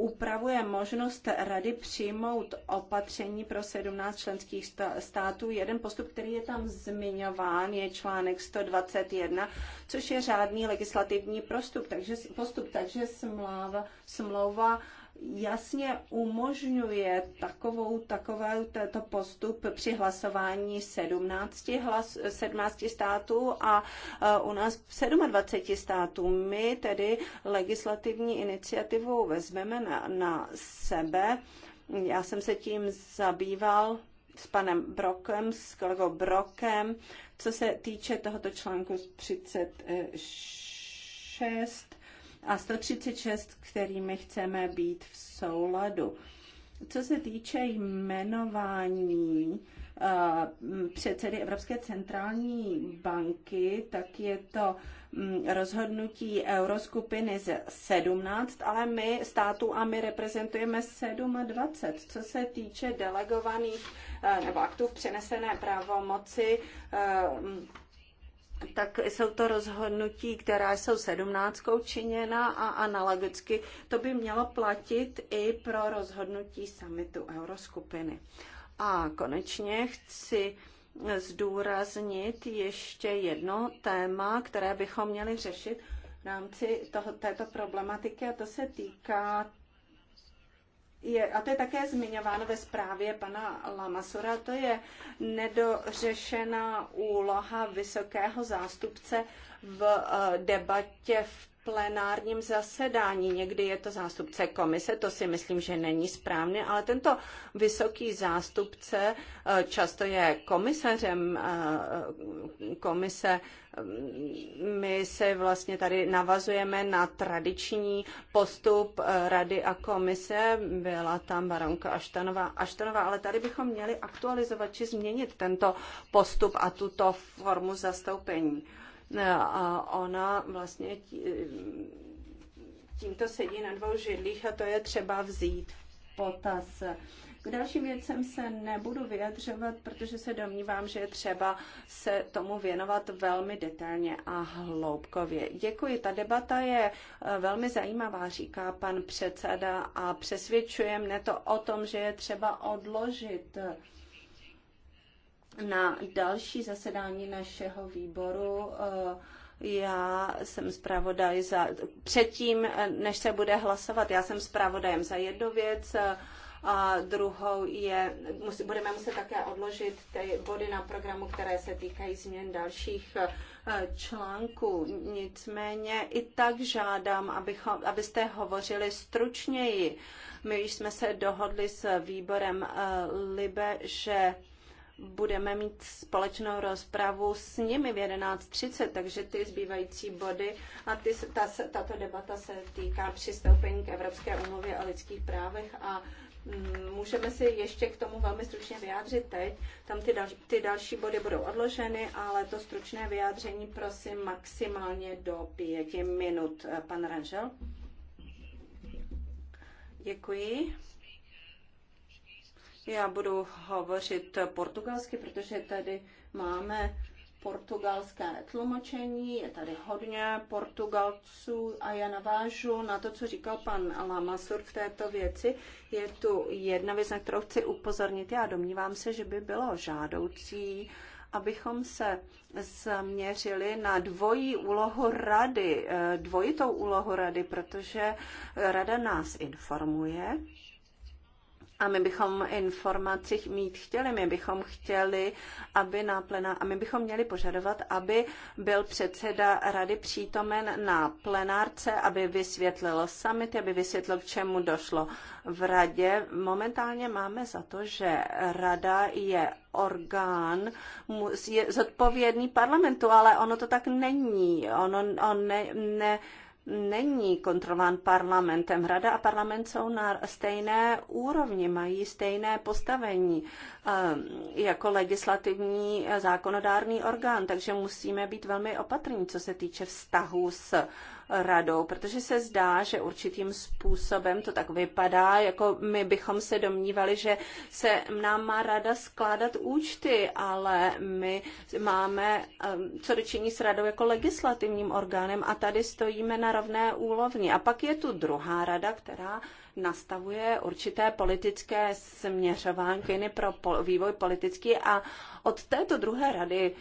upravuje možnost Rady přijmout opatření pro 17 členských států. Jeden postup, který je tam zmiňován, je článek 121, což je řádný legislativní postup, takže, postup, takže smláva, smlouva jasně umožňuje takovou, takovou tento postup při hlasování 17, hlas, 17 států a eh, u nás 27 států. My tedy legislativní iniciativu vezmeme na, na sebe. Já jsem se tím zabýval s panem Brokem, s kolegou Brokem, co se týče tohoto článku 36 a 136, kterými chceme být v souladu. Co se týče jmenování eh, předsedy Evropské centrální banky, tak je to mm, rozhodnutí euroskupiny ze 17, ale my států a my reprezentujeme 27. Co se týče delegovaných eh, nebo aktů v přenesené pravomoci, eh, tak jsou to rozhodnutí, která jsou sedmnáctkou činěna a analogicky to by mělo platit i pro rozhodnutí samitu euroskupiny. A konečně chci zdůraznit ještě jedno téma, které bychom měli řešit v rámci toho, této problematiky a to se týká je, a to je také zmiňováno ve zprávě pana Lamasora. to je nedořešená úloha vysokého zástupce v eh, debatě v plenárním zasedání. Někdy je to zástupce komise, to si myslím, že není správné, ale tento vysoký zástupce eh, často je komisařem eh, komise mm, my se vlastně tady navazujeme na tradiční postup eh, rady a komise. Byla tam baronka Aštanová, Aštanová ale tady bychom měli aktualizovat či změnit tento postup a tuto formu zastoupení. No, a ona vlastně tímto sedí na dvou židlích a to je třeba vzít v potaz. K dalším věcem se nebudu vyjadřovat, protože se domnívám, že je třeba se tomu věnovat velmi detailně a hloubkově. Děkuji, ta debata je eh, velmi zajímavá, říká pan předseda a přesvědčuje mne to o tom, že je třeba odložit na další zasedání našeho výboru. Eh, já jsem zpravodaj za... Předtím, eh, než se bude hlasovat, já jsem zpravodajem za jednu věc, eh, a druhou je, musí, budeme muset také odložit ty body na programu, které se týkají změn dalších článků. Nicméně i tak žádám, abychom, abyste hovořili stručněji. My už jsme se dohodli s výborem Libe, že budeme mít společnou rozpravu s nimi v 11.30, takže ty zbývající body a ty, ta, tato debata se týká přistoupení k Evropské umluvě o lidských právech a mm, Můžeme si ještě k tomu velmi stručně vyjádřit teď. Tam ty, dal, ty další body budou odloženy, ale to stručné vyjádření prosím maximálně do pěti minut. Pan Ranžel. Děkuji. Já budu hovořit portugalsky, protože tady máme portugalské tlumočení, je tady hodně Portugalců a já navážu na to, co říkal pan Lamasur v této věci. Je tu jedna věc, na kterou chci upozornit. Já domnívám se, že by bylo žádoucí, abychom se zaměřili na dvojí úlohu rady, eh, dvojitou úlohu rady, protože rada nás informuje, a my bychom informacích mít chtěli, my bychom chtěli, aby na plena, a my bychom měli požadovat, aby byl předseda rady přítomen na plenárce, aby vysvětlil summit, aby vysvětlil, k čemu došlo v radě. Momentálně máme za to, že rada je orgán je zodpovědný parlamentu, ale ono to tak není. Ono, on ne, ne, není kontrolován parlamentem. Rada a parlament jsou na stejné úrovni, mají stejné postavení eh, jako legislativní eh, zákonodárný orgán, takže musíme být velmi opatrní, co se týče vztahu s radou, protože se zdá, že určitým způsobem to tak vypadá, jako my bychom se domnívali, že se nám má rada skládat účty, ale my máme um, co dočení s radou jako legislativním orgánem a tady stojíme na rovné úlovni. A pak je tu druhá rada, která nastavuje určité politické směřovánky pro vývoj politický a od této druhé rady,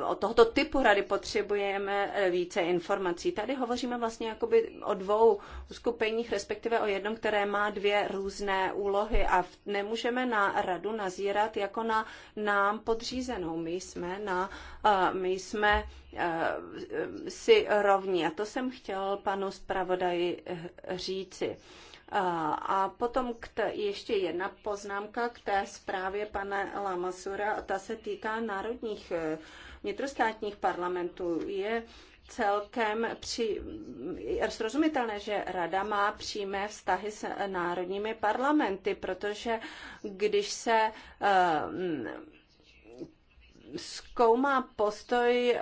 eh, od tohoto typu rady potřebujeme eh, více informací. Tady hovoříme vlastně jakoby o dvou skupeních, respektive o jednom, které má dvě různé úlohy a nemůžeme na radu nazírat jako na nám podřízenou. My jsme, na, eh, my jsme si rovní a to jsem chtěl panu zpravodaji říci. A potom k t- ještě jedna poznámka k té zprávě pana Lamasura, ta se týká národních e, vnitrostátních parlamentů. Je celkem při, srozumitelné, že rada má přímé vztahy s národními parlamenty, protože když se uh, zkoumá postoj eh,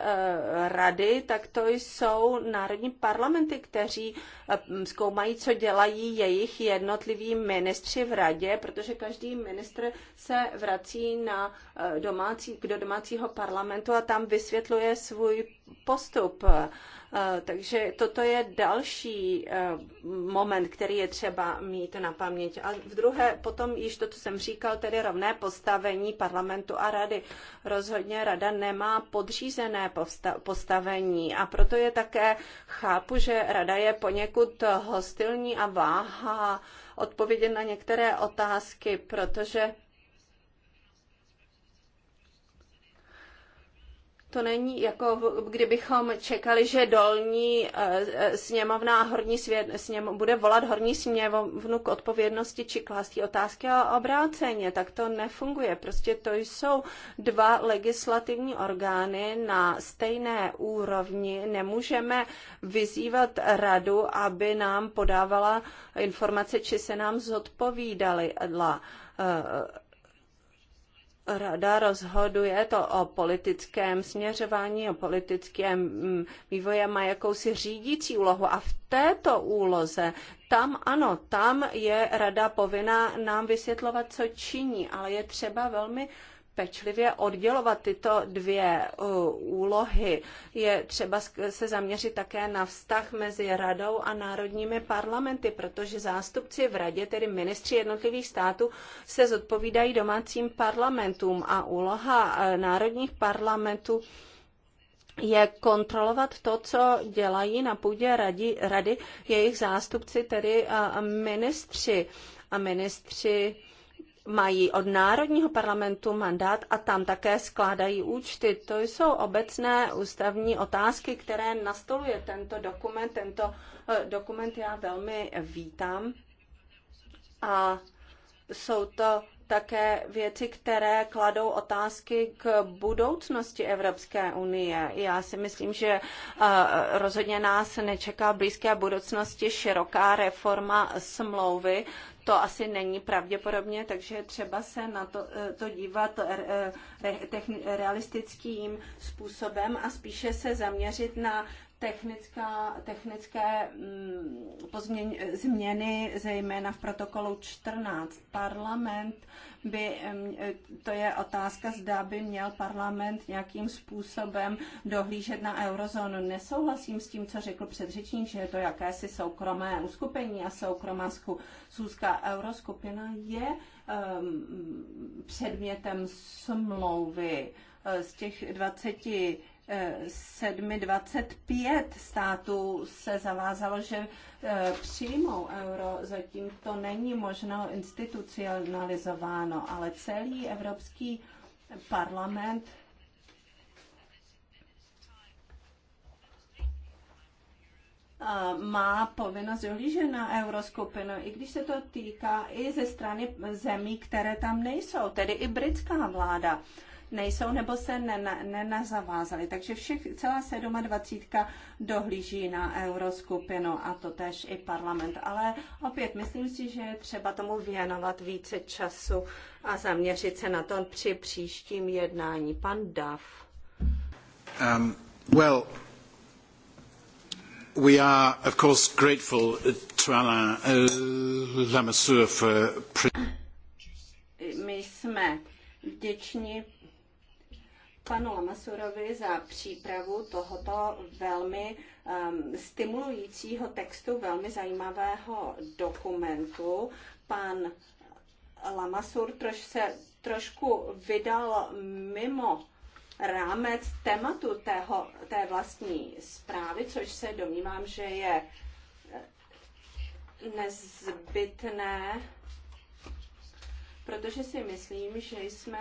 rady, tak to jsou národní parlamenty, kteří eh, zkoumají, co dělají jejich jednotliví ministři v radě, protože každý ministr se vrací na eh, domácí, do domácího parlamentu a tam vysvětluje svůj postup. Eh, takže toto je další eh, moment, který je třeba mít na paměť. A v druhé, potom již to, co jsem říkal, tedy rovné postavení parlamentu a rady. Rozhodně rada nemá podřízené postavení a proto je také, chápu, že rada je poněkud hostilní a váha odpovědět na některé otázky, protože To není jako kdybychom čekali, že dolní eh, eh, sněmovna a horní svět, sněm, bude volat horní sněmovnu k odpovědnosti či klástí otázky a obráceně. Tak to nefunguje. Prostě to jsou dva legislativní orgány na stejné úrovni. Nemůžeme vyzývat radu, aby nám podávala informace, či se nám zodpovídala eh, rada rozhoduje to o politickém směřování, o politickém mm, vývoji, má jakousi řídící úlohu a v této úloze tam ano, tam je rada povinná nám vysvětlovat, co činí, ale je třeba velmi pečlivě oddělovat tyto dvě uh, úlohy. Je třeba se zaměřit také na vztah mezi radou a národními parlamenty, protože zástupci v radě, tedy ministři jednotlivých států, se zodpovídají domácím parlamentům a úloha eh, národních parlamentů je kontrolovat to, co dělají na půdě radí, rady jejich zástupci, tedy eh, ministři. A ministři mají od Národního parlamentu mandát a tam také skládají účty. To jsou obecné ústavní otázky, které nastoluje tento dokument. Tento eh, dokument já velmi vítám. A jsou to také věci, které kladou otázky k budoucnosti Evropské unie. Já si myslím, že eh, rozhodně nás nečeká v blízké budoucnosti široká reforma smlouvy to asi není pravděpodobně, takže třeba se na to, eh, to dívat eh, eh, realistickým způsobem a spíše se zaměřit na technická, technické mm, pozměň, změny, zejména v protokolu 14. Parlament by, mm, to je otázka, zda by měl parlament nějakým způsobem dohlížet na eurozónu. Nesouhlasím s tím, co řekl předřečník, že je to jakési soukromé uskupení a soukromá zůzka euroskupina je um, předmětem smlouvy eh, z těch 20 725 eh, států se zavázalo, že eh, přijmou euro. Zatím to není možno institucionalizováno, ale celý Evropský parlament eh, má povinnost dohlížet na euroskupinu, i když se to týká i ze strany zemí, které tam nejsou, tedy i britská vláda nejsou nebo se nenazavázaly. Takže všech, celá 27 dohlíží na euroskupinu a to tež i parlament. Ale opět myslím si, že je třeba tomu věnovat více času a zaměřit se na to při příštím jednání. Pan Dav.
Um, well, we are of course grateful to Alain uh, Lamassoure for
my jsme vděční panu Lamasurovi za přípravu tohoto velmi um, stimulujícího textu, velmi zajímavého dokumentu. Pan Lamasur troš se trošku vydal mimo rámec tématu tého, té vlastní zprávy, což se domnívám, že je eh, nezbytné, protože si myslím, že jsme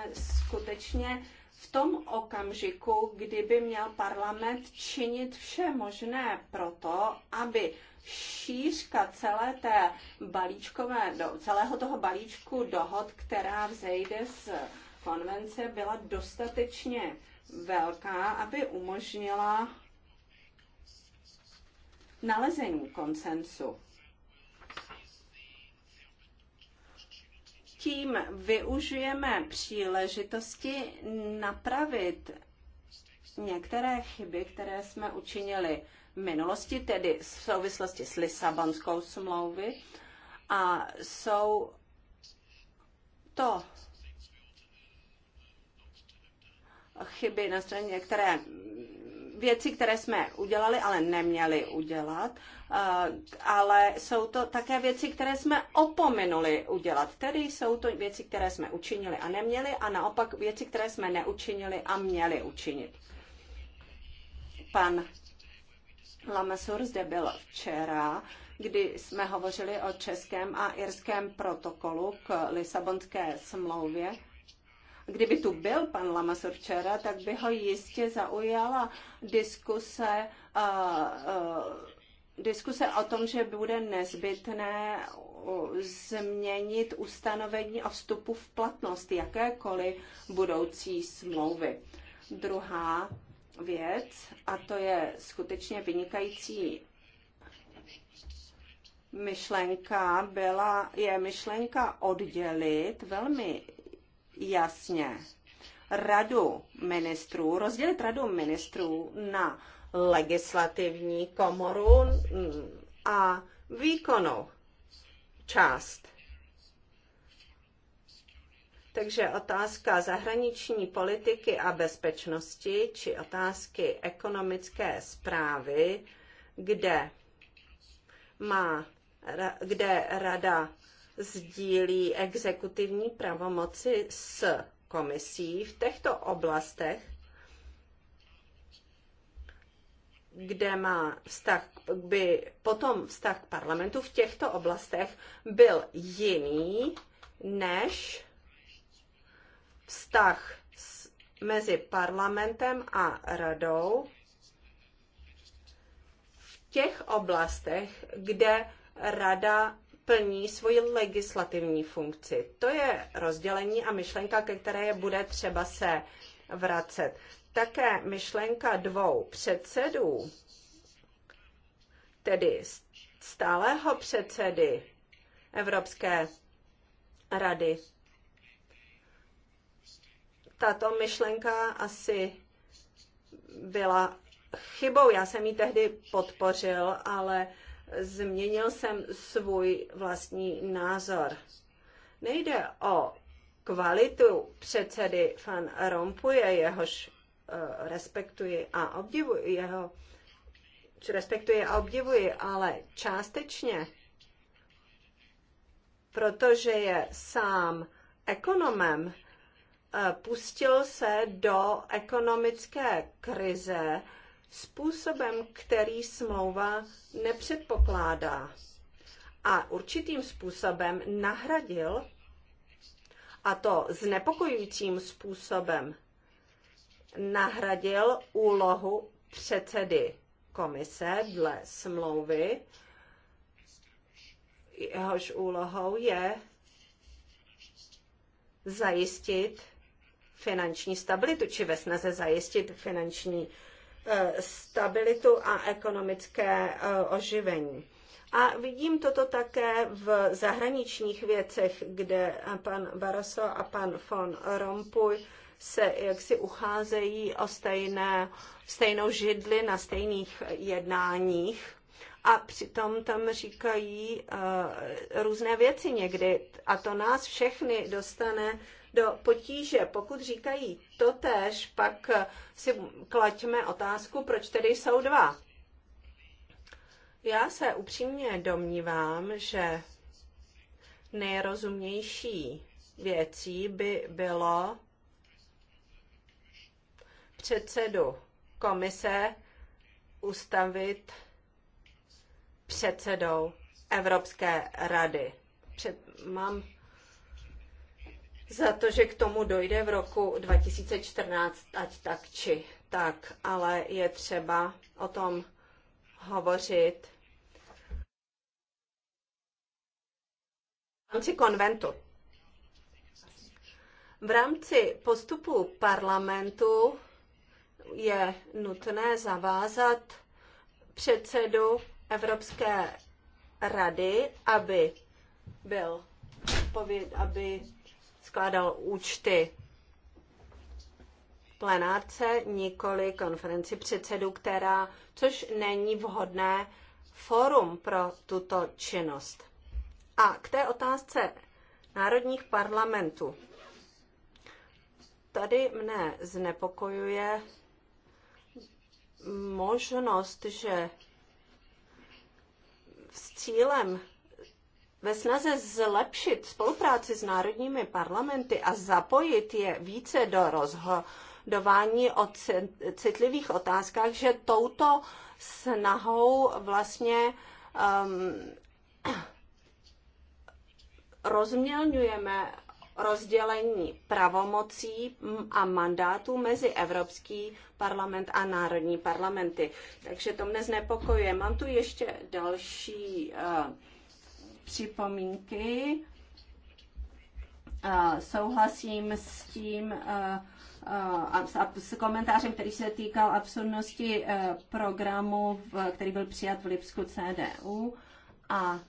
skutečně v tom okamžiku, kdyby měl parlament činit vše možné proto, aby šířka celé té balíčkové, celého toho balíčku dohod, která vzejde z konvence, byla dostatečně velká, aby umožnila nalezení konsensu. tím využijeme příležitosti napravit některé chyby, které jsme učinili v minulosti, tedy v souvislosti s Lisabonskou smlouvy. A jsou to chyby na straně, které věci, které jsme udělali, ale neměli udělat, eh, ale jsou to také věci, které jsme opominuli udělat. Tedy jsou to věci, které jsme učinili a neměli a naopak věci, které jsme neučinili a měli učinit. Pan Lamasur zde byl včera, kdy jsme hovořili o českém a irském protokolu k Lisabonské smlouvě Kdyby tu byl pan Lamasur včera, tak by ho jistě zaujala diskuse uh, uh, diskuse o tom, že bude nezbytné změnit ustanovení o vstupu v platnost jakékoliv budoucí smlouvy. Druhá věc, a to je skutečně vynikající myšlenka, byla, je myšlenka oddělit velmi jasně radu ministrů, rozdělit radu ministrů na legislativní komoru mm, a výkonu část. Takže otázka zahraniční politiky a bezpečnosti či otázky ekonomické zprávy, kde má kde rada sdílí exekutivní pravomoci s komisí v těchto oblastech, kde má vztah, by potom vztah k parlamentu v těchto oblastech byl jiný než vztah s, mezi parlamentem a radou v těch oblastech, kde rada plní svoji legislativní funkci. To je rozdělení a myšlenka, ke které je bude třeba se vracet. Také myšlenka dvou předsedů, tedy stálého předsedy Evropské rady. Tato myšlenka asi byla chybou. Já jsem ji tehdy podpořil, ale změnil jsem svůj vlastní názor. Nejde o kvalitu předsedy Van Rompuje, jehož uh, respektuji a obdivuji jeho či respektuji a obdivuji, ale částečně, protože je sám ekonomem, eh, pustil se do ekonomické krize, způsobem, který smlouva nepředpokládá. A určitým způsobem nahradil, a to znepokojujícím způsobem, nahradil úlohu předsedy komise dle smlouvy. Jehož úlohou je zajistit finanční stabilitu, či ve snaze zajistit finanční Eh, stabilitu a ekonomické eh, oživení. A vidím toto také v zahraničních věcech, kde pan Barroso a pan von Rompuy se jaksi ucházejí o stejné, stejnou židli na stejných jednáních a přitom tam říkají uh, různé věci někdy. A to nás všechny dostane do potíže. Pokud říkají tež, pak si klaďme otázku, proč tedy jsou dva. Já se upřímně domnívám, že nejrozumnější věcí by bylo předsedu komise ustavit předsedou Evropské rady. Před, mám za to, že k tomu dojde v roku 2014, ať tak či tak, ale je třeba o tom hovořit v rámci konventu. V rámci postupu parlamentu je nutné zavázat předsedu Evropské rady, aby byl aby skládal účty plenárce, nikoli konferenci předsedů, která, což není vhodné fórum pro tuto činnost. A k té otázce národních parlamentů. Tady mne znepokojuje možnost, že s cílem ve snaze zlepšit spolupráci s národními parlamenty a zapojit je více do rozhodování o citlivých otázkách, že touto snahou vlastně um, rozmělňujeme rozdělení pravomocí a mandátů mezi Evropský parlament a národní parlamenty. Takže to mne znepokojuje. Mám tu ještě další uh, připomínky. Souhlasím s tím, a s komentářem, který se týkal absurdnosti e, programu, který byl přijat v Lipsku CDU a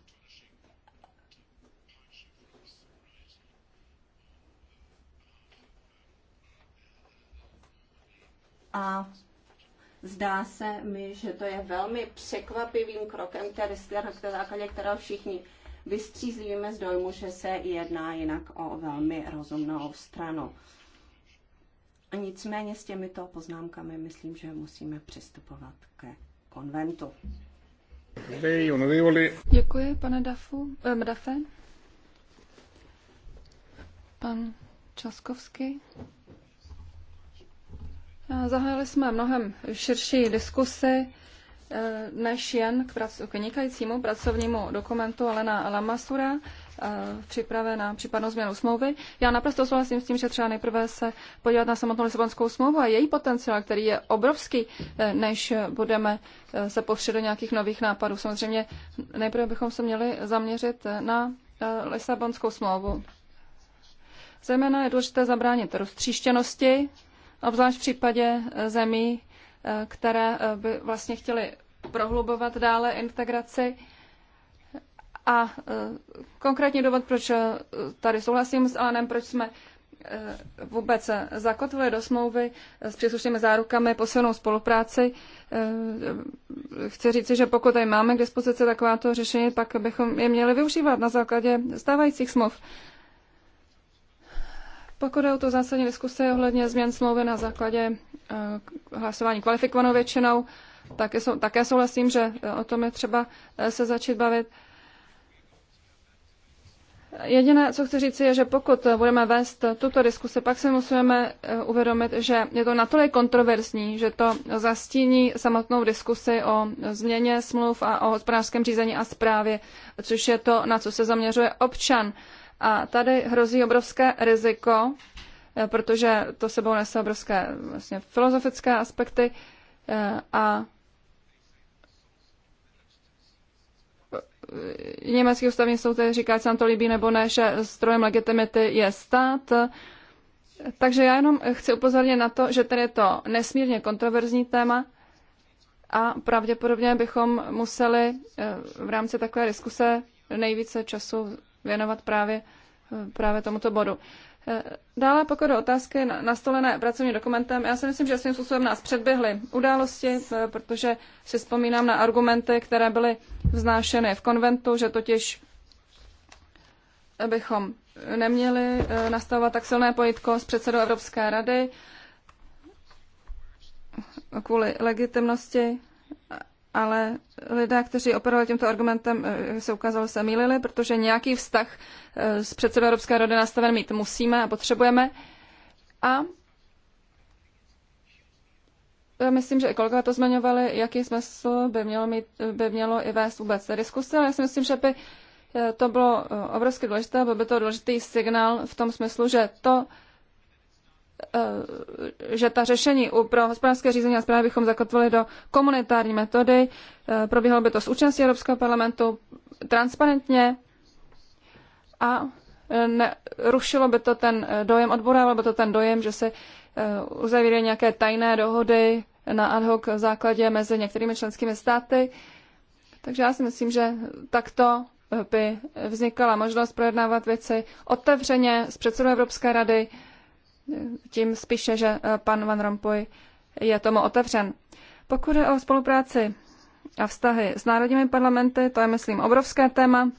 a zdá se mi, že to je velmi překvapivým krokem, který, na základě kterého všichni vystřízlíme z dojmu, že se jedná jinak o velmi rozumnou stranu. Nicméně s těmito poznámkami myslím, že musíme přistupovat ke konventu. Děkuji,
pane Dafu, eh, Dafe. Pan Časkovský. Eh, zahájili jsme mnohem širší diskusy Eh, než jen k, prac- k vynikajícímu pracovnímu dokumentu Alena Lamasura eh, připrave na případnou změnu smlouvy. Já naprosto souhlasím s tím, že třeba nejprve se podívat na samotnou Lisabonskou smlouvu a její potenciál, který je obrovský, eh, než budeme se povšet do nějakých nových nápadů. Samozřejmě nejprve bychom se měli zaměřit na Lisabonskou smlouvu. Zejména je důležité zabránit roztříštěnosti, obzvlášť v případě zemí, Eh, které eh, by vlastně chtěly prohlubovat dále integraci. A eh, konkrétní důvod, proč tady souhlasím s Alanem, proč jsme vůbec zakotvili do smlouvy s příslušnými zárukami posilnou spolupráci. Chci říci, že pokud tady máme k dispozici takováto řešení, pak bychom je měli využívat na základě stávajících smluv. Pokud je o to zásadní diskuse ohledně změn smlouvy na základě eh, hlasování kvalifikovanou většinou, také, jsou, také souhlasím, že eh, o tom je třeba eh, se začít bavit. Jediné, co chci říct, je, že pokud budeme vést tuto diskuse, pak si musíme uvědomit, že je to natolik kontroverzní, že to zastíní samotnou diskusi o změně smluv a o hospodářském řízení a zprávě, což je to, na co se zaměřuje občan a tady hrozí obrovské riziko, eh, protože to sebou nese obrovské vlastně filozofické aspekty eh, a eh, německý ústavní soud říká, se nám to líbí nebo ne, že strojem legitimity je stát. Takže já jenom chci upozornit na to, že tady je to nesmírně kontroverzní téma a pravděpodobně bychom museli v rámci takové diskuse nejvíce času věnovat právě, právě tomuto bodu. Eh, dále pokud o otázky nastolené pracovním dokumentem, já si myslím, že svým způsobem nás předběhly události, eh, protože si vzpomínám na argumenty, které byly vznášeny v konventu, že totiž bychom neměli eh, nastavovat tak silné pojitko s předsedou Evropské rady kvůli legitimnosti ale lidé, kteří operovali tímto argumentem, eh, se ukázalo, se mýlili, protože nějaký vztah eh, s předsedou Evropské rady nastaven mít musíme a potřebujeme. A já eh, myslím, že i kolegové to zmiňovali, jaký smysl by mělo, mít, by mělo i vést vůbec diskuse, ale já si myslím, že by to bylo obrovsky důležité, byl by to důležitý signál v tom smyslu, že to, Eh, že ta řešení pro hospodářské řízení a zprávy bychom zakotvili do komunitární metody. Eh, probíhalo by to s účastí Evropského parlamentu transparentně a eh, ne, rušilo by to ten dojem, odborávalo by to ten dojem, že se uzavírají nějaké tajné dohody na ad hoc základě mezi některými členskými státy. Takže já si myslím, že takto by vznikala možnost projednávat věci otevřeně s předsedou Evropské rady, tím spíše, že eh, pan Van Rompuy je tomu otevřen. Pokud je o spolupráci a vztahy s národními parlamenty, to je, myslím, obrovské téma,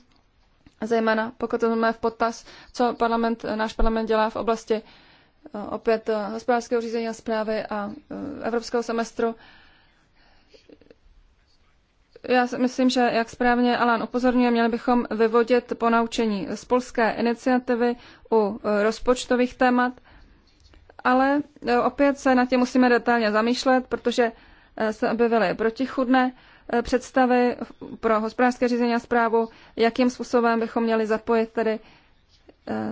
zejména pokud máme v potaz, co parlament, eh, náš parlament dělá v oblasti eh, opět hospodářského řízení a zprávy a evropského semestru. Já myslím, že jak správně Alan upozorňuje, měli bychom vyvodit ponaučení z polské iniciativy u rozpočtových témat – ale e, opět se na tím musíme detailně zamýšlet, protože e, se objevily protichudné e, představy pro hospodářské řízení a zprávu, jakým způsobem bychom měli zapojit tedy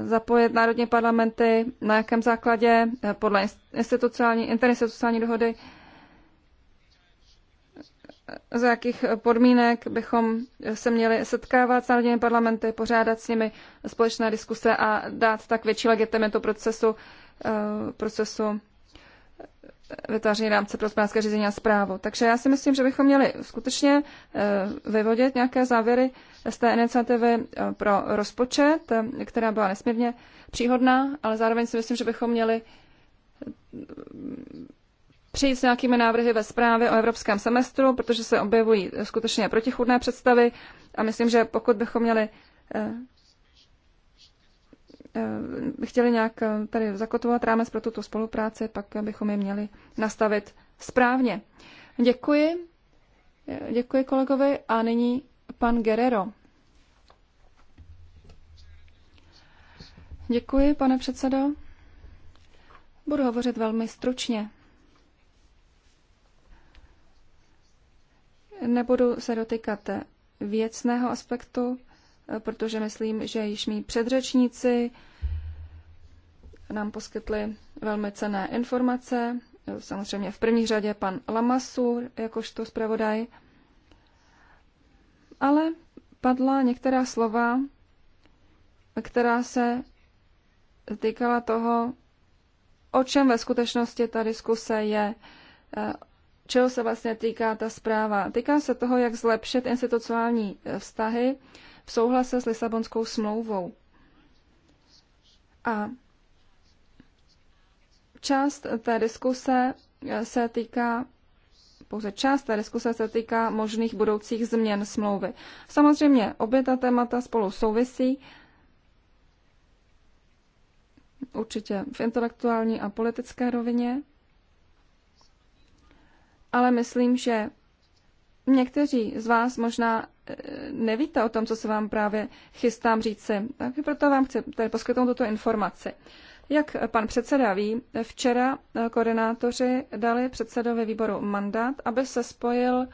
zapojit národní parlamenty, na jakém základě, podle institucionální, interinstitucionální dohody, za jakých podmínek bychom se měli setkávat s národními parlamenty, pořádat s nimi společné diskuse a dát tak větší legitimitu procesu Eh, procesu vytváření rámce pro hospodářské řízení a zprávu. Takže já si myslím, že bychom měli skutečně eh, vyvodit nějaké závěry z té iniciativy eh, pro rozpočet, která byla nesmírně příhodná, ale zároveň si myslím, že bychom měli přijít s nějakými návrhy ve zprávě o evropském semestru, protože se objevují skutečně protichůdné představy a myslím, že pokud bychom měli Eh, chtěli nějak eh, tady zakotovat rámec pro tuto spolupráci, pak bychom je měli nastavit správně. Děkuji. Eh, děkuji kolegovi a nyní pan Guerrero. Děkuji, pane předsedo. Budu hovořit velmi stručně. Nebudu se dotýkat věcného aspektu protože myslím, že již mý předřečníci nám poskytli velmi cené informace. Samozřejmě v první řadě pan Lamasur, jakožto zpravodaj. Ale padla některá slova, která se týkala toho, o čem ve skutečnosti ta diskuse je, čeho se vlastně týká ta zpráva. Týká se toho, jak zlepšit institucionální eh, vztahy v souhlase s Lisabonskou smlouvou. A část té diskuse eh, se týká pouze část té diskuse se týká možných budoucích změn smlouvy. Samozřejmě obě ta témata spolu souvisí, určitě v intelektuální a politické rovině, ale myslím, že někteří z vás možná e, nevíte o tom, co se vám právě chystám říci. Takže proto vám chci tady poskytnout tuto informaci. Jak pan předseda ví, včera e, koordinátoři dali předsedovi výboru mandát, aby se spojil e,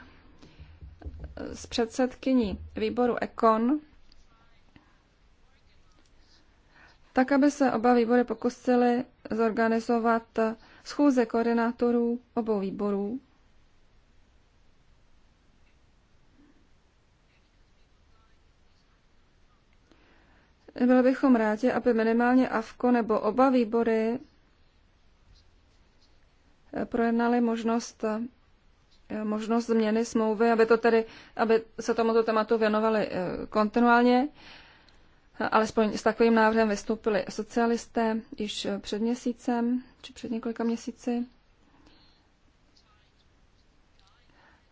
s předsedkyní výboru Ekon, tak aby se oba výbory pokusili zorganizovat schůze koordinátorů obou výborů Byli bychom rádi, aby minimálně AFKO nebo oba výbory projednali možnost, eh, možnost změny smlouvy, aby, to tedy, aby se tomuto tématu věnovali eh, kontinuálně. Alespoň s takovým návrhem vystoupili socialisté již před měsícem, či před několika měsíci.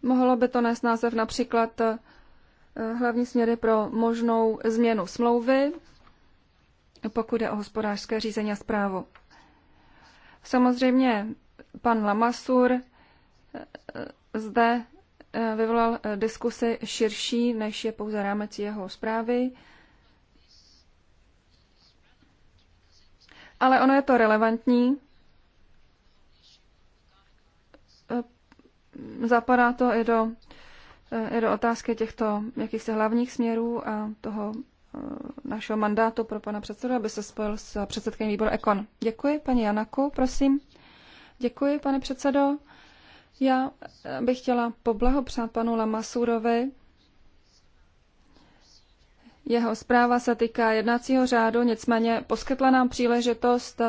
Mohlo by to nést název například Eh, hlavní směry pro možnou změnu smlouvy, pokud je o hospodářské řízení a zprávu. Samozřejmě pan Lamasur eh, zde eh, vyvolal diskusy širší, než je pouze rámec jeho zprávy. Ale ono je to relevantní. Zapadá to i do i eh, do otázky těchto jakýchsi hlavních směrů a toho eh, našeho mandátu pro pana předsedu, aby se spojil s předsedkyní výboru Ekon. Děkuji, paní Janaku, prosím. Děkuji, pane předsedo. Já eh, bych chtěla poblahopřát panu Lamasurovi. Jeho zpráva se týká jednacího řádu, nicméně poskytla nám příležitost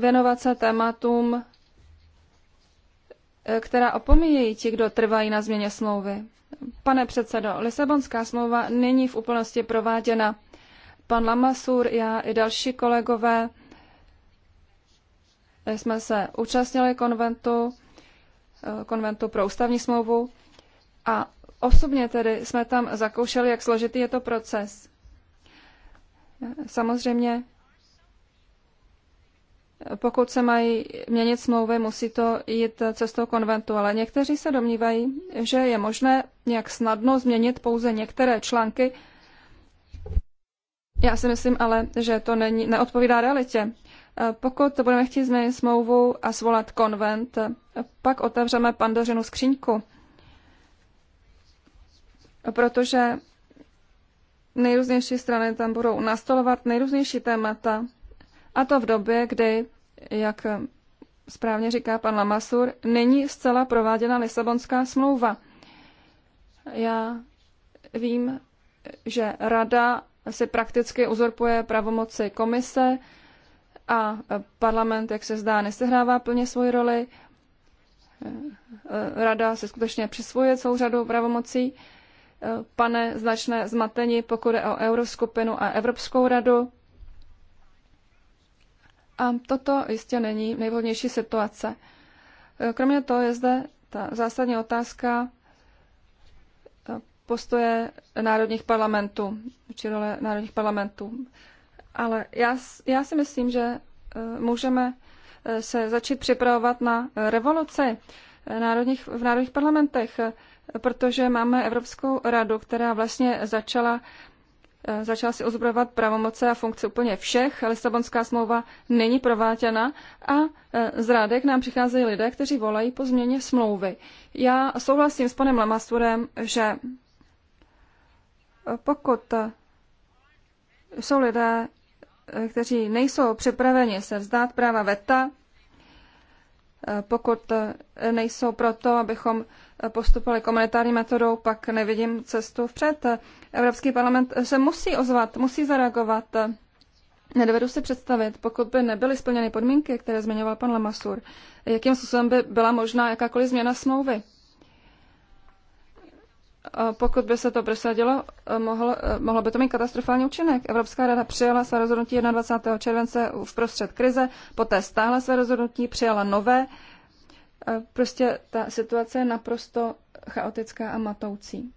věnovat se tématům, která opomíjejí ti, kdo trvají na změně smlouvy. Pane předsedo, Lisabonská smlouva není v úplnosti prováděna. Pan Lamasur, já i další kolegové jsme se účastnili konventu, eh, konventu pro ústavní smlouvu a osobně tedy jsme tam zakoušeli, jak složitý je to proces. Samozřejmě pokud se mají měnit smlouvy, musí to jít cestou konventu, ale někteří se domnívají, že je možné nějak snadno změnit pouze některé články. Já si myslím ale, že to není, neodpovídá realitě. Pokud budeme chtít změnit smlouvu a svolat konvent, pak otevřeme pandořinu skříňku. Protože nejrůznější strany tam budou nastolovat nejrůznější témata, a to v době, kdy jak správně říká pan Lamasur, není zcela prováděna Lisabonská smlouva. Já vím, že rada si prakticky uzurpuje pravomoci komise a parlament, jak se zdá, nesehrává plně svoji roli. Rada se skutečně přisvojuje celou řadu pravomocí. Pane značné zmatení, pokud je o Euroskupinu a Evropskou radu. A toto jistě není nejvhodnější situace. E, kromě toho je zde ta zásadní otázka e, postoje národních parlamentů, či role národních parlamentů. Ale já, já si myslím, že e, můžeme se začít připravovat na revoluci národních, v národních parlamentech, protože máme Evropskou radu, která vlastně začala Eh, začala si ozbrojovat pravomoce a funkce úplně všech. Lisabonská smlouva není prováděna a eh, z rádek nám přicházejí lidé, kteří volají po změně smlouvy. Já souhlasím s panem Lamasturem, že eh, pokud jsou lidé, kteří nejsou připraveni se vzdát práva VETA, pokud nejsou proto, abychom postupovali komunitární metodou, pak nevidím cestu vpřed. Evropský parlament se musí ozvat, musí zareagovat. Nedovedu si představit, pokud by nebyly splněny podmínky, které zmiňoval pan Lamasur, jakým způsobem by byla možná jakákoliv změna smlouvy. Pokud by se to prosadilo, mohlo, mohlo by to mít katastrofální účinek. Evropská rada přijala své rozhodnutí 21. července v prostřed krize, poté stáhla své rozhodnutí, přijala nové Prostě ta situace je naprosto chaotická a matoucí.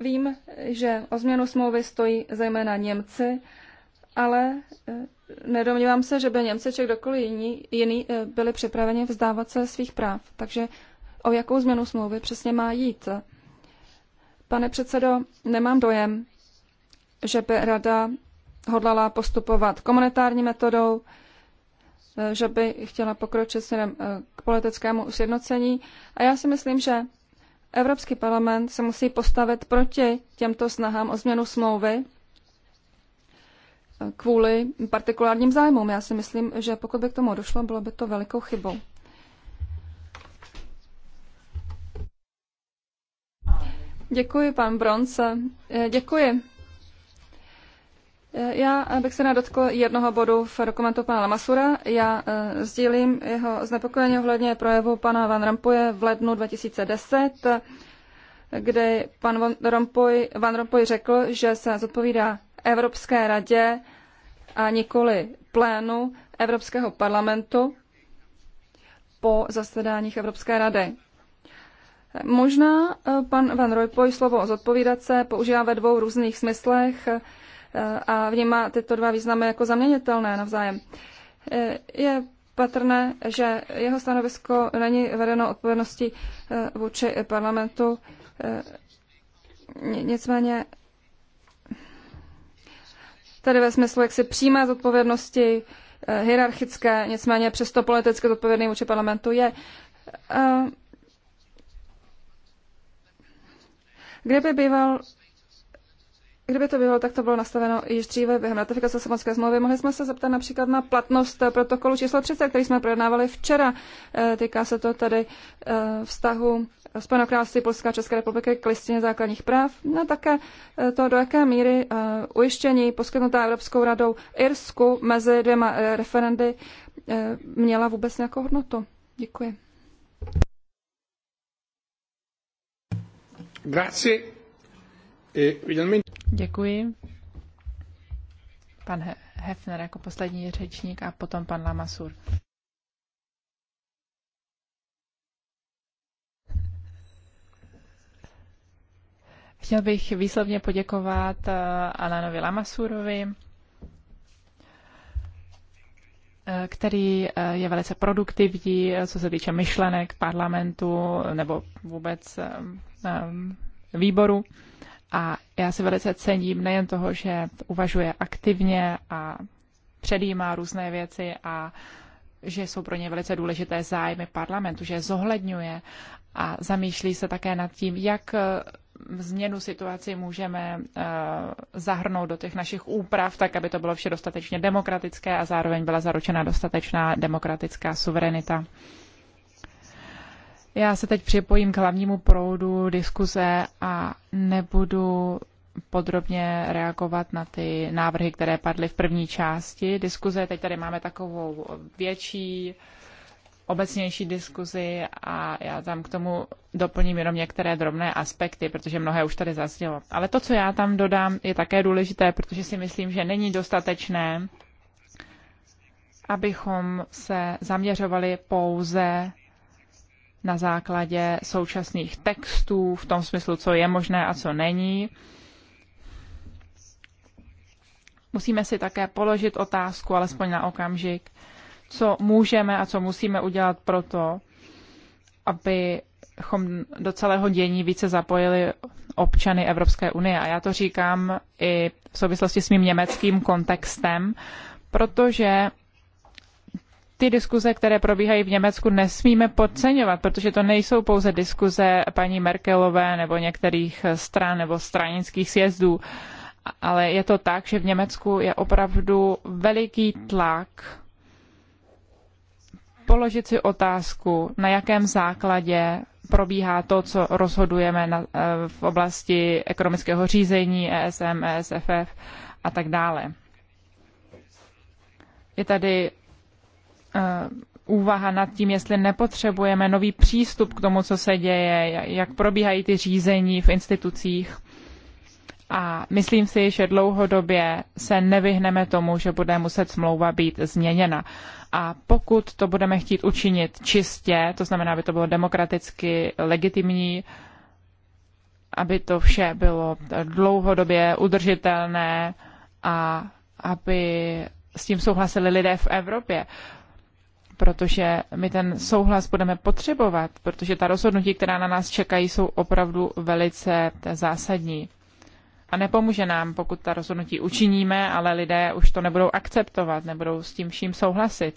Vím, že o změnu smlouvy stojí zejména Němci, ale e, nedomnívám se, že by Němci či kdokoliv jiný, jiný e, byli připraveni vzdávat se svých práv. Takže o jakou změnu smlouvy přesně má jít? Pane předsedo, nemám dojem, že by rada hodlala postupovat komunitární metodou, Eh, že by chtěla pokročit směrem eh, k politickému sjednocení. A já si myslím, že Evropský parlament se musí postavit proti těmto snahám o změnu smlouvy eh, kvůli partikulárním zájmům. Já si myslím, že pokud by k tomu došlo, bylo by to velikou chybou. Děkuji, pan Bronce. Děkuji. Já bych se nadotkl jednoho bodu v dokumentu pana Lamasura. Já eh, sdílím jeho znepokojení ohledně projevu pana Van Rampuje v lednu 2010, kdy pan Van Rompuy, Van Rompuy řekl, že se zodpovídá Evropské radě a nikoli plénu Evropského parlamentu po zasedáních Evropské rady. Možná eh, pan Van Rompuy slovo zodpovídat se používá ve dvou různých smyslech a vnímá tyto dva významy jako zaměnitelné navzájem. Je patrné, že jeho stanovisko není vedeno odpovědností eh, vůči parlamentu. Eh, nicméně tady ve smyslu jaksi přímé zodpovědnosti eh, hierarchické, nicméně přesto politicky zodpovědný vůči parlamentu je. Kdyby býval kdyby to bylo, tak to bylo nastaveno již dříve během ratifikace Lisabonské smlouvy. Mohli jsme se zeptat například na platnost eh, protokolu číslo 30, který jsme projednávali včera. Eh, týká se to tedy eh, vztahu Spojeného království Polska a České republiky k listině základních práv. No také to, do jaké míry ujištění poskytnutá Evropskou radou Irsku mezi dvěma referendy měla vůbec nějakou hodnotu.
Děkuji.
Grazie. Eh,
Děkuji. Pan Hefner jako poslední řečník a potom pan Lamasur. Chtěl bych výslovně poděkovat eh, Alanovi Lamasurovi, eh, který je velice produktivní, co se týče myšlenek parlamentu nebo vůbec výboru. A já si velice cením nejen toho, že uvažuje aktivně a předjímá různé věci a že jsou pro ně velice důležité zájmy parlamentu, že je zohledňuje a zamýšlí se také nad tím, jak eh, změnu situaci můžeme eh, zahrnout do těch našich úprav, tak aby to bylo vše dostatečně demokratické a zároveň byla zaručena dostatečná demokratická suverenita. Já se teď připojím k hlavnímu proudu diskuze a nebudu podrobně reagovat na ty návrhy, které padly v první části diskuze. Teď tady máme takovou větší, obecnější diskuzi a já tam k tomu doplním jenom některé drobné aspekty, protože mnohé už tady zaznělo. Ale to, co já tam dodám, je také důležité, protože si myslím, že není dostatečné, abychom se zaměřovali pouze na základě současných textů v tom smyslu, co je možné a co není. Musíme si také položit otázku, alespoň na okamžik, co můžeme a co musíme udělat pro to abychom do celého dění více zapojili občany Evropské unie. A já to říkám i v souvislosti s mým německým kontextem, protože ty diskuze, které probíhají v Německu, nesmíme podceňovat, protože to nejsou pouze diskuze paní Merkelové nebo některých stran nebo stranických sjezdů, ale je to tak, že v Německu je opravdu veliký tlak položit si otázku, na jakém základě probíhá to, co rozhodujeme na, eh, v oblasti ekonomického řízení, ESM, ESFF a tak dále. Je tady Eh, úvaha nad tím, jestli nepotřebujeme nový přístup k tomu, co se děje, jak probíhají ty řízení v institucích. A myslím si, že dlouhodobě se nevyhneme tomu, že bude muset smlouva být změněna. A pokud to budeme chtít učinit čistě, to znamená, aby to bylo demokraticky legitimní, aby to vše bylo dlouhodobě udržitelné a aby s tím souhlasili lidé v Evropě, protože my ten souhlas budeme potřebovat, protože ta rozhodnutí, která na nás čekají, jsou opravdu velice zásadní. A nepomůže nám, pokud ta rozhodnutí učiníme, ale lidé už to nebudou akceptovat, nebudou s tím vším souhlasit.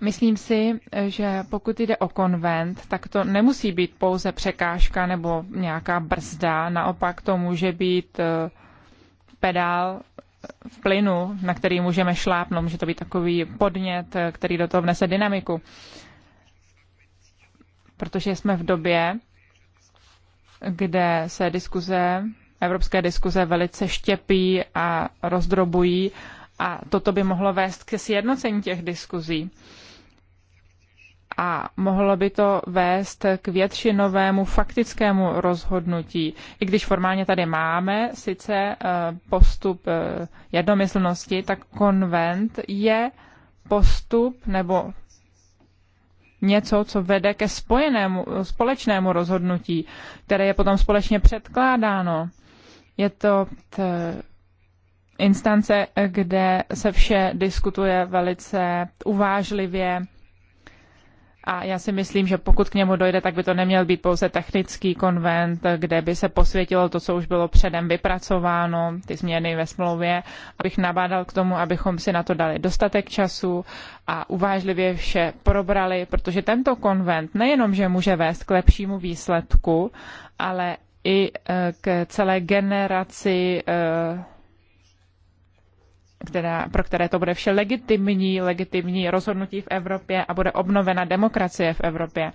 Myslím si, že pokud jde o konvent, tak to nemusí být pouze překážka nebo nějaká brzda, naopak to může být eh, pedál plynu, na který můžeme šlápnout. Může to být takový podnět, který do toho vnese dynamiku. Protože jsme v době, kde se diskuze, evropské diskuze velice štěpí a rozdrobují a toto by mohlo vést ke sjednocení těch diskuzí a mohlo by to vést k většinovému faktickému rozhodnutí. I když formálně tady máme sice eh, postup eh, jednomyslnosti, tak konvent je postup nebo něco, co vede ke spojenému, společnému rozhodnutí, které je potom společně předkládáno. Je to instance, kde se vše diskutuje velice uvážlivě a já si myslím, že pokud k němu dojde, tak by to neměl být pouze technický konvent, kde by se posvětilo to, co už bylo předem vypracováno, ty změny ve smlouvě. Abych nabádal k tomu, abychom si na to dali dostatek času a uvážlivě vše probrali, protože tento konvent nejenom, že může vést k lepšímu výsledku, ale i eh, k celé generaci eh, která, pro které to bude vše legitimní, legitimní rozhodnutí v Evropě a bude obnovena demokracie v Evropě.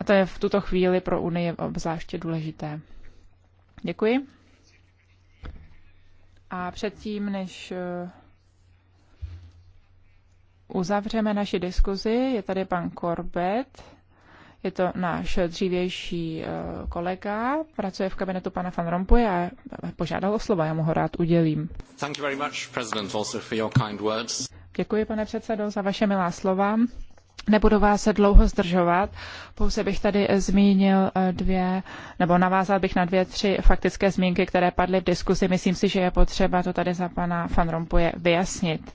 A to je v tuto chvíli pro Unii obzvláště důležité. Děkuji. A předtím, než eh, uzavřeme naši diskuzi, je tady pan Korbet. Je to náš dřívější eh, kolega, pracuje v kabinetu pana Van Rompuy a eh, požádal o slovo, já mu ho rád udělím. Děkuji, pane předsedo, za vaše milá slova. Nebudu vás dlouho zdržovat, pouze bych tady zmínil eh, dvě, nebo navázal bych na dvě, tři faktické zmínky, které padly v diskusi. Myslím si, že je potřeba to tady za pana Van Rompuje vyjasnit.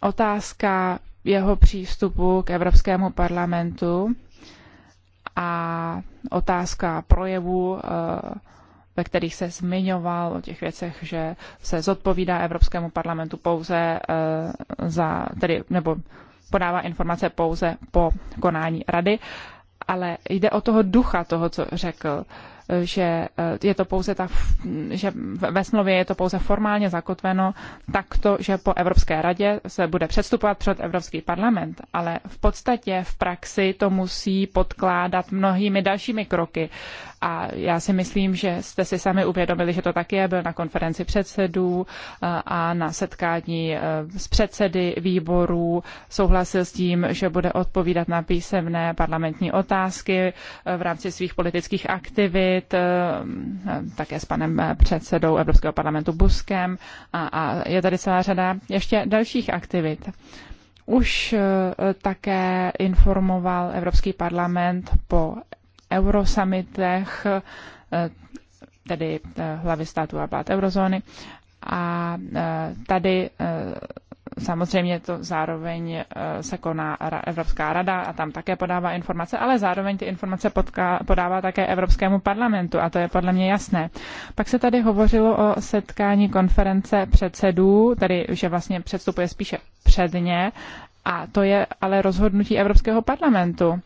Otázka jeho přístupu k Evropskému parlamentu a otázka projevů, eh, ve kterých se zmiňoval o těch věcech, že se zodpovídá Evropskému parlamentu pouze eh, za, tedy, nebo podává informace pouze po konání rady, ale jde o toho ducha toho, co řekl že eh, je to pouze ta, že ve smlouvě je to pouze formálně zakotveno takto, že po Evropské radě se bude předstupovat před Evropský parlament, ale v podstatě v praxi to musí podkládat mnohými dalšími kroky a já si myslím, že jste si sami uvědomili, že to tak je. Byl na konferenci předsedů eh, a na setkání eh, s předsedy výborů. Souhlasil s tím, že bude odpovídat na písemné parlamentní otázky eh, v rámci svých politických aktivit, také s panem předsedou Evropského parlamentu Buskem. A, a je tady celá řada ještě dalších aktivit. Už také informoval Evropský parlament po eurosamitech, eh, tedy eh, hlavy států a vlád eurozóny. A eh, tady samozřejmě to zároveň se koná Evropská rada a tam také podává informace, ale zároveň ty informace podává také Evropskému parlamentu a to je podle mě jasné. Pak se tady hovořilo o setkání konference předsedů, tedy že vlastně předstupuje spíše předně a to je ale rozhodnutí Evropského parlamentu.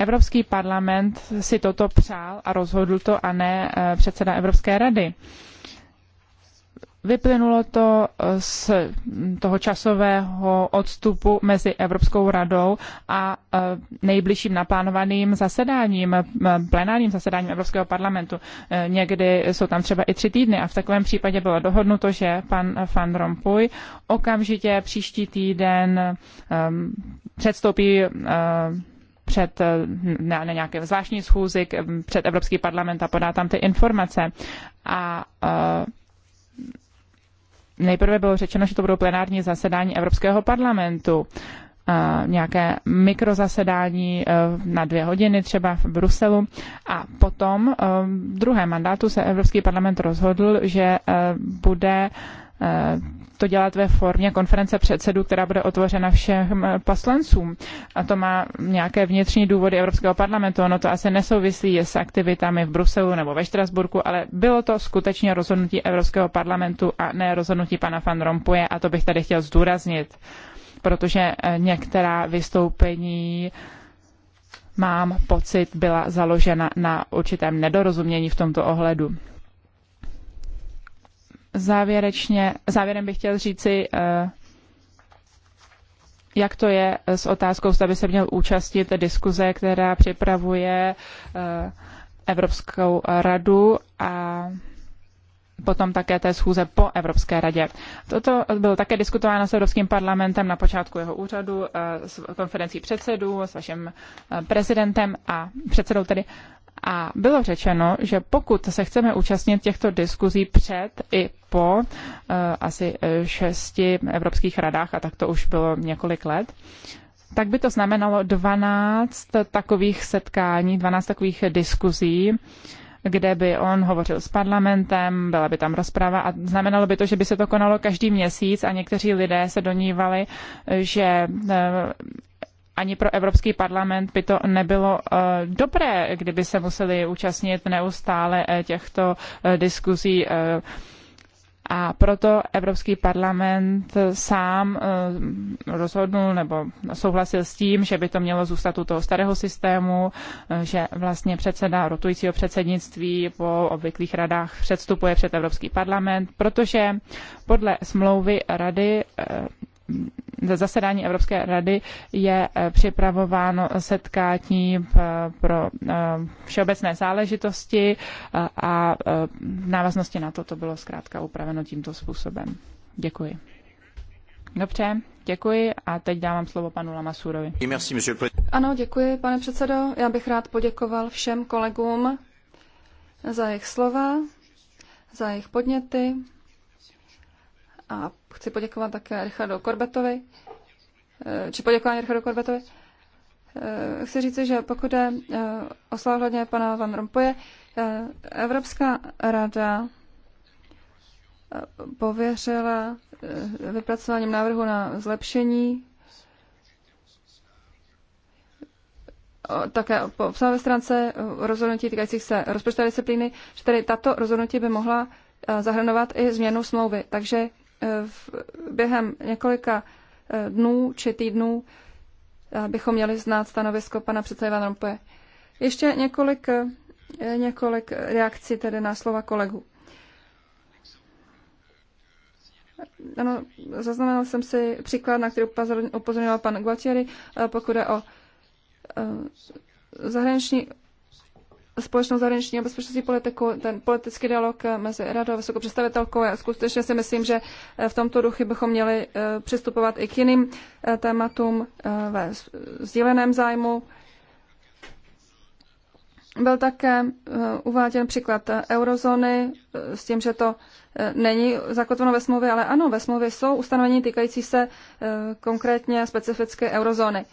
Evropský parlament si toto přál a rozhodl to a ne eh, předseda Evropské rady. Vyplynulo to eh, z toho časového odstupu mezi Evropskou radou a eh, nejbližším naplánovaným zasedáním, plenárním zasedáním Evropského parlamentu. Někdy jsou tam třeba i tři týdny a v takovém případě bylo dohodnuto, že pan Van Rompuy okamžitě příští týden předstoupí před eh, na, na nějaké zvláštní schůzi eh, před Evropský parlament a podá tam ty informace. A eh, nejprve bylo řečeno, že to budou plenární zasedání Evropského parlamentu nějaké mikrozasedání na dvě hodiny třeba v Bruselu. A potom v druhém mandátu se Evropský parlament rozhodl, že bude Eh, to dělat ve formě konference předsedů, která bude otvořena všem eh, poslancům. A to má nějaké vnitřní důvody Evropského parlamentu. Ono to asi nesouvisí s aktivitami v Bruselu nebo ve Štrasburku, ale bylo to skutečně rozhodnutí Evropského parlamentu a ne rozhodnutí pana Van Rompuje a to bych tady chtěl zdůraznit, protože eh, některá vystoupení mám pocit, byla založena na určitém nedorozumění v tomto ohledu závěrečně, závěrem bych chtěl říci, eh, jak to je s otázkou, zda by se měl účastnit diskuze, která připravuje eh, Evropskou radu a potom také té schůze po Evropské radě. Toto bylo také diskutováno s Evropským parlamentem na počátku jeho úřadu, eh, s konferencí předsedů, s vaším prezidentem a předsedou tedy a bylo řečeno, že pokud se chceme účastnit těchto diskuzí před i po uh, asi eh, šesti evropských radách, a tak to už bylo několik let, tak by to znamenalo 12 takových setkání, 12 takových diskuzí, kde by on hovořil s parlamentem, byla by tam rozprava a znamenalo by to, že by se to konalo každý měsíc a někteří lidé se donívali, že eh, ani pro Evropský parlament by to nebylo eh, dobré, kdyby se museli účastnit neustále eh, těchto eh, diskuzí. A proto Evropský parlament sám rozhodnul nebo souhlasil s tím, že by to mělo zůstat u toho starého systému, že vlastně předseda rotujícího předsednictví po obvyklých radách předstupuje před Evropský parlament, protože podle smlouvy rady ze zasedání Evropské rady je eh, připravováno setkání eh, pro eh, všeobecné záležitosti a v návaznosti na to to bylo zkrátka upraveno tímto způsobem. Děkuji. Dobře, děkuji a teď dávám slovo panu Lamasurovi.
Ano, děkuji, pane předsedo. Já bych rád poděkoval všem kolegům za jejich slova, za jejich podněty, a chci poděkovat také Richardu Korbetovi, eh, či poděkování Richardu Korbetovi. Eh, chci říct, že pokud je eh, o hledně pana Van Rompuje, Evropská rada pověřila vypracováním návrhu na zlepšení také po obsahové stránce rozhodnutí týkajících se rozpočtové disciplíny, že tady tato rozhodnutí by mohla zahrnovat i změnu smlouvy. Takže v, během několika eh, dnů či týdnů eh, bychom měli znát stanovisko pana předsedy Van Rompuy. Ještě několik, eh, několik reakcí tedy na slova kolegu. Ano, zaznamenal jsem si příklad, na který upozorňoval pan Gualtieri, pokud je o zahraniční společnou zahraniční a bezpečnostní politiku, ten politický dialog eh, mezi radou a vysokou představitelkou. Já skutečně si myslím, že eh, v tomto duchu bychom měli eh, přistupovat i k jiným tématům ve sdíleném zájmu. Byl také uváděn příklad eurozóny s tím, že to není zakotveno ve smlouvě, ale ano, ve smlouvě jsou ustanovení týkající se konkrétně specifické eurozóny.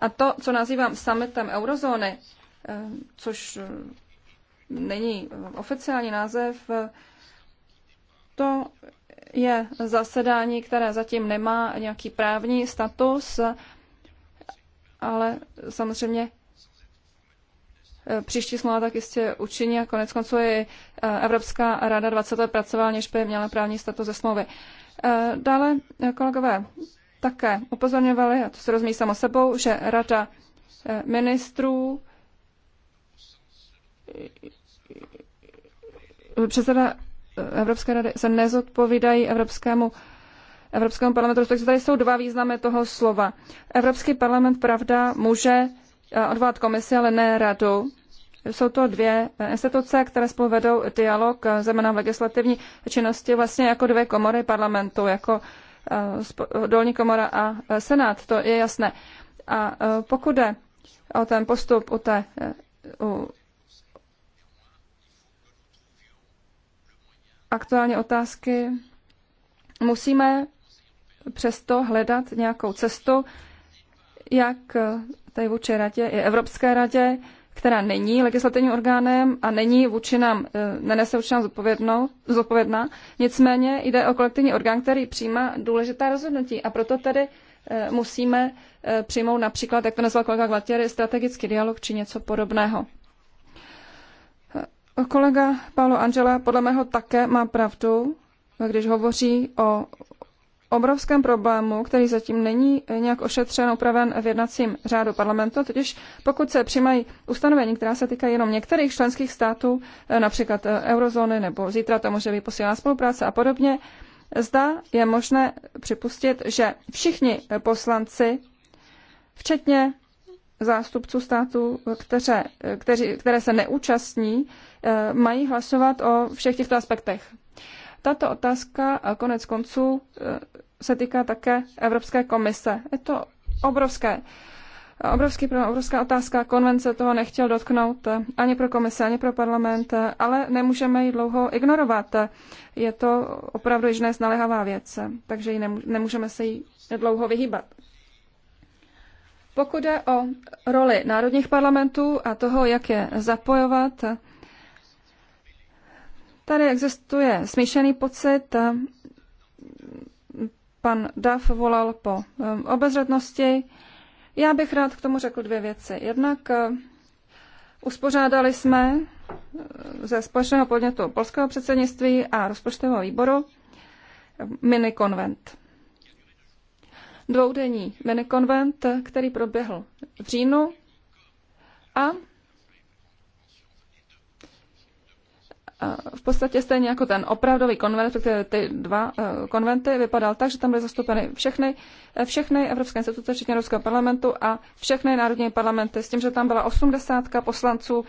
A to, co nazývám summitem eurozóny, což eh, není eh, oficiální název, to je zasedání, které zatím nemá nějaký právní status, ale samozřejmě eh, příští smlouva tak jistě učiní a konec konců i Evropská rada 20 let pracovala, než by měla právní status ze smlouvy. Dále kolegové také upozorňovali, a to se rozumí samo sebou, že rada ministrů předseda Evropské rady se nezodpovídají Evropskému Evropskému parlamentu, takže tady jsou dva významy toho slova. Evropský parlament, pravda, může eh, odvolat komisi, ale ne radu. Jsou to dvě eh, instituce, které spolu vedou dialog, eh, zejména v legislativní činnosti, vlastně jako dvě komory parlamentu, jako dolní komora a senát, to je jasné. A pokud jde o ten postup u té u aktuální otázky, musíme přesto hledat nějakou cestu, jak tady vůči radě i Evropské radě, která není legislativním orgánem a není vůči nám, eh, nenese vůči nám zodpovědná. Nicméně jde o kolektivní orgán, který přijímá důležitá rozhodnutí a proto tedy eh, musíme eh, přijmout například, jak to nazval kolega Glatieri, strategický dialog či něco podobného. Kolega Paolo Angela podle mého také má pravdu, když hovoří o obrovském problému, který zatím není nějak ošetřen, upraven v jednacím řádu parlamentu, totiž pokud se přijmají ustanovení, která se týkají jenom některých členských států, eh, například eh, eurozóny nebo zítra to může být posílená spolupráce a podobně, zda je možné připustit, že všichni eh, poslanci, včetně zástupců států, které, které se neúčastní Eh, mají hlasovat o všech těchto aspektech. Tato otázka eh, konec konců eh, se týká také Evropské komise. Je to obrovské obrovský obrovská otázka. Konvence toho nechtěl dotknout ani pro komise, ani pro parlament, ale nemůžeme ji dlouho ignorovat. Je to opravdu již dnes naléhavá věc, takže ji nemůžeme se jí dlouho vyhýbat. Pokud je o roli národních parlamentů a toho, jak je zapojovat, Tady existuje smíšený pocit. Pan Duff volal po um, obezřetnosti. Já bych rád k tomu řekl dvě věci. Jednak uh, uspořádali jsme uh, ze společného podnětu polského předsednictví a rozpočtového výboru um, minikonvent. Dvoudenní minikonvent, který proběhl v říjnu a v podstatě stejně jako ten opravdový konvent, respektive ty dva eh, konventy, vypadal tak, že tam byly zastoupeny všechny, eh, všechny evropské instituce, včetně Evropského parlamentu a všechny národní parlamenty, s tím, že tam byla 80 poslanců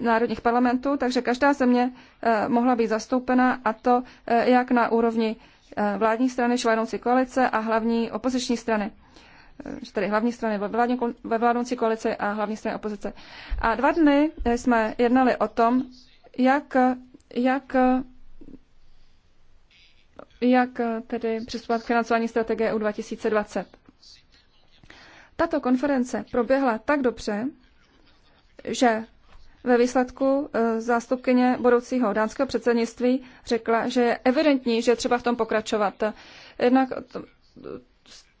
národních parlamentů, takže každá země eh, mohla být zastoupena a to jak na úrovni vládní strany, členoucí koalice a hlavní opoziční strany tedy hlavní strany ve, vládní, ve vládnoucí koalici a hlavní strany opozice. A dva dny jsme jednali o tom, jak jak jak tedy přistupovat k financování strategie EU 2020. Tato konference proběhla tak dobře, že ve výsledku eh, zástupkyně budoucího dánského předsednictví řekla, že je evidentní, že je třeba v tom pokračovat. Jednak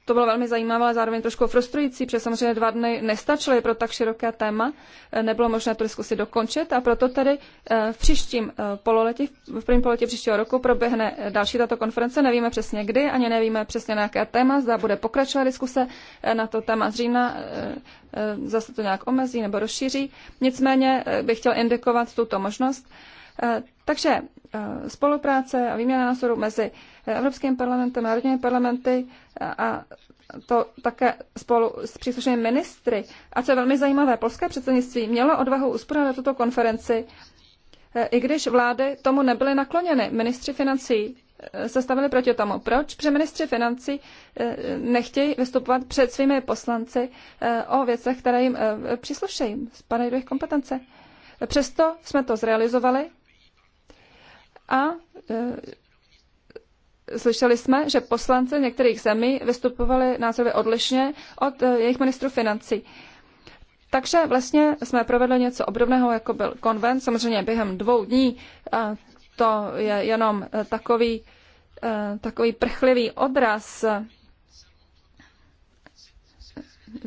to bylo velmi zajímavé, ale zároveň trošku frustrující, protože samozřejmě dva dny nestačily pro tak široké téma, eh, nebylo možné tu diskusi dokončit a proto tedy eh, v příštím eh, pololetí, v prvním pololetí příštího roku proběhne další tato konference, nevíme přesně kdy, ani nevíme přesně na jaké téma, zda bude pokračovat diskuse na to téma z října, zase to nějak omezí nebo rozšíří. Nicméně bych chtěl indikovat tuto možnost Eh, takže eh, spolupráce a výměna názorů mezi eh, Evropským parlamentem, národními parlamenty a to také spolu s příslušnými ministry. A co je velmi zajímavé, polské předsednictví mělo odvahu uspořádat tuto konferenci, i když vlády tomu nebyly nakloněny. Ministři financí se stavili proti tomu. Proč? Protože ministři financí nechtějí vystupovat před svými poslanci o věcech, které jim příslušejí, spadají do jejich kompetence. Přesto jsme to zrealizovali a e, slyšeli jsme, že poslanci některých zemí vystupovali názorově odlišně od e, jejich ministrů financí. Takže vlastně jsme provedli něco obdobného, jako byl konvent, samozřejmě během dvou dní. To je jenom e, takový, takový prchlivý odraz,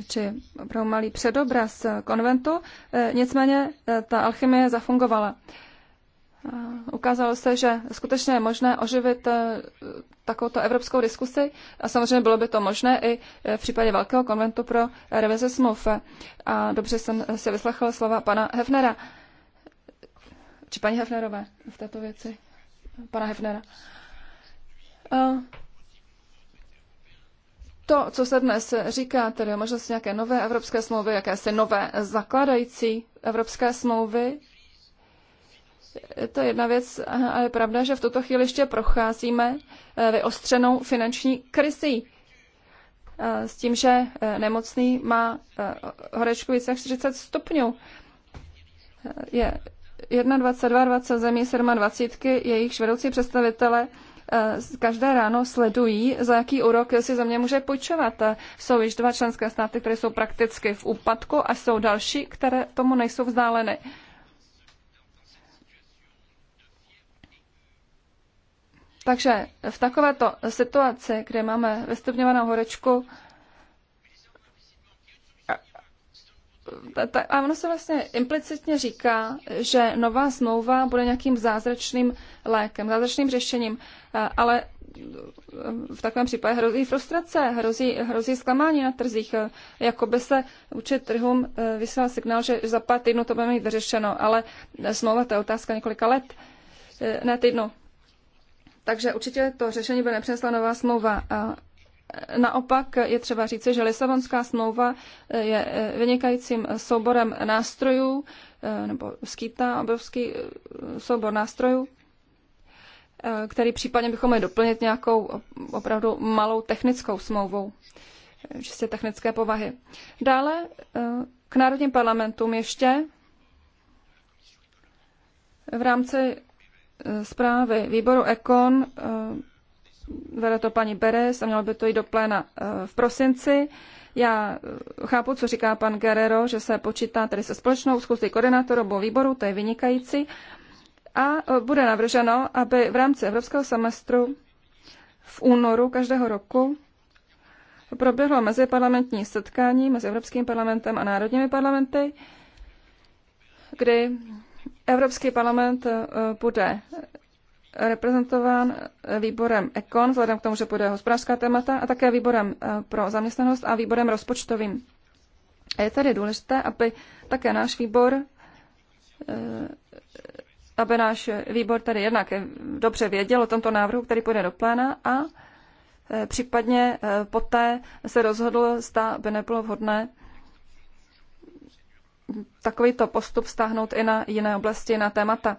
či opravdu malý předobraz konventu. Nicméně ta alchymie zafungovala. Eh, ukázalo se, že skutečně je možné oživit eh, takovouto evropskou diskusi a samozřejmě bylo by to možné i eh, v případě Velkého konventu pro revize smluv. A dobře jsem si vyslechl slova pana Hefnera, či paní Hefnerové v této věci, pana Hefnera. To, co se dnes říká, tedy možnost nějaké nové evropské smlouvy, jakési nové zakladající evropské smlouvy, to je jedna věc a je pravda, že v tuto chvíli ještě procházíme eh, vyostřenou finanční krizi, eh, S tím, že eh, nemocný má horečku více než 40 stupňů. Je 21, 22 20 zemí 27, jejich vedoucí představitele každé ráno sledují, za jaký úrok si země může půjčovat. Jsou již dva členské státy, které jsou prakticky v úpadku a jsou další, které tomu nejsou vzdáleny. Takže v takovéto situaci, kde máme vystupňovanou horečku, a ono se vlastně implicitně říká, že nová smlouva bude nějakým zázračným lékem, zázračným řešením, ale v takovém případě hrozí frustrace, hrozí, hrozí zklamání na trzích. Jako by se učit trhům e, vysílal signál, že za pár týdnů to bude mít vyřešeno, ale smlouva to je otázka několika let, e, ne týdnu. Takže určitě to řešení by nepřinesla nová smlouva. A e, naopak je třeba říci, že Lisabonská smlouva e, je e, vynikajícím souborem nástrojů, nebo skýtá obrovský soubor nástrojů, který případně bychom mohli doplnit nějakou opravdu malou technickou smlouvou, čistě technické povahy. Dále k národním parlamentům ještě v rámci Eh, zprávy výboru Ekon, eh, vede to paní Beres a mělo by to jít do pléna eh, v prosinci. Já chápu, co říká pan Guerrero, že se počítá tedy se společnou schůzí koordinátorů obou výboru, to je vynikající. A bude navrženo, aby v rámci evropského semestru v únoru každého roku proběhlo meziparlamentní setkání mezi Evropským parlamentem a národními parlamenty, kdy Evropský parlament eh, bude reprezentován eh, výborem ECON, vzhledem k tomu, že půjde hospodářská témata, a také výborem eh, pro zaměstnanost a výborem rozpočtovým. Je tedy důležité, aby také náš výbor, aby náš výbor tady jednak dobře věděl o tomto návrhu, který půjde do pléna a případně poté se rozhodl, zda by nebylo vhodné takovýto postup stáhnout i na jiné oblasti, na témata.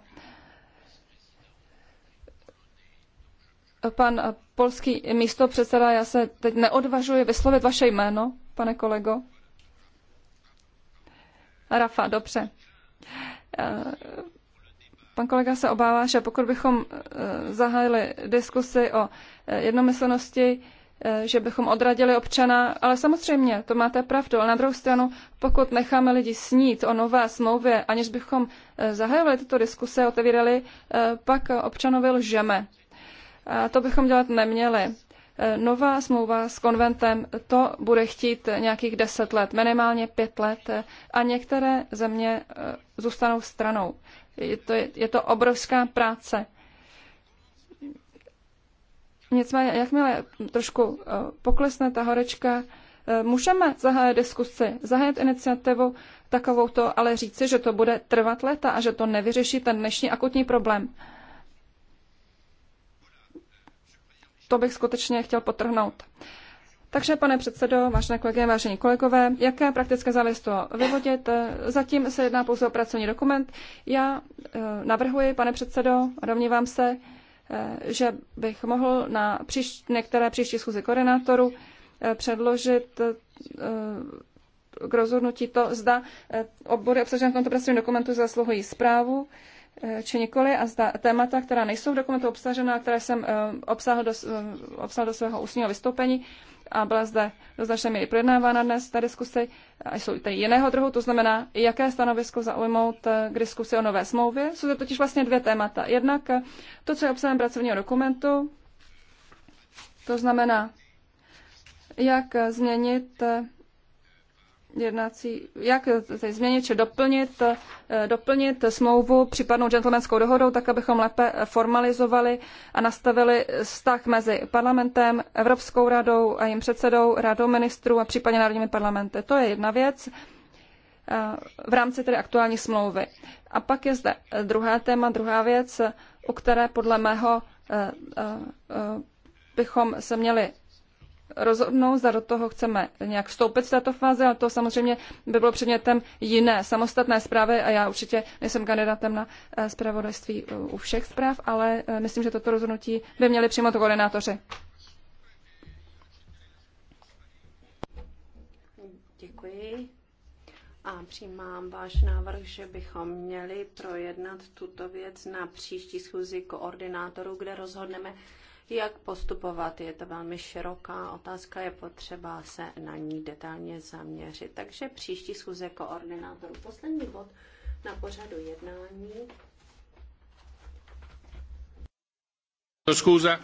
Pan polský místo předseda, já se teď neodvažuji vyslovit vaše jméno, pane kolego. Rafa, dobře. Pan kolega se obává, že pokud bychom eh, zahájili diskusy o eh, jednomyslnosti, Eh, že bychom odradili občana, ale samozřejmě, to máte pravdu, ale na druhou stranu, pokud necháme lidi snít o nové smlouvě, aniž bychom eh, zahajovali tyto diskuse, otevírali, eh, pak občanovi lžeme. A to bychom dělat neměli. Nová smlouva s konventem, to bude chtít nějakých deset let, minimálně pět let a některé země zůstanou stranou. Je to, je to obrovská práce. Nicméně, jakmile trošku eh, poklesne ta horečka, eh, můžeme zahájit diskusi, zahájit iniciativu to, ale říci, že to bude trvat léta a že to nevyřeší ten dnešní akutní problém. To bych skutečně chtěl potrhnout. Takže, pane předsedo, vážené kolegy, vážení kolegové, jaké praktické závěry z toho vyvodit? Eh, zatím se jedná pouze o pracovní dokument. Já navrhuji, pane předsedo, rovnívám se, Eh, že bych mohl na příš- některé příští schůzi koordinátorů eh, předložit eh, k rozhodnutí to, zda obory obsažené v tomto pracovním dokumentu zasluhují zprávu či nikoli a zda témata, která nejsou v dokumentu obsažena, které jsem obsahl do, obsahl do svého ústního vystoupení, a byla zde do značné míry projednávána dnes ta diskusi, a jsou tady jiného druhu, to znamená, jaké stanovisko zaujmout eh, k diskusi o nové smlouvě. Jsou to totiž vlastně dvě témata. Jednak eh, to, co je obsahem pracovního dokumentu, to znamená, jak eh, změnit jednací, jak eh, tady změnit či doplnit, eh, doplnit smlouvu případnou gentlemanskou dohodou, tak abychom lépe formalizovali a nastavili vztah mezi parlamentem, Evropskou radou a jejím předsedou, radou ministrů a případně národními parlamenty. To je jedna věc eh, v rámci tedy aktuální smlouvy. A pak je zde druhé téma, druhá věc, o které podle mého bychom se měli rozhodnout, zda do toho chceme nějak vstoupit v této fázi, ale to samozřejmě by bylo předmětem jiné samostatné zprávy a já určitě nejsem kandidátem na eh, zpravodajství eh, u všech zpráv, ale eh, myslím, že toto rozhodnutí by měli přijmout koordinátoři.
Děkuji. A přijímám váš návrh, že bychom měli projednat tuto věc na příští schůzi koordinátorů, kde rozhodneme, jak postupovat. Je to velmi široká otázka, je potřeba se na ní detailně zaměřit. Takže příští schůze koordinátorů. Poslední bod na pořadu jednání.
Scusa,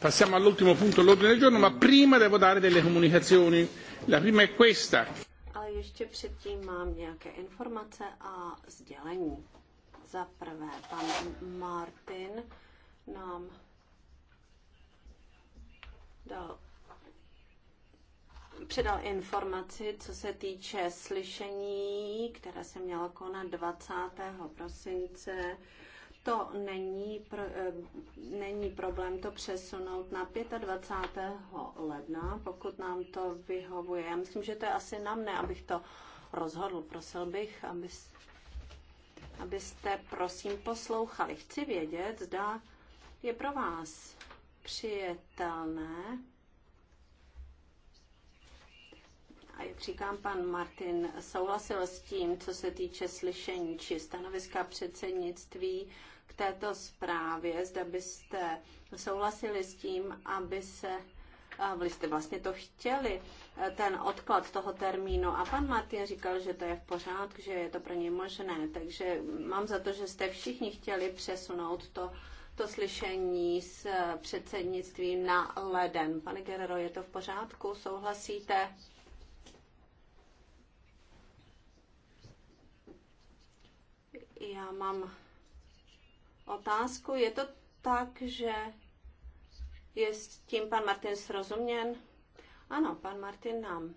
passiamo all'ultimo punto dell'ordine del giorno, ma prima devo dare delle comunicazioni. La prima è questa.
Ale ještě předtím mám nějaké informace a sdělení. Za prvé, pan Martin nám dal, předal informaci, co se týče slyšení, které se mělo konat 20. prosince. To není, pro, eh, není problém to přesunout na 25. ledna, pokud nám to vyhovuje. Já myslím, že to je asi na mne, abych to rozhodl. Prosil bych, aby, abyste prosím poslouchali. Chci vědět, zda je pro vás přijetelné. A jak říkám, pan Martin souhlasil s tím, co se týče slyšení či stanoviska předsednictví k této zprávě. Zda byste souhlasili s tím, aby se vy jste vlastně to chtěli, ten odklad toho termínu. A pan Martin říkal, že to je v pořádku, že je to pro ně možné. Takže mám za to, že jste všichni chtěli přesunout to to slyšení s předsednictvím na leden. Pane Gerero, je to v pořádku? Souhlasíte? Já mám otázku. Je to tak, že je s tím pan Martin srozuměn? Ano, pan Martin nám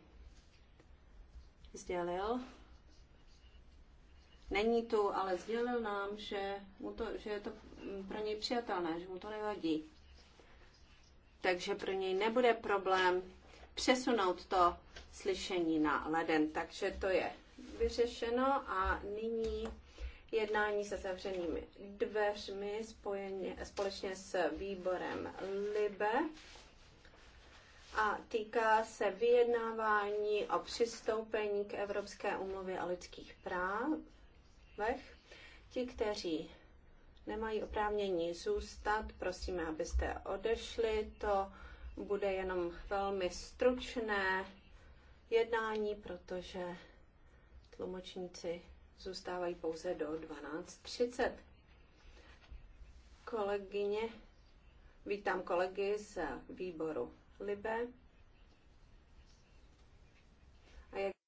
sdělil, Není tu, ale sdělil nám, že, mu to, že je to mm, pro něj přijatelné, že mu to nevadí. Takže pro něj nebude problém přesunout to slyšení na leden. Takže to je vyřešeno a nyní jednání se zavřenými dveřmi spojeně, společně s výborem LIBE a týká se vyjednávání o přistoupení k Evropské umluvě o lidských práv, letech. Ti, kteří nemají oprávnění zůstat, prosíme, abyste odešli. To bude jenom velmi stručné jednání, protože tlumočníci zůstávají pouze do 12.30. Kolegyně, vítám kolegy z výboru Libe. A jak